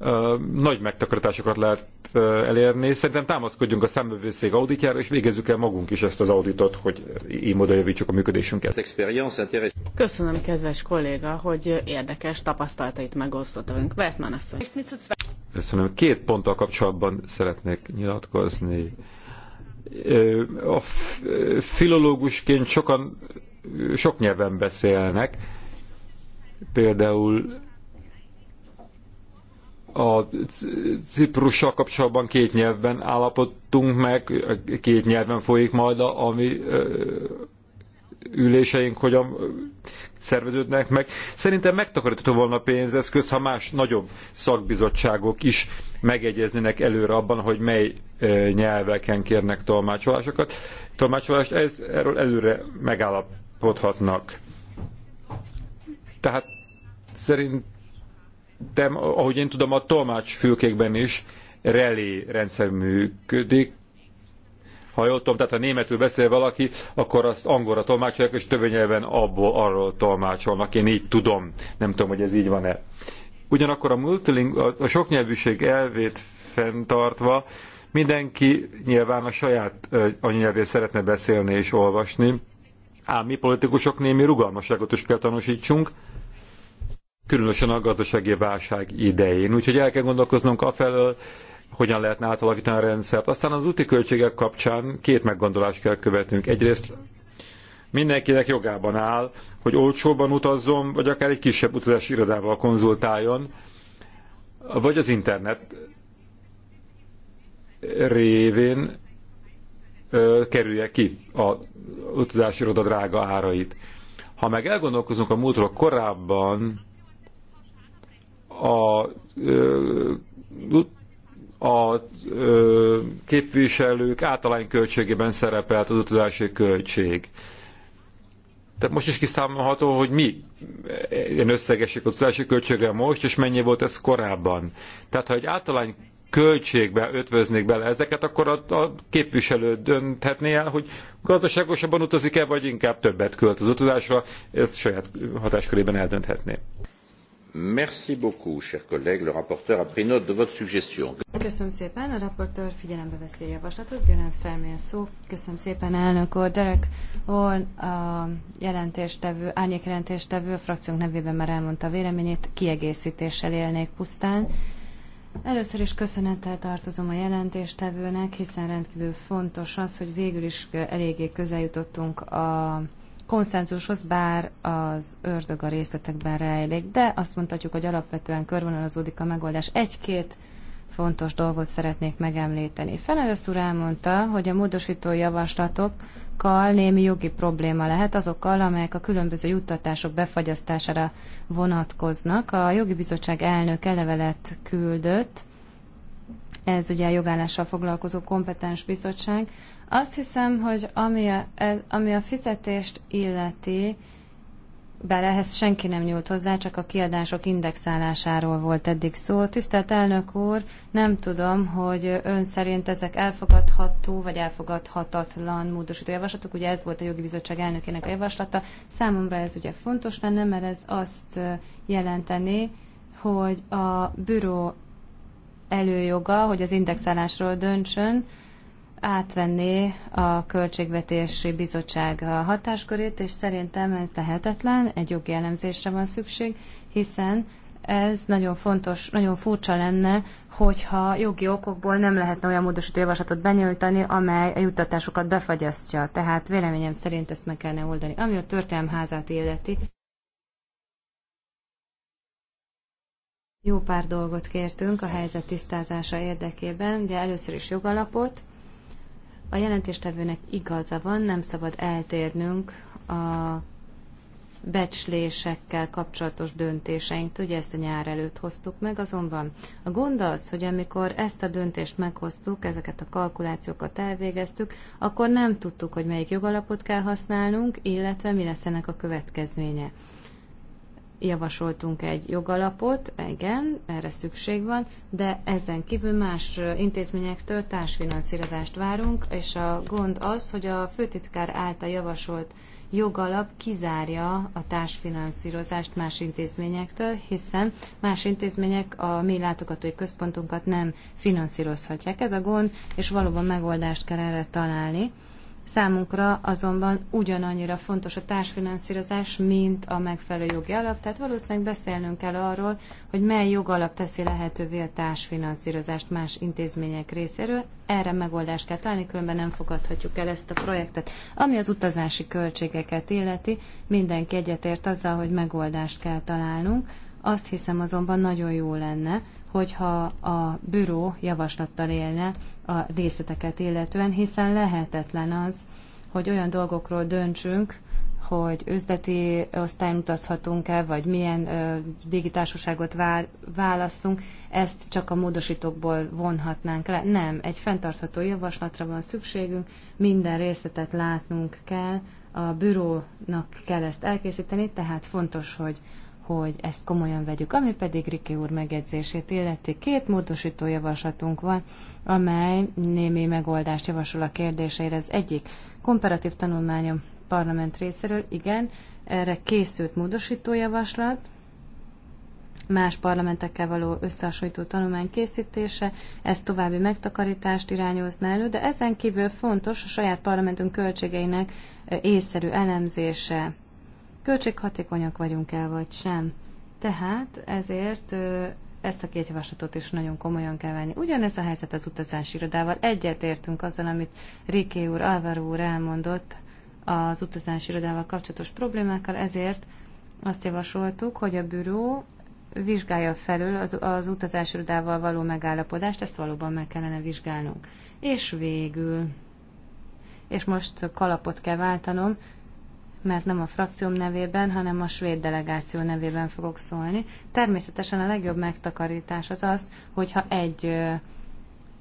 e, nagy megtakarításokat lehet e, elérni. Szerintem támaszkodjunk a számövőszék auditjára, és végezzük el magunk is ezt az auditot, hogy így módon javítsuk a működésünket. Köszönöm, kedves kolléga, hogy érdekes tapasztalatait megosztott velünk. Bertman asszony. Köszönöm. Két ponttal kapcsolatban szeretnék nyilatkozni a filológusként sokan sok nyelven beszélnek. Például a Ciprussal kapcsolatban két nyelven állapodtunk meg, két nyelven folyik majd a, ami, üléseink hogyan szerveződnek meg. Szerintem megtakarítható volna pénzeszköz, ha más nagyobb szakbizottságok is megegyeznének előre abban, hogy mely nyelveken kérnek tolmácsolásokat. Tolmácsolást ez, erről előre megállapodhatnak. Tehát szerintem, ahogy én tudom, a tolmács is relé rendszer működik, ha jól tudom, tehát ha németül beszél valaki, akkor azt angolra tolmácsolják, és több nyelven abból arról tolmácsolnak. Én így tudom. Nem tudom, hogy ez így van-e. Ugyanakkor a, multiling, a, a soknyelvűség elvét fenntartva mindenki nyilván a saját anyanyelvét szeretne beszélni és olvasni, ám mi politikusok némi rugalmasságot is kell tanúsítsunk, különösen a gazdasági válság idején. Úgyhogy el kell gondolkoznunk afelől, hogyan lehetne átalakítani a rendszert. Aztán az úti költségek kapcsán két meggondolást kell követnünk. Egyrészt mindenkinek jogában áll, hogy olcsóban utazzon, vagy akár egy kisebb utazási irodával konzultáljon, vagy az internet révén ö, kerülje ki a utazási iroda drága árait. Ha meg elgondolkozunk a múltról korábban, a ö, a ö, képviselők általány költségében szerepelt az utazási költség. Tehát most is kiszámolható, hogy mi ilyen összegesek az utazási költségre most, és mennyi volt ez korábban. Tehát ha egy általány költségbe ötvöznék bele ezeket, akkor a, a képviselő dönthetné el, hogy gazdaságosabban utazik-e, vagy inkább többet költ az utazásra, ez saját hatáskörében eldönthetné. Merci beaucoup, chers collègues. Le rapporteur a pris note de votre suggestion. Köszönöm szépen. A Rapporteur figyelembe veszi a javaslatot. Gören Fermén szó. Köszönöm szépen, elnök úr. Derek Orr, a jelentéstevő, árnyék jelentéstevő, a frakciónk nevében már elmondta véleményét. Kiegészítéssel élnék pusztán. Először is köszönettel tartozom a jelentéstevőnek, hiszen rendkívül fontos az, hogy végül is eléggé közel jutottunk a konszenzushoz, bár az ördög a részletekben rejlik, de azt mondhatjuk, hogy alapvetően körvonalazódik a megoldás. Egy-két fontos dolgot szeretnék megemlíteni. Fenedesz úr elmondta, hogy a módosító javaslatokkal némi jogi probléma lehet azokkal, amelyek a különböző juttatások befagyasztására vonatkoznak. A jogi bizottság elnök elevelet küldött, ez ugye a jogállással foglalkozó kompetens bizottság, azt hiszem, hogy ami a, ami a fizetést illeti, bár ehhez senki nem nyúlt hozzá, csak a kiadások indexálásáról volt eddig szó. Tisztelt elnök úr, nem tudom, hogy ön szerint ezek elfogadható vagy elfogadhatatlan módosító javaslatok. Ugye ez volt a jogi bizottság elnökének a javaslata. Számomra ez ugye fontos lenne, mert ez azt jelenteni, hogy a büró előjoga, hogy az indexálásról döntsön, átvenné a Költségvetési Bizottság hatáskörét, és szerintem ez lehetetlen, egy jogi elemzésre van szükség, hiszen ez nagyon fontos, nagyon furcsa lenne, hogyha jogi okokból nem lehetne olyan módosító javaslatot benyújtani, amely a juttatásokat befagyasztja. Tehát véleményem szerint ezt meg kellene oldani. Ami a történelmházát illeti, jó pár dolgot kértünk a helyzet tisztázása érdekében. Ugye először is jogalapot, a jelentéstevőnek igaza van, nem szabad eltérnünk a becslésekkel kapcsolatos döntéseinkt, ugye ezt a nyár előtt hoztuk meg, azonban a gond az, hogy amikor ezt a döntést meghoztuk, ezeket a kalkulációkat elvégeztük, akkor nem tudtuk, hogy melyik jogalapot kell használnunk, illetve mi lesz ennek a következménye javasoltunk egy jogalapot, igen, erre szükség van, de ezen kívül más intézményektől társfinanszírozást várunk, és a gond az, hogy a főtitkár által javasolt jogalap kizárja a társfinanszírozást más intézményektől, hiszen más intézmények a mi látogatói központunkat nem finanszírozhatják. Ez a gond, és valóban megoldást kell erre találni. Számunkra azonban ugyanannyira fontos a társfinanszírozás, mint a megfelelő jogi alap, tehát valószínűleg beszélnünk kell arról, hogy mely jogalap teszi lehetővé a társfinanszírozást más intézmények részéről. Erre megoldást kell találni, különben nem fogadhatjuk el ezt a projektet. Ami az utazási költségeket illeti, mindenki egyetért azzal, hogy megoldást kell találnunk. Azt hiszem azonban nagyon jó lenne, hogyha a büró javaslattal élne a részleteket illetően, hiszen lehetetlen az, hogy olyan dolgokról döntsünk, hogy üzleti osztályon utazhatunk-e, vagy milyen ö, digitársaságot vál, válaszunk, ezt csak a módosítókból vonhatnánk le. Nem, egy fenntartható javaslatra van szükségünk, minden részletet látnunk kell, a bürónak kell ezt elkészíteni, tehát fontos, hogy hogy ezt komolyan vegyük. Ami pedig Riki úr megjegyzését illeti, két módosító javaslatunk van, amely némi megoldást javasol a kérdéseire. Az egyik komparatív tanulmányom parlament részéről, igen, erre készült javaslat, más parlamentekkel való összehasonlító tanulmány készítése, ez további megtakarítást irányozna elő, de ezen kívül fontos a saját parlamentünk költségeinek e, észszerű elemzése költséghatékonyak vagyunk-e vagy sem. Tehát ezért ezt a két javaslatot is nagyon komolyan kell venni. Ugyanez a helyzet az utazási irodával. Egyetértünk azzal, amit Riké úr, Alvaro úr elmondott az utazási irodával kapcsolatos problémákkal, ezért azt javasoltuk, hogy a büró vizsgálja felül az, az utazási irodával való megállapodást, ezt valóban meg kellene vizsgálnunk. És végül, és most kalapot kell váltanom, mert nem a frakcióm nevében, hanem a svéd delegáció nevében fogok szólni. Természetesen a legjobb megtakarítás az az, hogyha egy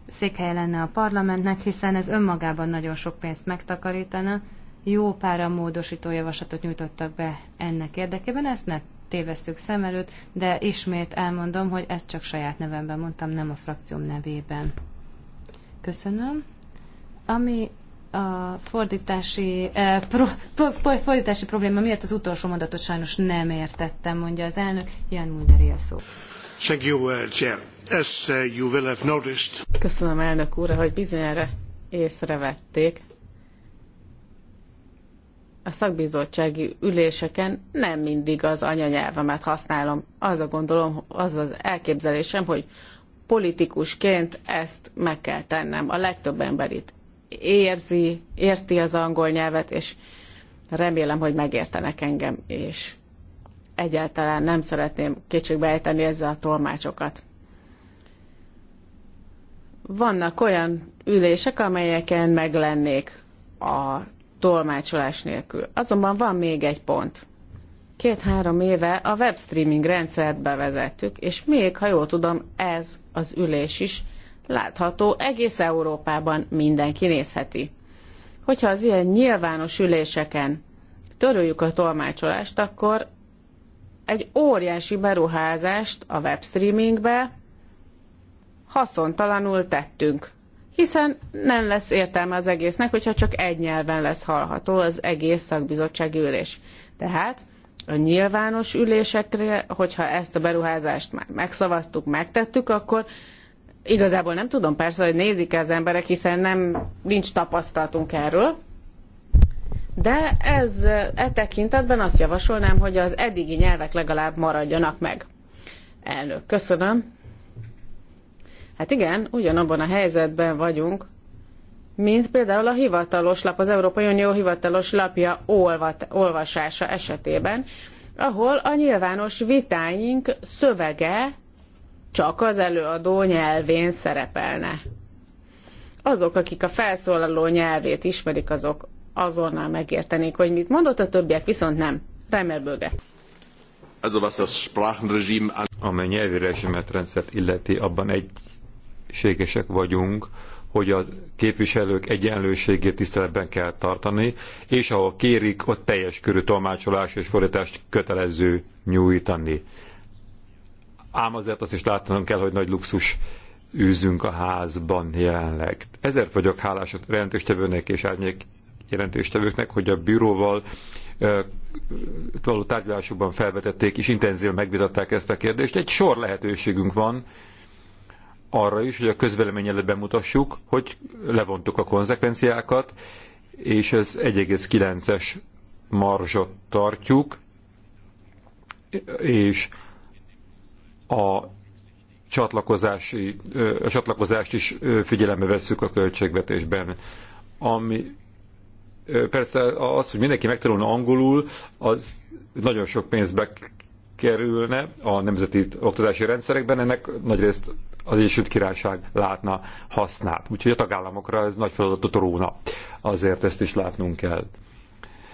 székhely lenne a parlamentnek, hiszen ez önmagában nagyon sok pénzt megtakarítana. Jó pára módosító javaslatot nyújtottak be ennek érdekében, ezt ne tévesszük szem előtt, de ismét elmondom, hogy ezt csak saját nevemben mondtam, nem a frakcióm nevében. Köszönöm. Ami a fordítási, eh, pro, pro, fordítási probléma miatt az utolsó mondatot sajnos nem értettem, mondja az elnök. Jan Mulder a szó. Thank you, uh, Chair. As uh, you will have noticed. Köszönöm elnök úr, hogy bizonyára észrevették. A szakbizottsági üléseken nem mindig az anyanyelvemet használom. Az a gondolom, az az elképzelésem, hogy politikusként ezt meg kell tennem. A legtöbb ember itt érzi, érti az angol nyelvet, és remélem, hogy megértenek engem, és egyáltalán nem szeretném ejteni ezzel a tolmácsokat. Vannak olyan ülések, amelyeken meglennék a tolmácsolás nélkül. Azonban van még egy pont. Két-három éve a webstreaming rendszert bevezettük, és még, ha jól tudom, ez az ülés is látható egész Európában, mindenki nézheti. Hogyha az ilyen nyilvános üléseken töröljük a tolmácsolást, akkor egy óriási beruházást a webstreamingbe haszontalanul tettünk. Hiszen nem lesz értelme az egésznek, hogyha csak egy nyelven lesz hallható az egész szakbizottsági ülés. Tehát a nyilvános ülésekre, hogyha ezt a beruházást már megszavaztuk, megtettük, akkor Igazából nem tudom persze, hogy nézik -e az emberek, hiszen nem, nincs tapasztalatunk erről. De ez e tekintetben azt javasolnám, hogy az eddigi nyelvek legalább maradjanak meg. Elnök, köszönöm. Hát igen, ugyanabban a helyzetben vagyunk, mint például a hivatalos lap, az Európai Unió hivatalos lapja olvat, olvasása esetében, ahol a nyilvános vitáink szövege csak az előadó nyelvén szerepelne. Azok, akik a felszólaló nyelvét ismerik, azok azonnal megértenék, hogy mit mondott, a többiek viszont nem. Reimer Böge. Also was das Sprachenregime an... Amely nyelvi rezsimet rendszert illeti, abban egységesek vagyunk, hogy a képviselők egyenlőségét tiszteletben kell tartani, és ahol kérik, ott teljes körű tolmácsolás és fordítást kötelező nyújtani ám azért azt is látnunk kell, hogy nagy luxus űzünk a házban jelenleg. Ezért vagyok hálás a jelentéstevőnek és árnyék jelentéstevőknek, hogy a bíróval való tárgyalásokban felvetették és intenzíven megvitatták ezt a kérdést. Egy sor lehetőségünk van arra is, hogy a közvelemény előtt bemutassuk, hogy levontuk a konzekvenciákat, és ez 1,9-es marzsot tartjuk, és a csatlakozási, a csatlakozást is figyelembe vesszük a költségvetésben. Ami persze az, hogy mindenki megtanulna angolul, az nagyon sok pénzbe kerülne a nemzeti oktatási rendszerekben, ennek nagyrészt az Egyesült Királyság látna hasznát. Úgyhogy a tagállamokra ez nagy feladatot róna. Azért ezt is látnunk kell.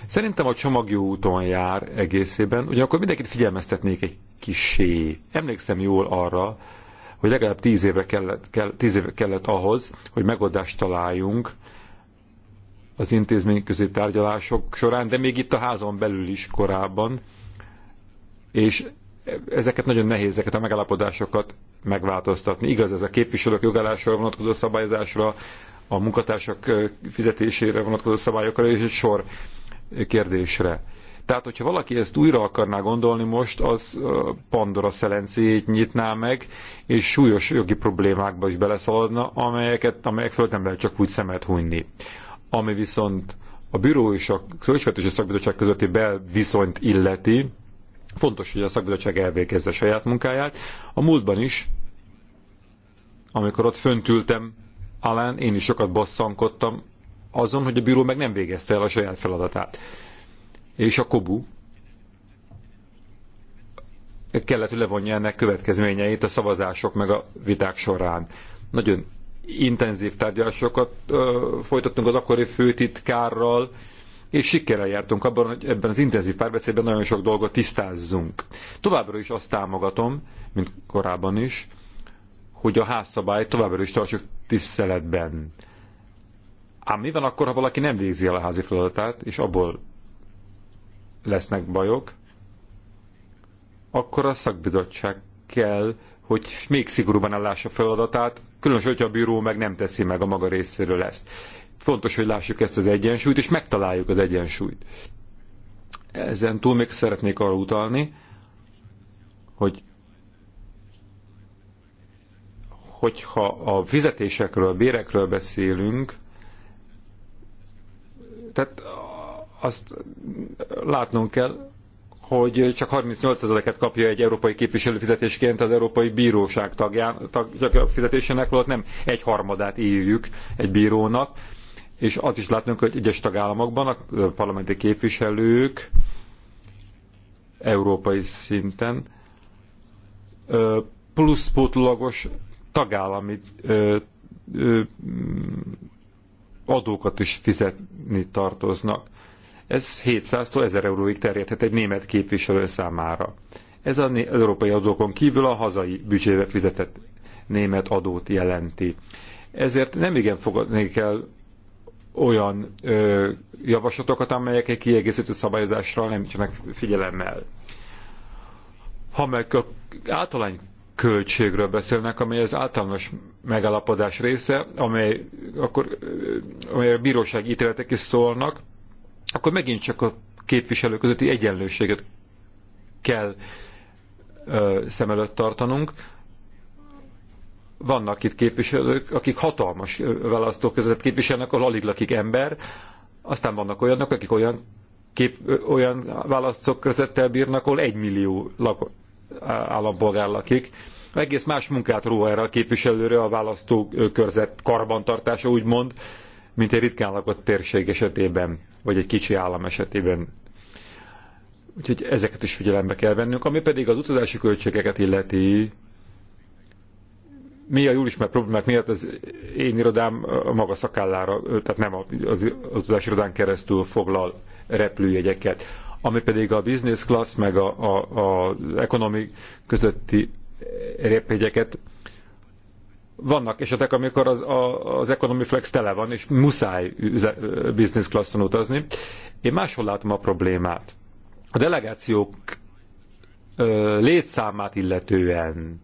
Szerintem a csomag jó úton jár egészében, ugyanakkor mindenkit figyelmeztetnék egy kisé. Emlékszem jól arra, hogy legalább tíz évre kellett, kell, tíz évre kellett ahhoz, hogy megoldást találjunk az intézmény közé tárgyalások során, de még itt a házon belül is korábban, és ezeket nagyon nehéz, ezeket a megállapodásokat megváltoztatni. Igaz ez a képviselők jogállásra vonatkozó szabályozásra, a munkatársak fizetésére vonatkozó szabályokra, és egy sor kérdésre. Tehát, hogyha valaki ezt újra akarná gondolni most, az Pandora szelencéjét nyitná meg, és súlyos jogi problémákba is beleszaladna, amelyeket, amelyek fölött nem lehet csak úgy szemet hunyni. Ami viszont a bíró és a költségvetési szakbizottság közötti belviszonyt illeti, fontos, hogy a szakbizottság elvégezze saját munkáját. A múltban is, amikor ott föntültem, Alán, én is sokat bosszankodtam azon, hogy a bíró meg nem végezte el a saját feladatát. És a kobu kellett, hogy levonja ennek következményeit a szavazások meg a viták során. Nagyon intenzív tárgyalásokat ö, folytattunk az akkori főtitkárral, és sikerrel jártunk abban, hogy ebben az intenzív párbeszédben nagyon sok dolgot tisztázzunk. Továbbra is azt támogatom, mint korábban is, hogy a házszabályt továbbra is tartsuk tiszteletben. Ám mi van akkor, ha valaki nem végzi el a házi feladatát, és abból lesznek bajok, akkor a szakbizottság kell, hogy még szigorúban ellássa feladatát, különösen, hogyha a bíró meg nem teszi meg a maga részéről ezt. Fontos, hogy lássuk ezt az egyensúlyt, és megtaláljuk az egyensúlyt. Ezen túl még szeretnék arra utalni, hogy hogyha a fizetésekről, a bérekről beszélünk, tehát azt látnunk kell, hogy csak 38%-et kapja egy európai képviselő fizetésként az Európai Bíróság tagján, tag, csak a fizetésének, volt nem egy harmadát írjuk egy bírónak, és azt is látnunk, hogy egyes tagállamokban a parlamenti képviselők európai szinten plusz pótlagos tagállami adókat is fizetni tartoznak. Ez 700-tól 1000 euróig terjedhet egy német képviselő számára. Ez az európai adókon kívül a hazai büdzsébe fizetett német adót jelenti. Ezért nem igen fogadni kell olyan ö, javaslatokat, amelyek egy kiegészítő szabályozásra nem csak figyelemmel. Ha meg a általány költségről beszélnek, amely az általános megállapodás része, amely, akkor, amely a bíróság ítéletek is szólnak, akkor megint csak a képviselő közötti egyenlőséget kell ö, szem előtt tartanunk. Vannak itt képviselők, akik hatalmas választók között képviselnek, ahol alig lakik ember, aztán vannak olyanok, akik olyan kép, olyan választók közöttel bírnak, ahol egy millió állampolgár lakik. Egész más munkát ró erre a képviselőre a választókörzet karbantartása, úgymond, mint egy ritkán lakott térség esetében, vagy egy kicsi állam esetében. Úgyhogy ezeket is figyelembe kell vennünk. Ami pedig az utazási költségeket illeti, mi a jól ismert problémák miatt az én irodám a maga szakállára, tehát nem az, utazási irodán keresztül foglal repülőjegyeket ami pedig a business class meg a, a, a economy közötti répjegyeket vannak esetek, amikor az, a, az economy flex tele van, és muszáj business classon utazni. Én máshol látom a problémát. A delegációk ö, létszámát illetően,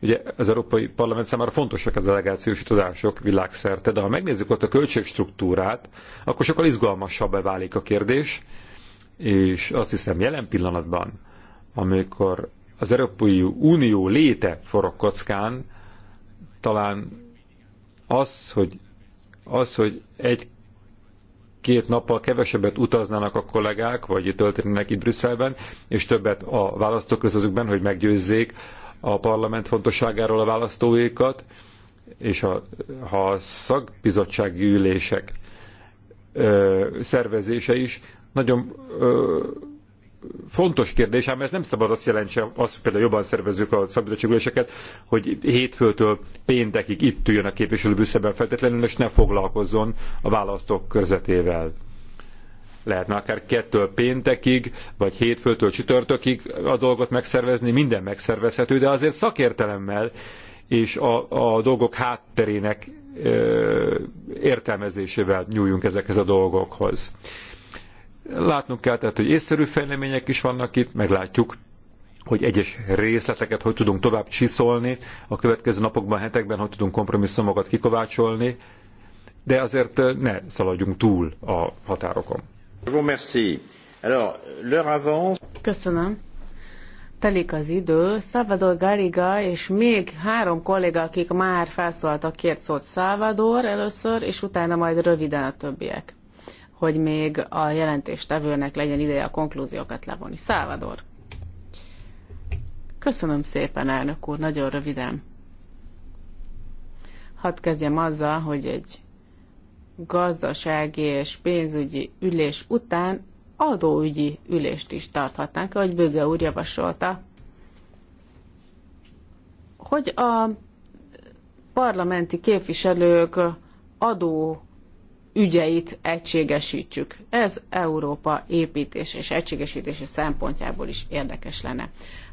ugye az Európai Parlament számára fontosak az delegációs utazások világszerte, de ha megnézzük ott a költségstruktúrát, akkor sokkal izgalmasabbá válik a kérdés, és azt hiszem jelen pillanatban, amikor az Európai Unió léte forog kockán, talán az, hogy, az, hogy egy két nappal kevesebbet utaznának a kollégák, vagy töltenének itt Brüsszelben, és többet a választóközözükben, hogy meggyőzzék a parlament fontosságáról a választóékat, és a, ha a szakbizottsági ülések ö, szervezése is nagyon ö, fontos kérdés, ám ez nem szabad azt jelentse, hogy például jobban szervezzük a szabadságüléseket, hogy hétfőtől péntekig itt üljön a képviselő Brüsszelben feltétlenül, és ne foglalkozzon a választók körzetével. Lehetne akár kettől péntekig, vagy hétfőtől csütörtökig a dolgot megszervezni, minden megszervezhető, de azért szakértelemmel és a, a dolgok hátterének ö, értelmezésével nyúljunk ezekhez a dolgokhoz. Látnunk kell, tehát, hogy észszerű fejlemények is vannak itt, meglátjuk, hogy egyes részleteket hogy tudunk tovább csiszolni, a következő napokban, hetekben hogy tudunk kompromisszumokat kikovácsolni, de azért eh, ne szaladjunk túl a határokon. Köszönöm. Telik az idő. Salvador Gariga és még három kolléga, akik már felszólaltak, kért szót Salvador először, és utána majd röviden a többiek hogy még a jelentéstevőnek legyen ideje a konklúziókat levonni. Szávador. Köszönöm szépen, elnök úr, nagyon röviden. Hadd kezdjem azzal, hogy egy gazdasági és pénzügyi ülés után adóügyi ülést is tarthatnánk, ahogy Böge úr javasolta, hogy a parlamenti képviselők adó ügyeit egységesítsük. Ez Európa építés és egységesítése szempontjából is érdekes lenne.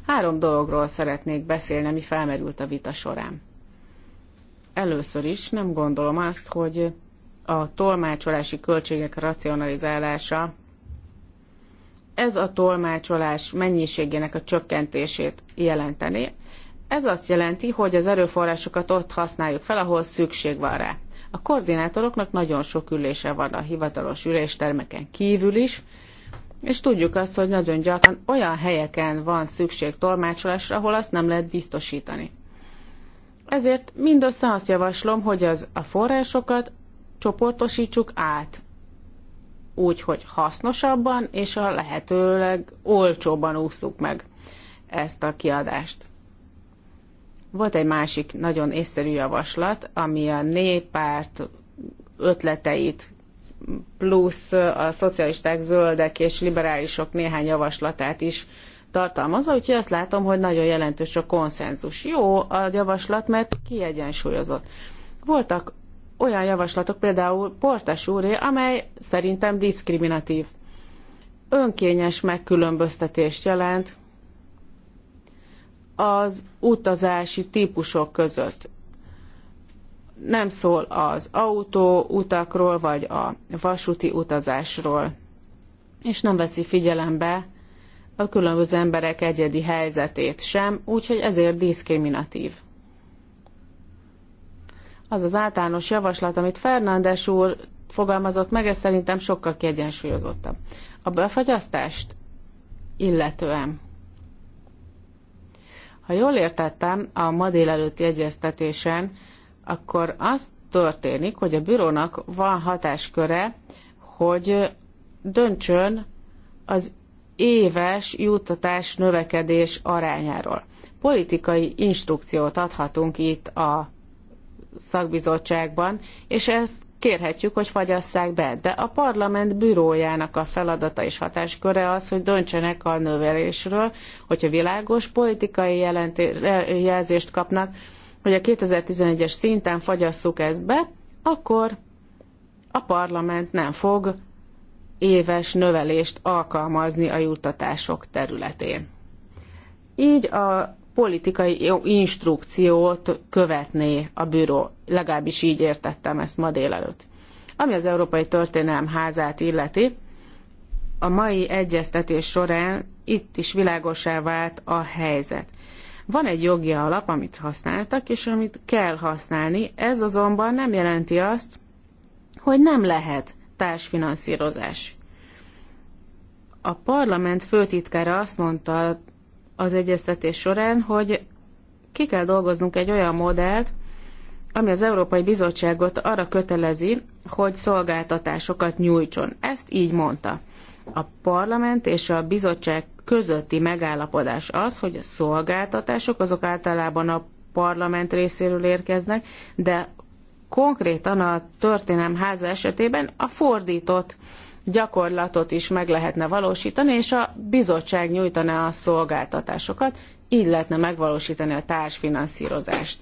Három dologról szeretnék beszélni, ami felmerült a vita során. Először is nem gondolom azt, hogy a tolmácsolási költségek racionalizálása ez a tolmácsolás mennyiségének a csökkentését jelenteni. Ez azt jelenti, hogy az erőforrásokat ott használjuk fel, ahol szükség van rá. A koordinátoroknak nagyon sok ülése van a hivatalos üléstermeken kívül is, és tudjuk azt, hogy nagyon gyakran olyan helyeken van szükség tolmácsolásra, ahol azt nem lehet biztosítani. Ezért mindössze azt javaslom, hogy az a forrásokat csoportosítsuk át, úgy, hogy hasznosabban és a lehetőleg olcsóban ússzuk meg ezt a kiadást. Volt egy másik nagyon észszerű javaslat, ami a néppárt ötleteit plusz a szocialisták, zöldek és liberálisok néhány javaslatát is tartalmazza, úgyhogy azt látom, hogy nagyon jelentős a konszenzus. Jó a javaslat, mert kiegyensúlyozott. Voltak olyan javaslatok, például Portas úré, amely szerintem diszkriminatív. Önkényes megkülönböztetést jelent az utazási típusok között. Nem szól az autó utakról vagy a vasúti utazásról, és nem veszi figyelembe a különböző emberek egyedi helyzetét sem, úgyhogy ezért diszkriminatív. Az az általános javaslat, amit Fernándes úr fogalmazott meg, ez szerintem sokkal kiegyensúlyozottabb. A befagyasztást illetően ha jól értettem, a ma délelőtti egyeztetésen, akkor az történik, hogy a bürónak van hatásköre, hogy döntsön az éves juttatás növekedés arányáról. Politikai instrukciót adhatunk itt a szakbizottságban, és ezt kérhetjük, hogy fagyasszák be, de a parlament bürójának a feladata és hatásköre az, hogy döntsenek a növelésről, hogyha világos politikai jelzést kapnak, hogy a 2011-es szinten fagyasszuk ezt be, akkor a parlament nem fog éves növelést alkalmazni a juttatások területén. Így a politikai instrukciót követné a bűró. Legalábbis így értettem ezt ma délelőtt. Ami az Európai Történelem házát illeti, a mai egyeztetés során itt is világosá vált a helyzet. Van egy jogi alap, amit használtak, és amit kell használni, ez azonban nem jelenti azt, hogy nem lehet társfinanszírozás. A parlament főtitkára azt mondta az egyeztetés során, hogy ki kell dolgoznunk egy olyan modellt, ami az Európai Bizottságot arra kötelezi, hogy szolgáltatásokat nyújtson. Ezt így mondta. A parlament és a bizottság közötti megállapodás az, hogy a szolgáltatások azok általában a parlament részéről érkeznek, de konkrétan a történelmháza esetében a fordított gyakorlatot is meg lehetne valósítani, és a bizottság nyújtaná a szolgáltatásokat, így lehetne megvalósítani a társfinanszírozást.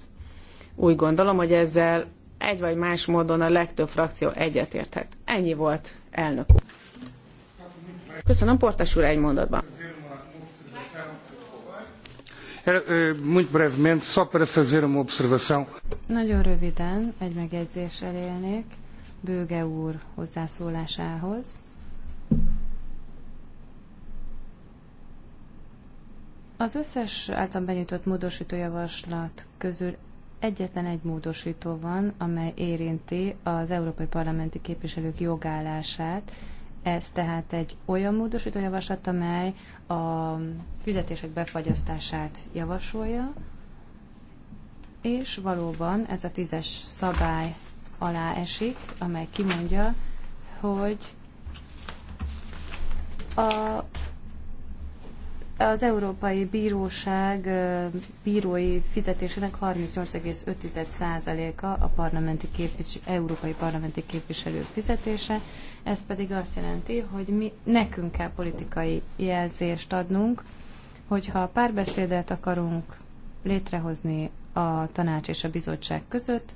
Úgy gondolom, hogy ezzel egy vagy más módon a legtöbb frakció egyetérthet. Ennyi volt, elnök úr. Köszönöm, Portas úr, egy mondatban. Eh, Nagyon röviden egy megjegyzéssel élnék. Bőge úr hozzászólásához. Az összes által benyújtott módosítójavaslat közül egyetlen egy módosító van, amely érinti az európai parlamenti képviselők jogállását. Ez tehát egy olyan módosítójavaslat, amely a fizetések befagyasztását javasolja, és valóban ez a tízes szabály alá esik, amely kimondja, hogy a, az Európai Bíróság bírói fizetésének 38,5%-a a parlamenti képvis, európai parlamenti képviselők fizetése. Ez pedig azt jelenti, hogy mi nekünk kell politikai jelzést adnunk, hogyha párbeszédet akarunk létrehozni a tanács és a bizottság között,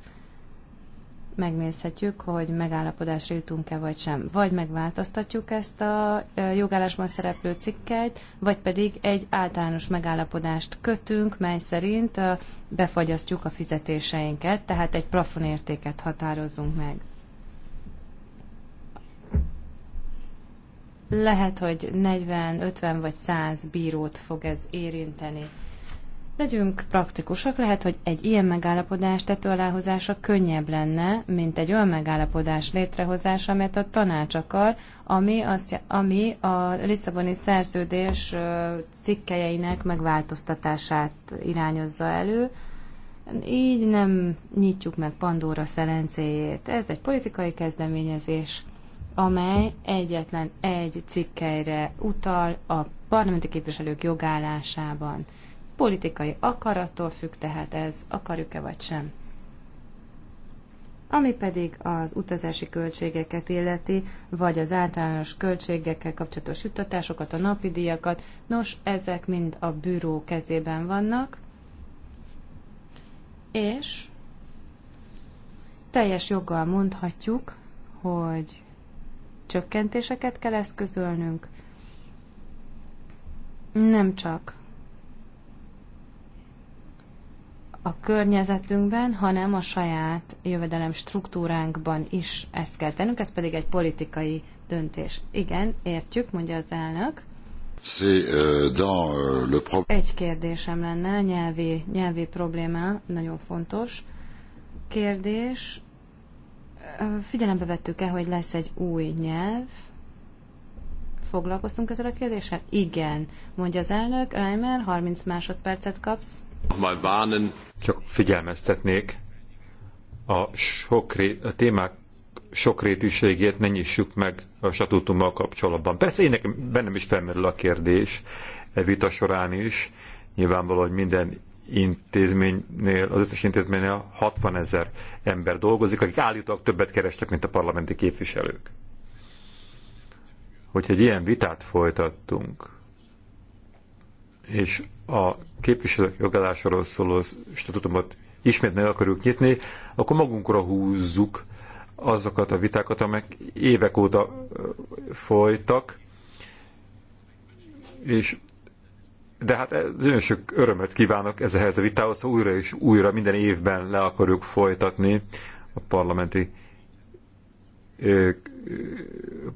megnézhetjük, hogy megállapodásra jutunk-e vagy sem. Vagy megváltoztatjuk ezt a jogállásban szereplő cikket, vagy pedig egy általános megállapodást kötünk, mely szerint befagyasztjuk a fizetéseinket, tehát egy plafonértéket határozunk meg. Lehet, hogy 40, 50 vagy 100 bírót fog ez érinteni. Legyünk praktikusak, lehet, hogy egy ilyen megállapodás tetőaláhozása könnyebb lenne, mint egy olyan megállapodás létrehozása, amelyet a tanács akar, ami, az, ami a Lisszaboni szerződés cikkejeinek megváltoztatását irányozza elő. Így nem nyitjuk meg Pandóra szelencéjét. Ez egy politikai kezdeményezés, amely egyetlen egy cikkelyre utal a parlamenti képviselők jogállásában. Politikai akarattól függ tehát ez, akarjuk-e vagy sem. Ami pedig az utazási költségeket illeti, vagy az általános költségekkel kapcsolatos juttatásokat, a napi díjakat, nos, ezek mind a bűró kezében vannak, és teljes joggal mondhatjuk, hogy csökkentéseket kell eszközölnünk, nem csak a környezetünkben, hanem a saját jövedelem struktúránkban is ezt kell tennünk, ez pedig egy politikai döntés. Igen, értjük, mondja az elnök. Euh, euh, egy kérdésem lenne, nyelvi, nyelvi probléma, nagyon fontos kérdés. Figyelembe vettük-e, hogy lesz egy új nyelv? Foglalkoztunk ezzel a kérdéssel? Igen, mondja az elnök. Reimer, 30 másodpercet kapsz. Csak figyelmeztetnék, a, sokré, a témák sokrétűségét ne nyissuk meg a statútummal kapcsolatban. Persze én nekem, bennem is felmerül a kérdés, e vita során is, nyilvánvaló, hogy minden intézménynél, az összes intézménynél 60 ezer ember dolgozik, akik állítólag többet kerestek, mint a parlamenti képviselők. Hogyha egy ilyen vitát folytattunk, és a képviselők jogállásáról szóló statutumot ismét meg akarjuk nyitni, akkor magunkra húzzuk azokat a vitákat, amelyek évek óta folytak, és de hát nagyon sok örömet kívánok ezhez a vitához, ha újra és újra minden évben le akarjuk folytatni a parlamenti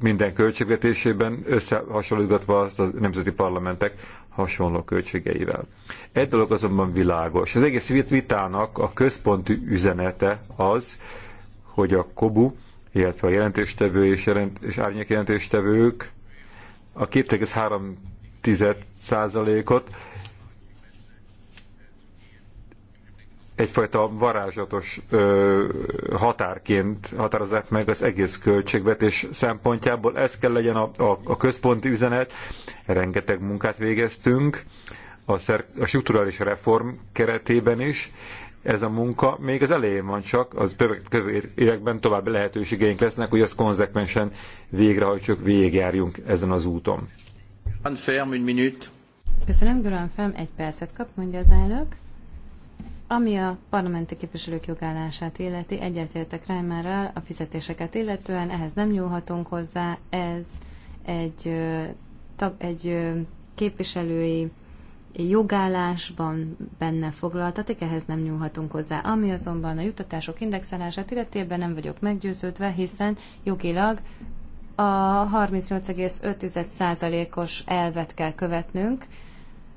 minden költségvetésében, összehasonlítgatva azt a nemzeti parlamentek hasonló költségeivel. Egy dolog azonban világos. Az egész vitának a központi üzenete az, hogy a KOBU, illetve a jelentéstevő és, jelent, és árnyék jelentéstevők a 2,3 ot egyfajta varázslatos ö, határként határozzák meg az egész költségvetés szempontjából. Ez kell legyen a, a, a központi üzenet. Rengeteg munkát végeztünk a, szer, a strukturális reform keretében is. Ez a munka még az elején van csak, az következő években további lehetőségeink lesznek, hogy ezt konzekvensen végrehajtsuk, végigjárjunk ezen az úton. Köszönöm, Duran Fem, egy percet kap, mondja az elnök. Ami a parlamenti képviselők jogállását illeti, egyetértek Reimerrel a fizetéseket illetően, ehhez nem nyúlhatunk hozzá, ez egy, tag, egy képviselői jogállásban benne foglaltatik, ehhez nem nyúlhatunk hozzá. Ami azonban a juttatások indexálását illetében nem vagyok meggyőződve, hiszen jogilag a 38,5%-os elvet kell követnünk,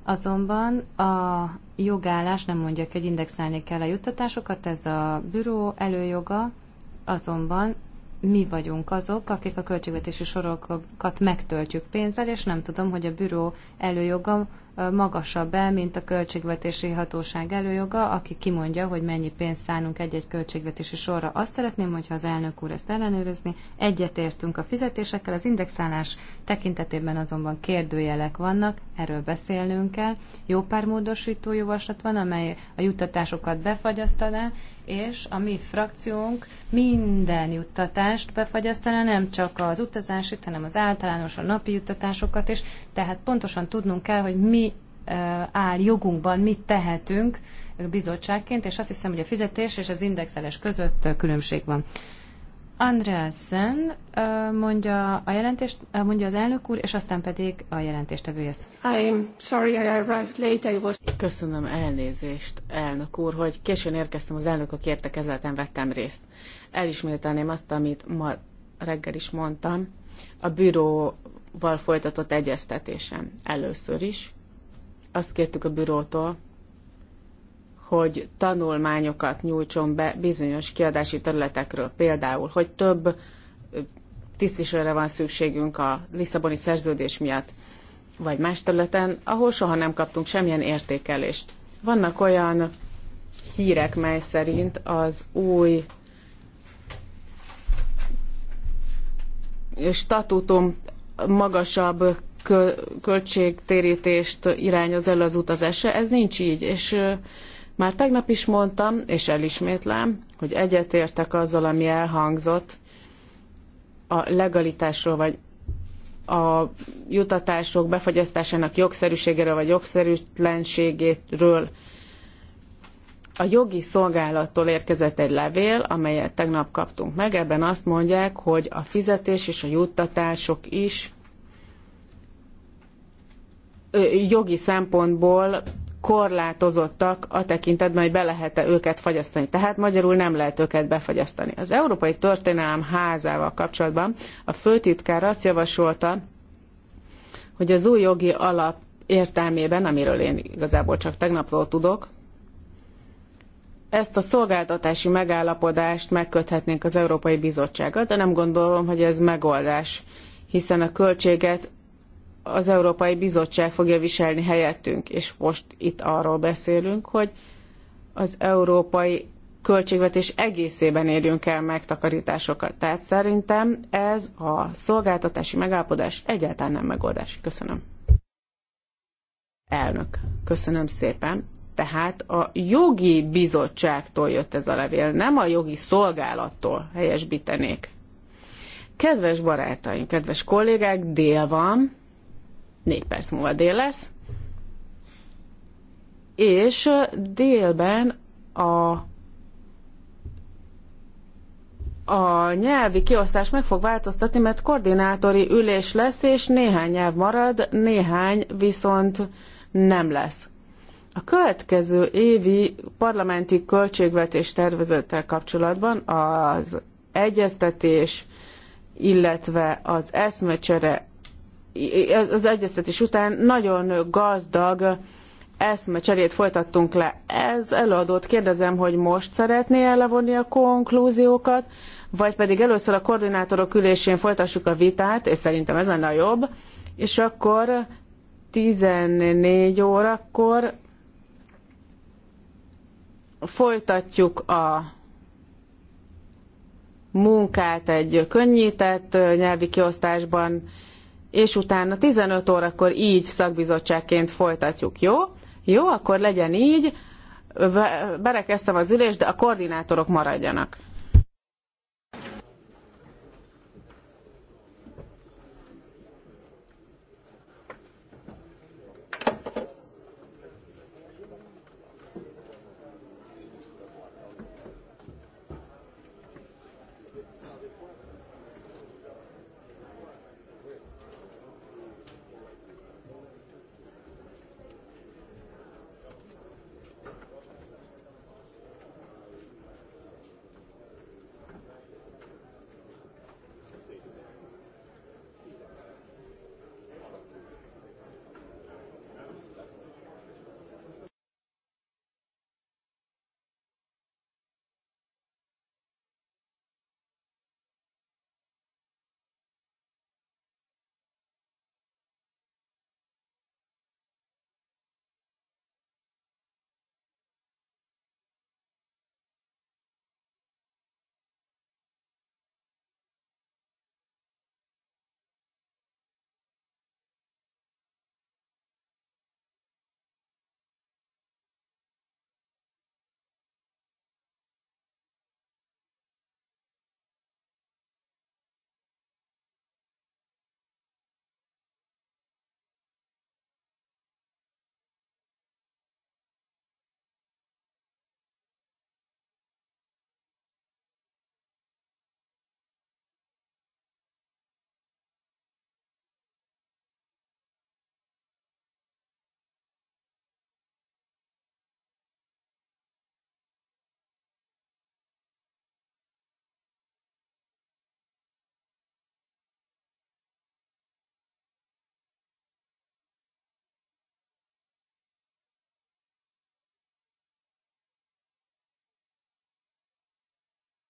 Azonban a jogállás nem mondja, hogy indexálni kell a juttatásokat, ez a büró előjoga, azonban mi vagyunk azok, akik a költségvetési sorokat megtöltjük pénzzel, és nem tudom, hogy a büró előjoga magasabb-e, mint a költségvetési hatóság előjoga, aki kimondja, hogy mennyi pénzt szánunk egy-egy költségvetési sorra. Azt szeretném, hogyha az elnök úr ezt ellenőrizni. Egyetértünk a fizetésekkel, az indexálás tekintetében azonban kérdőjelek vannak, erről beszélnünk kell. Jó pár módosító javaslat van, amely a juttatásokat befagyasztaná, és a mi frakciónk minden juttatást befagyasztana, nem csak az utazási, hanem az általános, a napi juttatásokat is, tehát pontosan tudnunk kell, hogy mi áll jogunkban, mit tehetünk bizottságként, és azt hiszem, hogy a fizetés és az indexelés között különbség van. Andreasen mondja a jelentést, mondja az elnök úr, és aztán pedig a jelentéstevője szó. I'm sorry I arrived late, I was... Köszönöm elnézést, elnök úr, hogy későn érkeztem az elnökök értekezleten vettem részt. Elismételném azt, amit ma reggel is mondtam, a bűróval folytatott egyeztetésem először is. Azt kértük a bürótól, hogy tanulmányokat nyújtson be bizonyos kiadási területekről. Például, hogy több tisztviselőre van szükségünk a Lisszaboni szerződés miatt, vagy más területen, ahol soha nem kaptunk semmilyen értékelést. Vannak olyan hírek, mely szerint az új statútum magasabb költségtérítést irányoz el az utazásra. Ez nincs így, és már tegnap is mondtam, és elismétlem, hogy egyetértek azzal, ami elhangzott a legalitásról, vagy a jutatások befagyasztásának jogszerűségéről, vagy jogszerűtlenségéről. A jogi szolgálattól érkezett egy levél, amelyet tegnap kaptunk meg, ebben azt mondják, hogy a fizetés és a juttatások is jogi szempontból korlátozottak a tekintetben, hogy be lehet-e őket fagyasztani. Tehát magyarul nem lehet őket befagyasztani. Az Európai Történelem házával kapcsolatban a főtitkár azt javasolta, hogy az új jogi alap értelmében, amiről én igazából csak tegnapról tudok, ezt a szolgáltatási megállapodást megköthetnénk az Európai Bizottsággal, de nem gondolom, hogy ez megoldás, hiszen a költséget az Európai Bizottság fogja viselni helyettünk, és most itt arról beszélünk, hogy az európai költségvetés egészében érjünk el megtakarításokat. Tehát szerintem ez a szolgáltatási megállapodás egyáltalán nem megoldás. Köszönöm. Elnök, köszönöm szépen. Tehát a jogi bizottságtól jött ez a levél, nem a jogi szolgálattól helyesbítenék. Kedves barátaim, kedves kollégák, dél van, négy perc múlva dél lesz, és délben a a nyelvi kiosztás meg fog változtatni, mert koordinátori ülés lesz, és néhány nyelv marad, néhány viszont nem lesz. A következő évi parlamenti költségvetés tervezettel kapcsolatban az egyeztetés, illetve az eszmecsere az egyeztetés után nagyon gazdag eszmecserét folytattunk le. Ez előadót kérdezem, hogy most szeretné -e levonni a konklúziókat, vagy pedig először a koordinátorok ülésén folytassuk a vitát, és szerintem ez lenne a jobb, és akkor 14 órakor folytatjuk a munkát egy könnyített nyelvi kiosztásban, és utána 15 órakor így szakbizottságként folytatjuk, jó? Jó, akkor legyen így, berekeztem az ülést, de a koordinátorok maradjanak.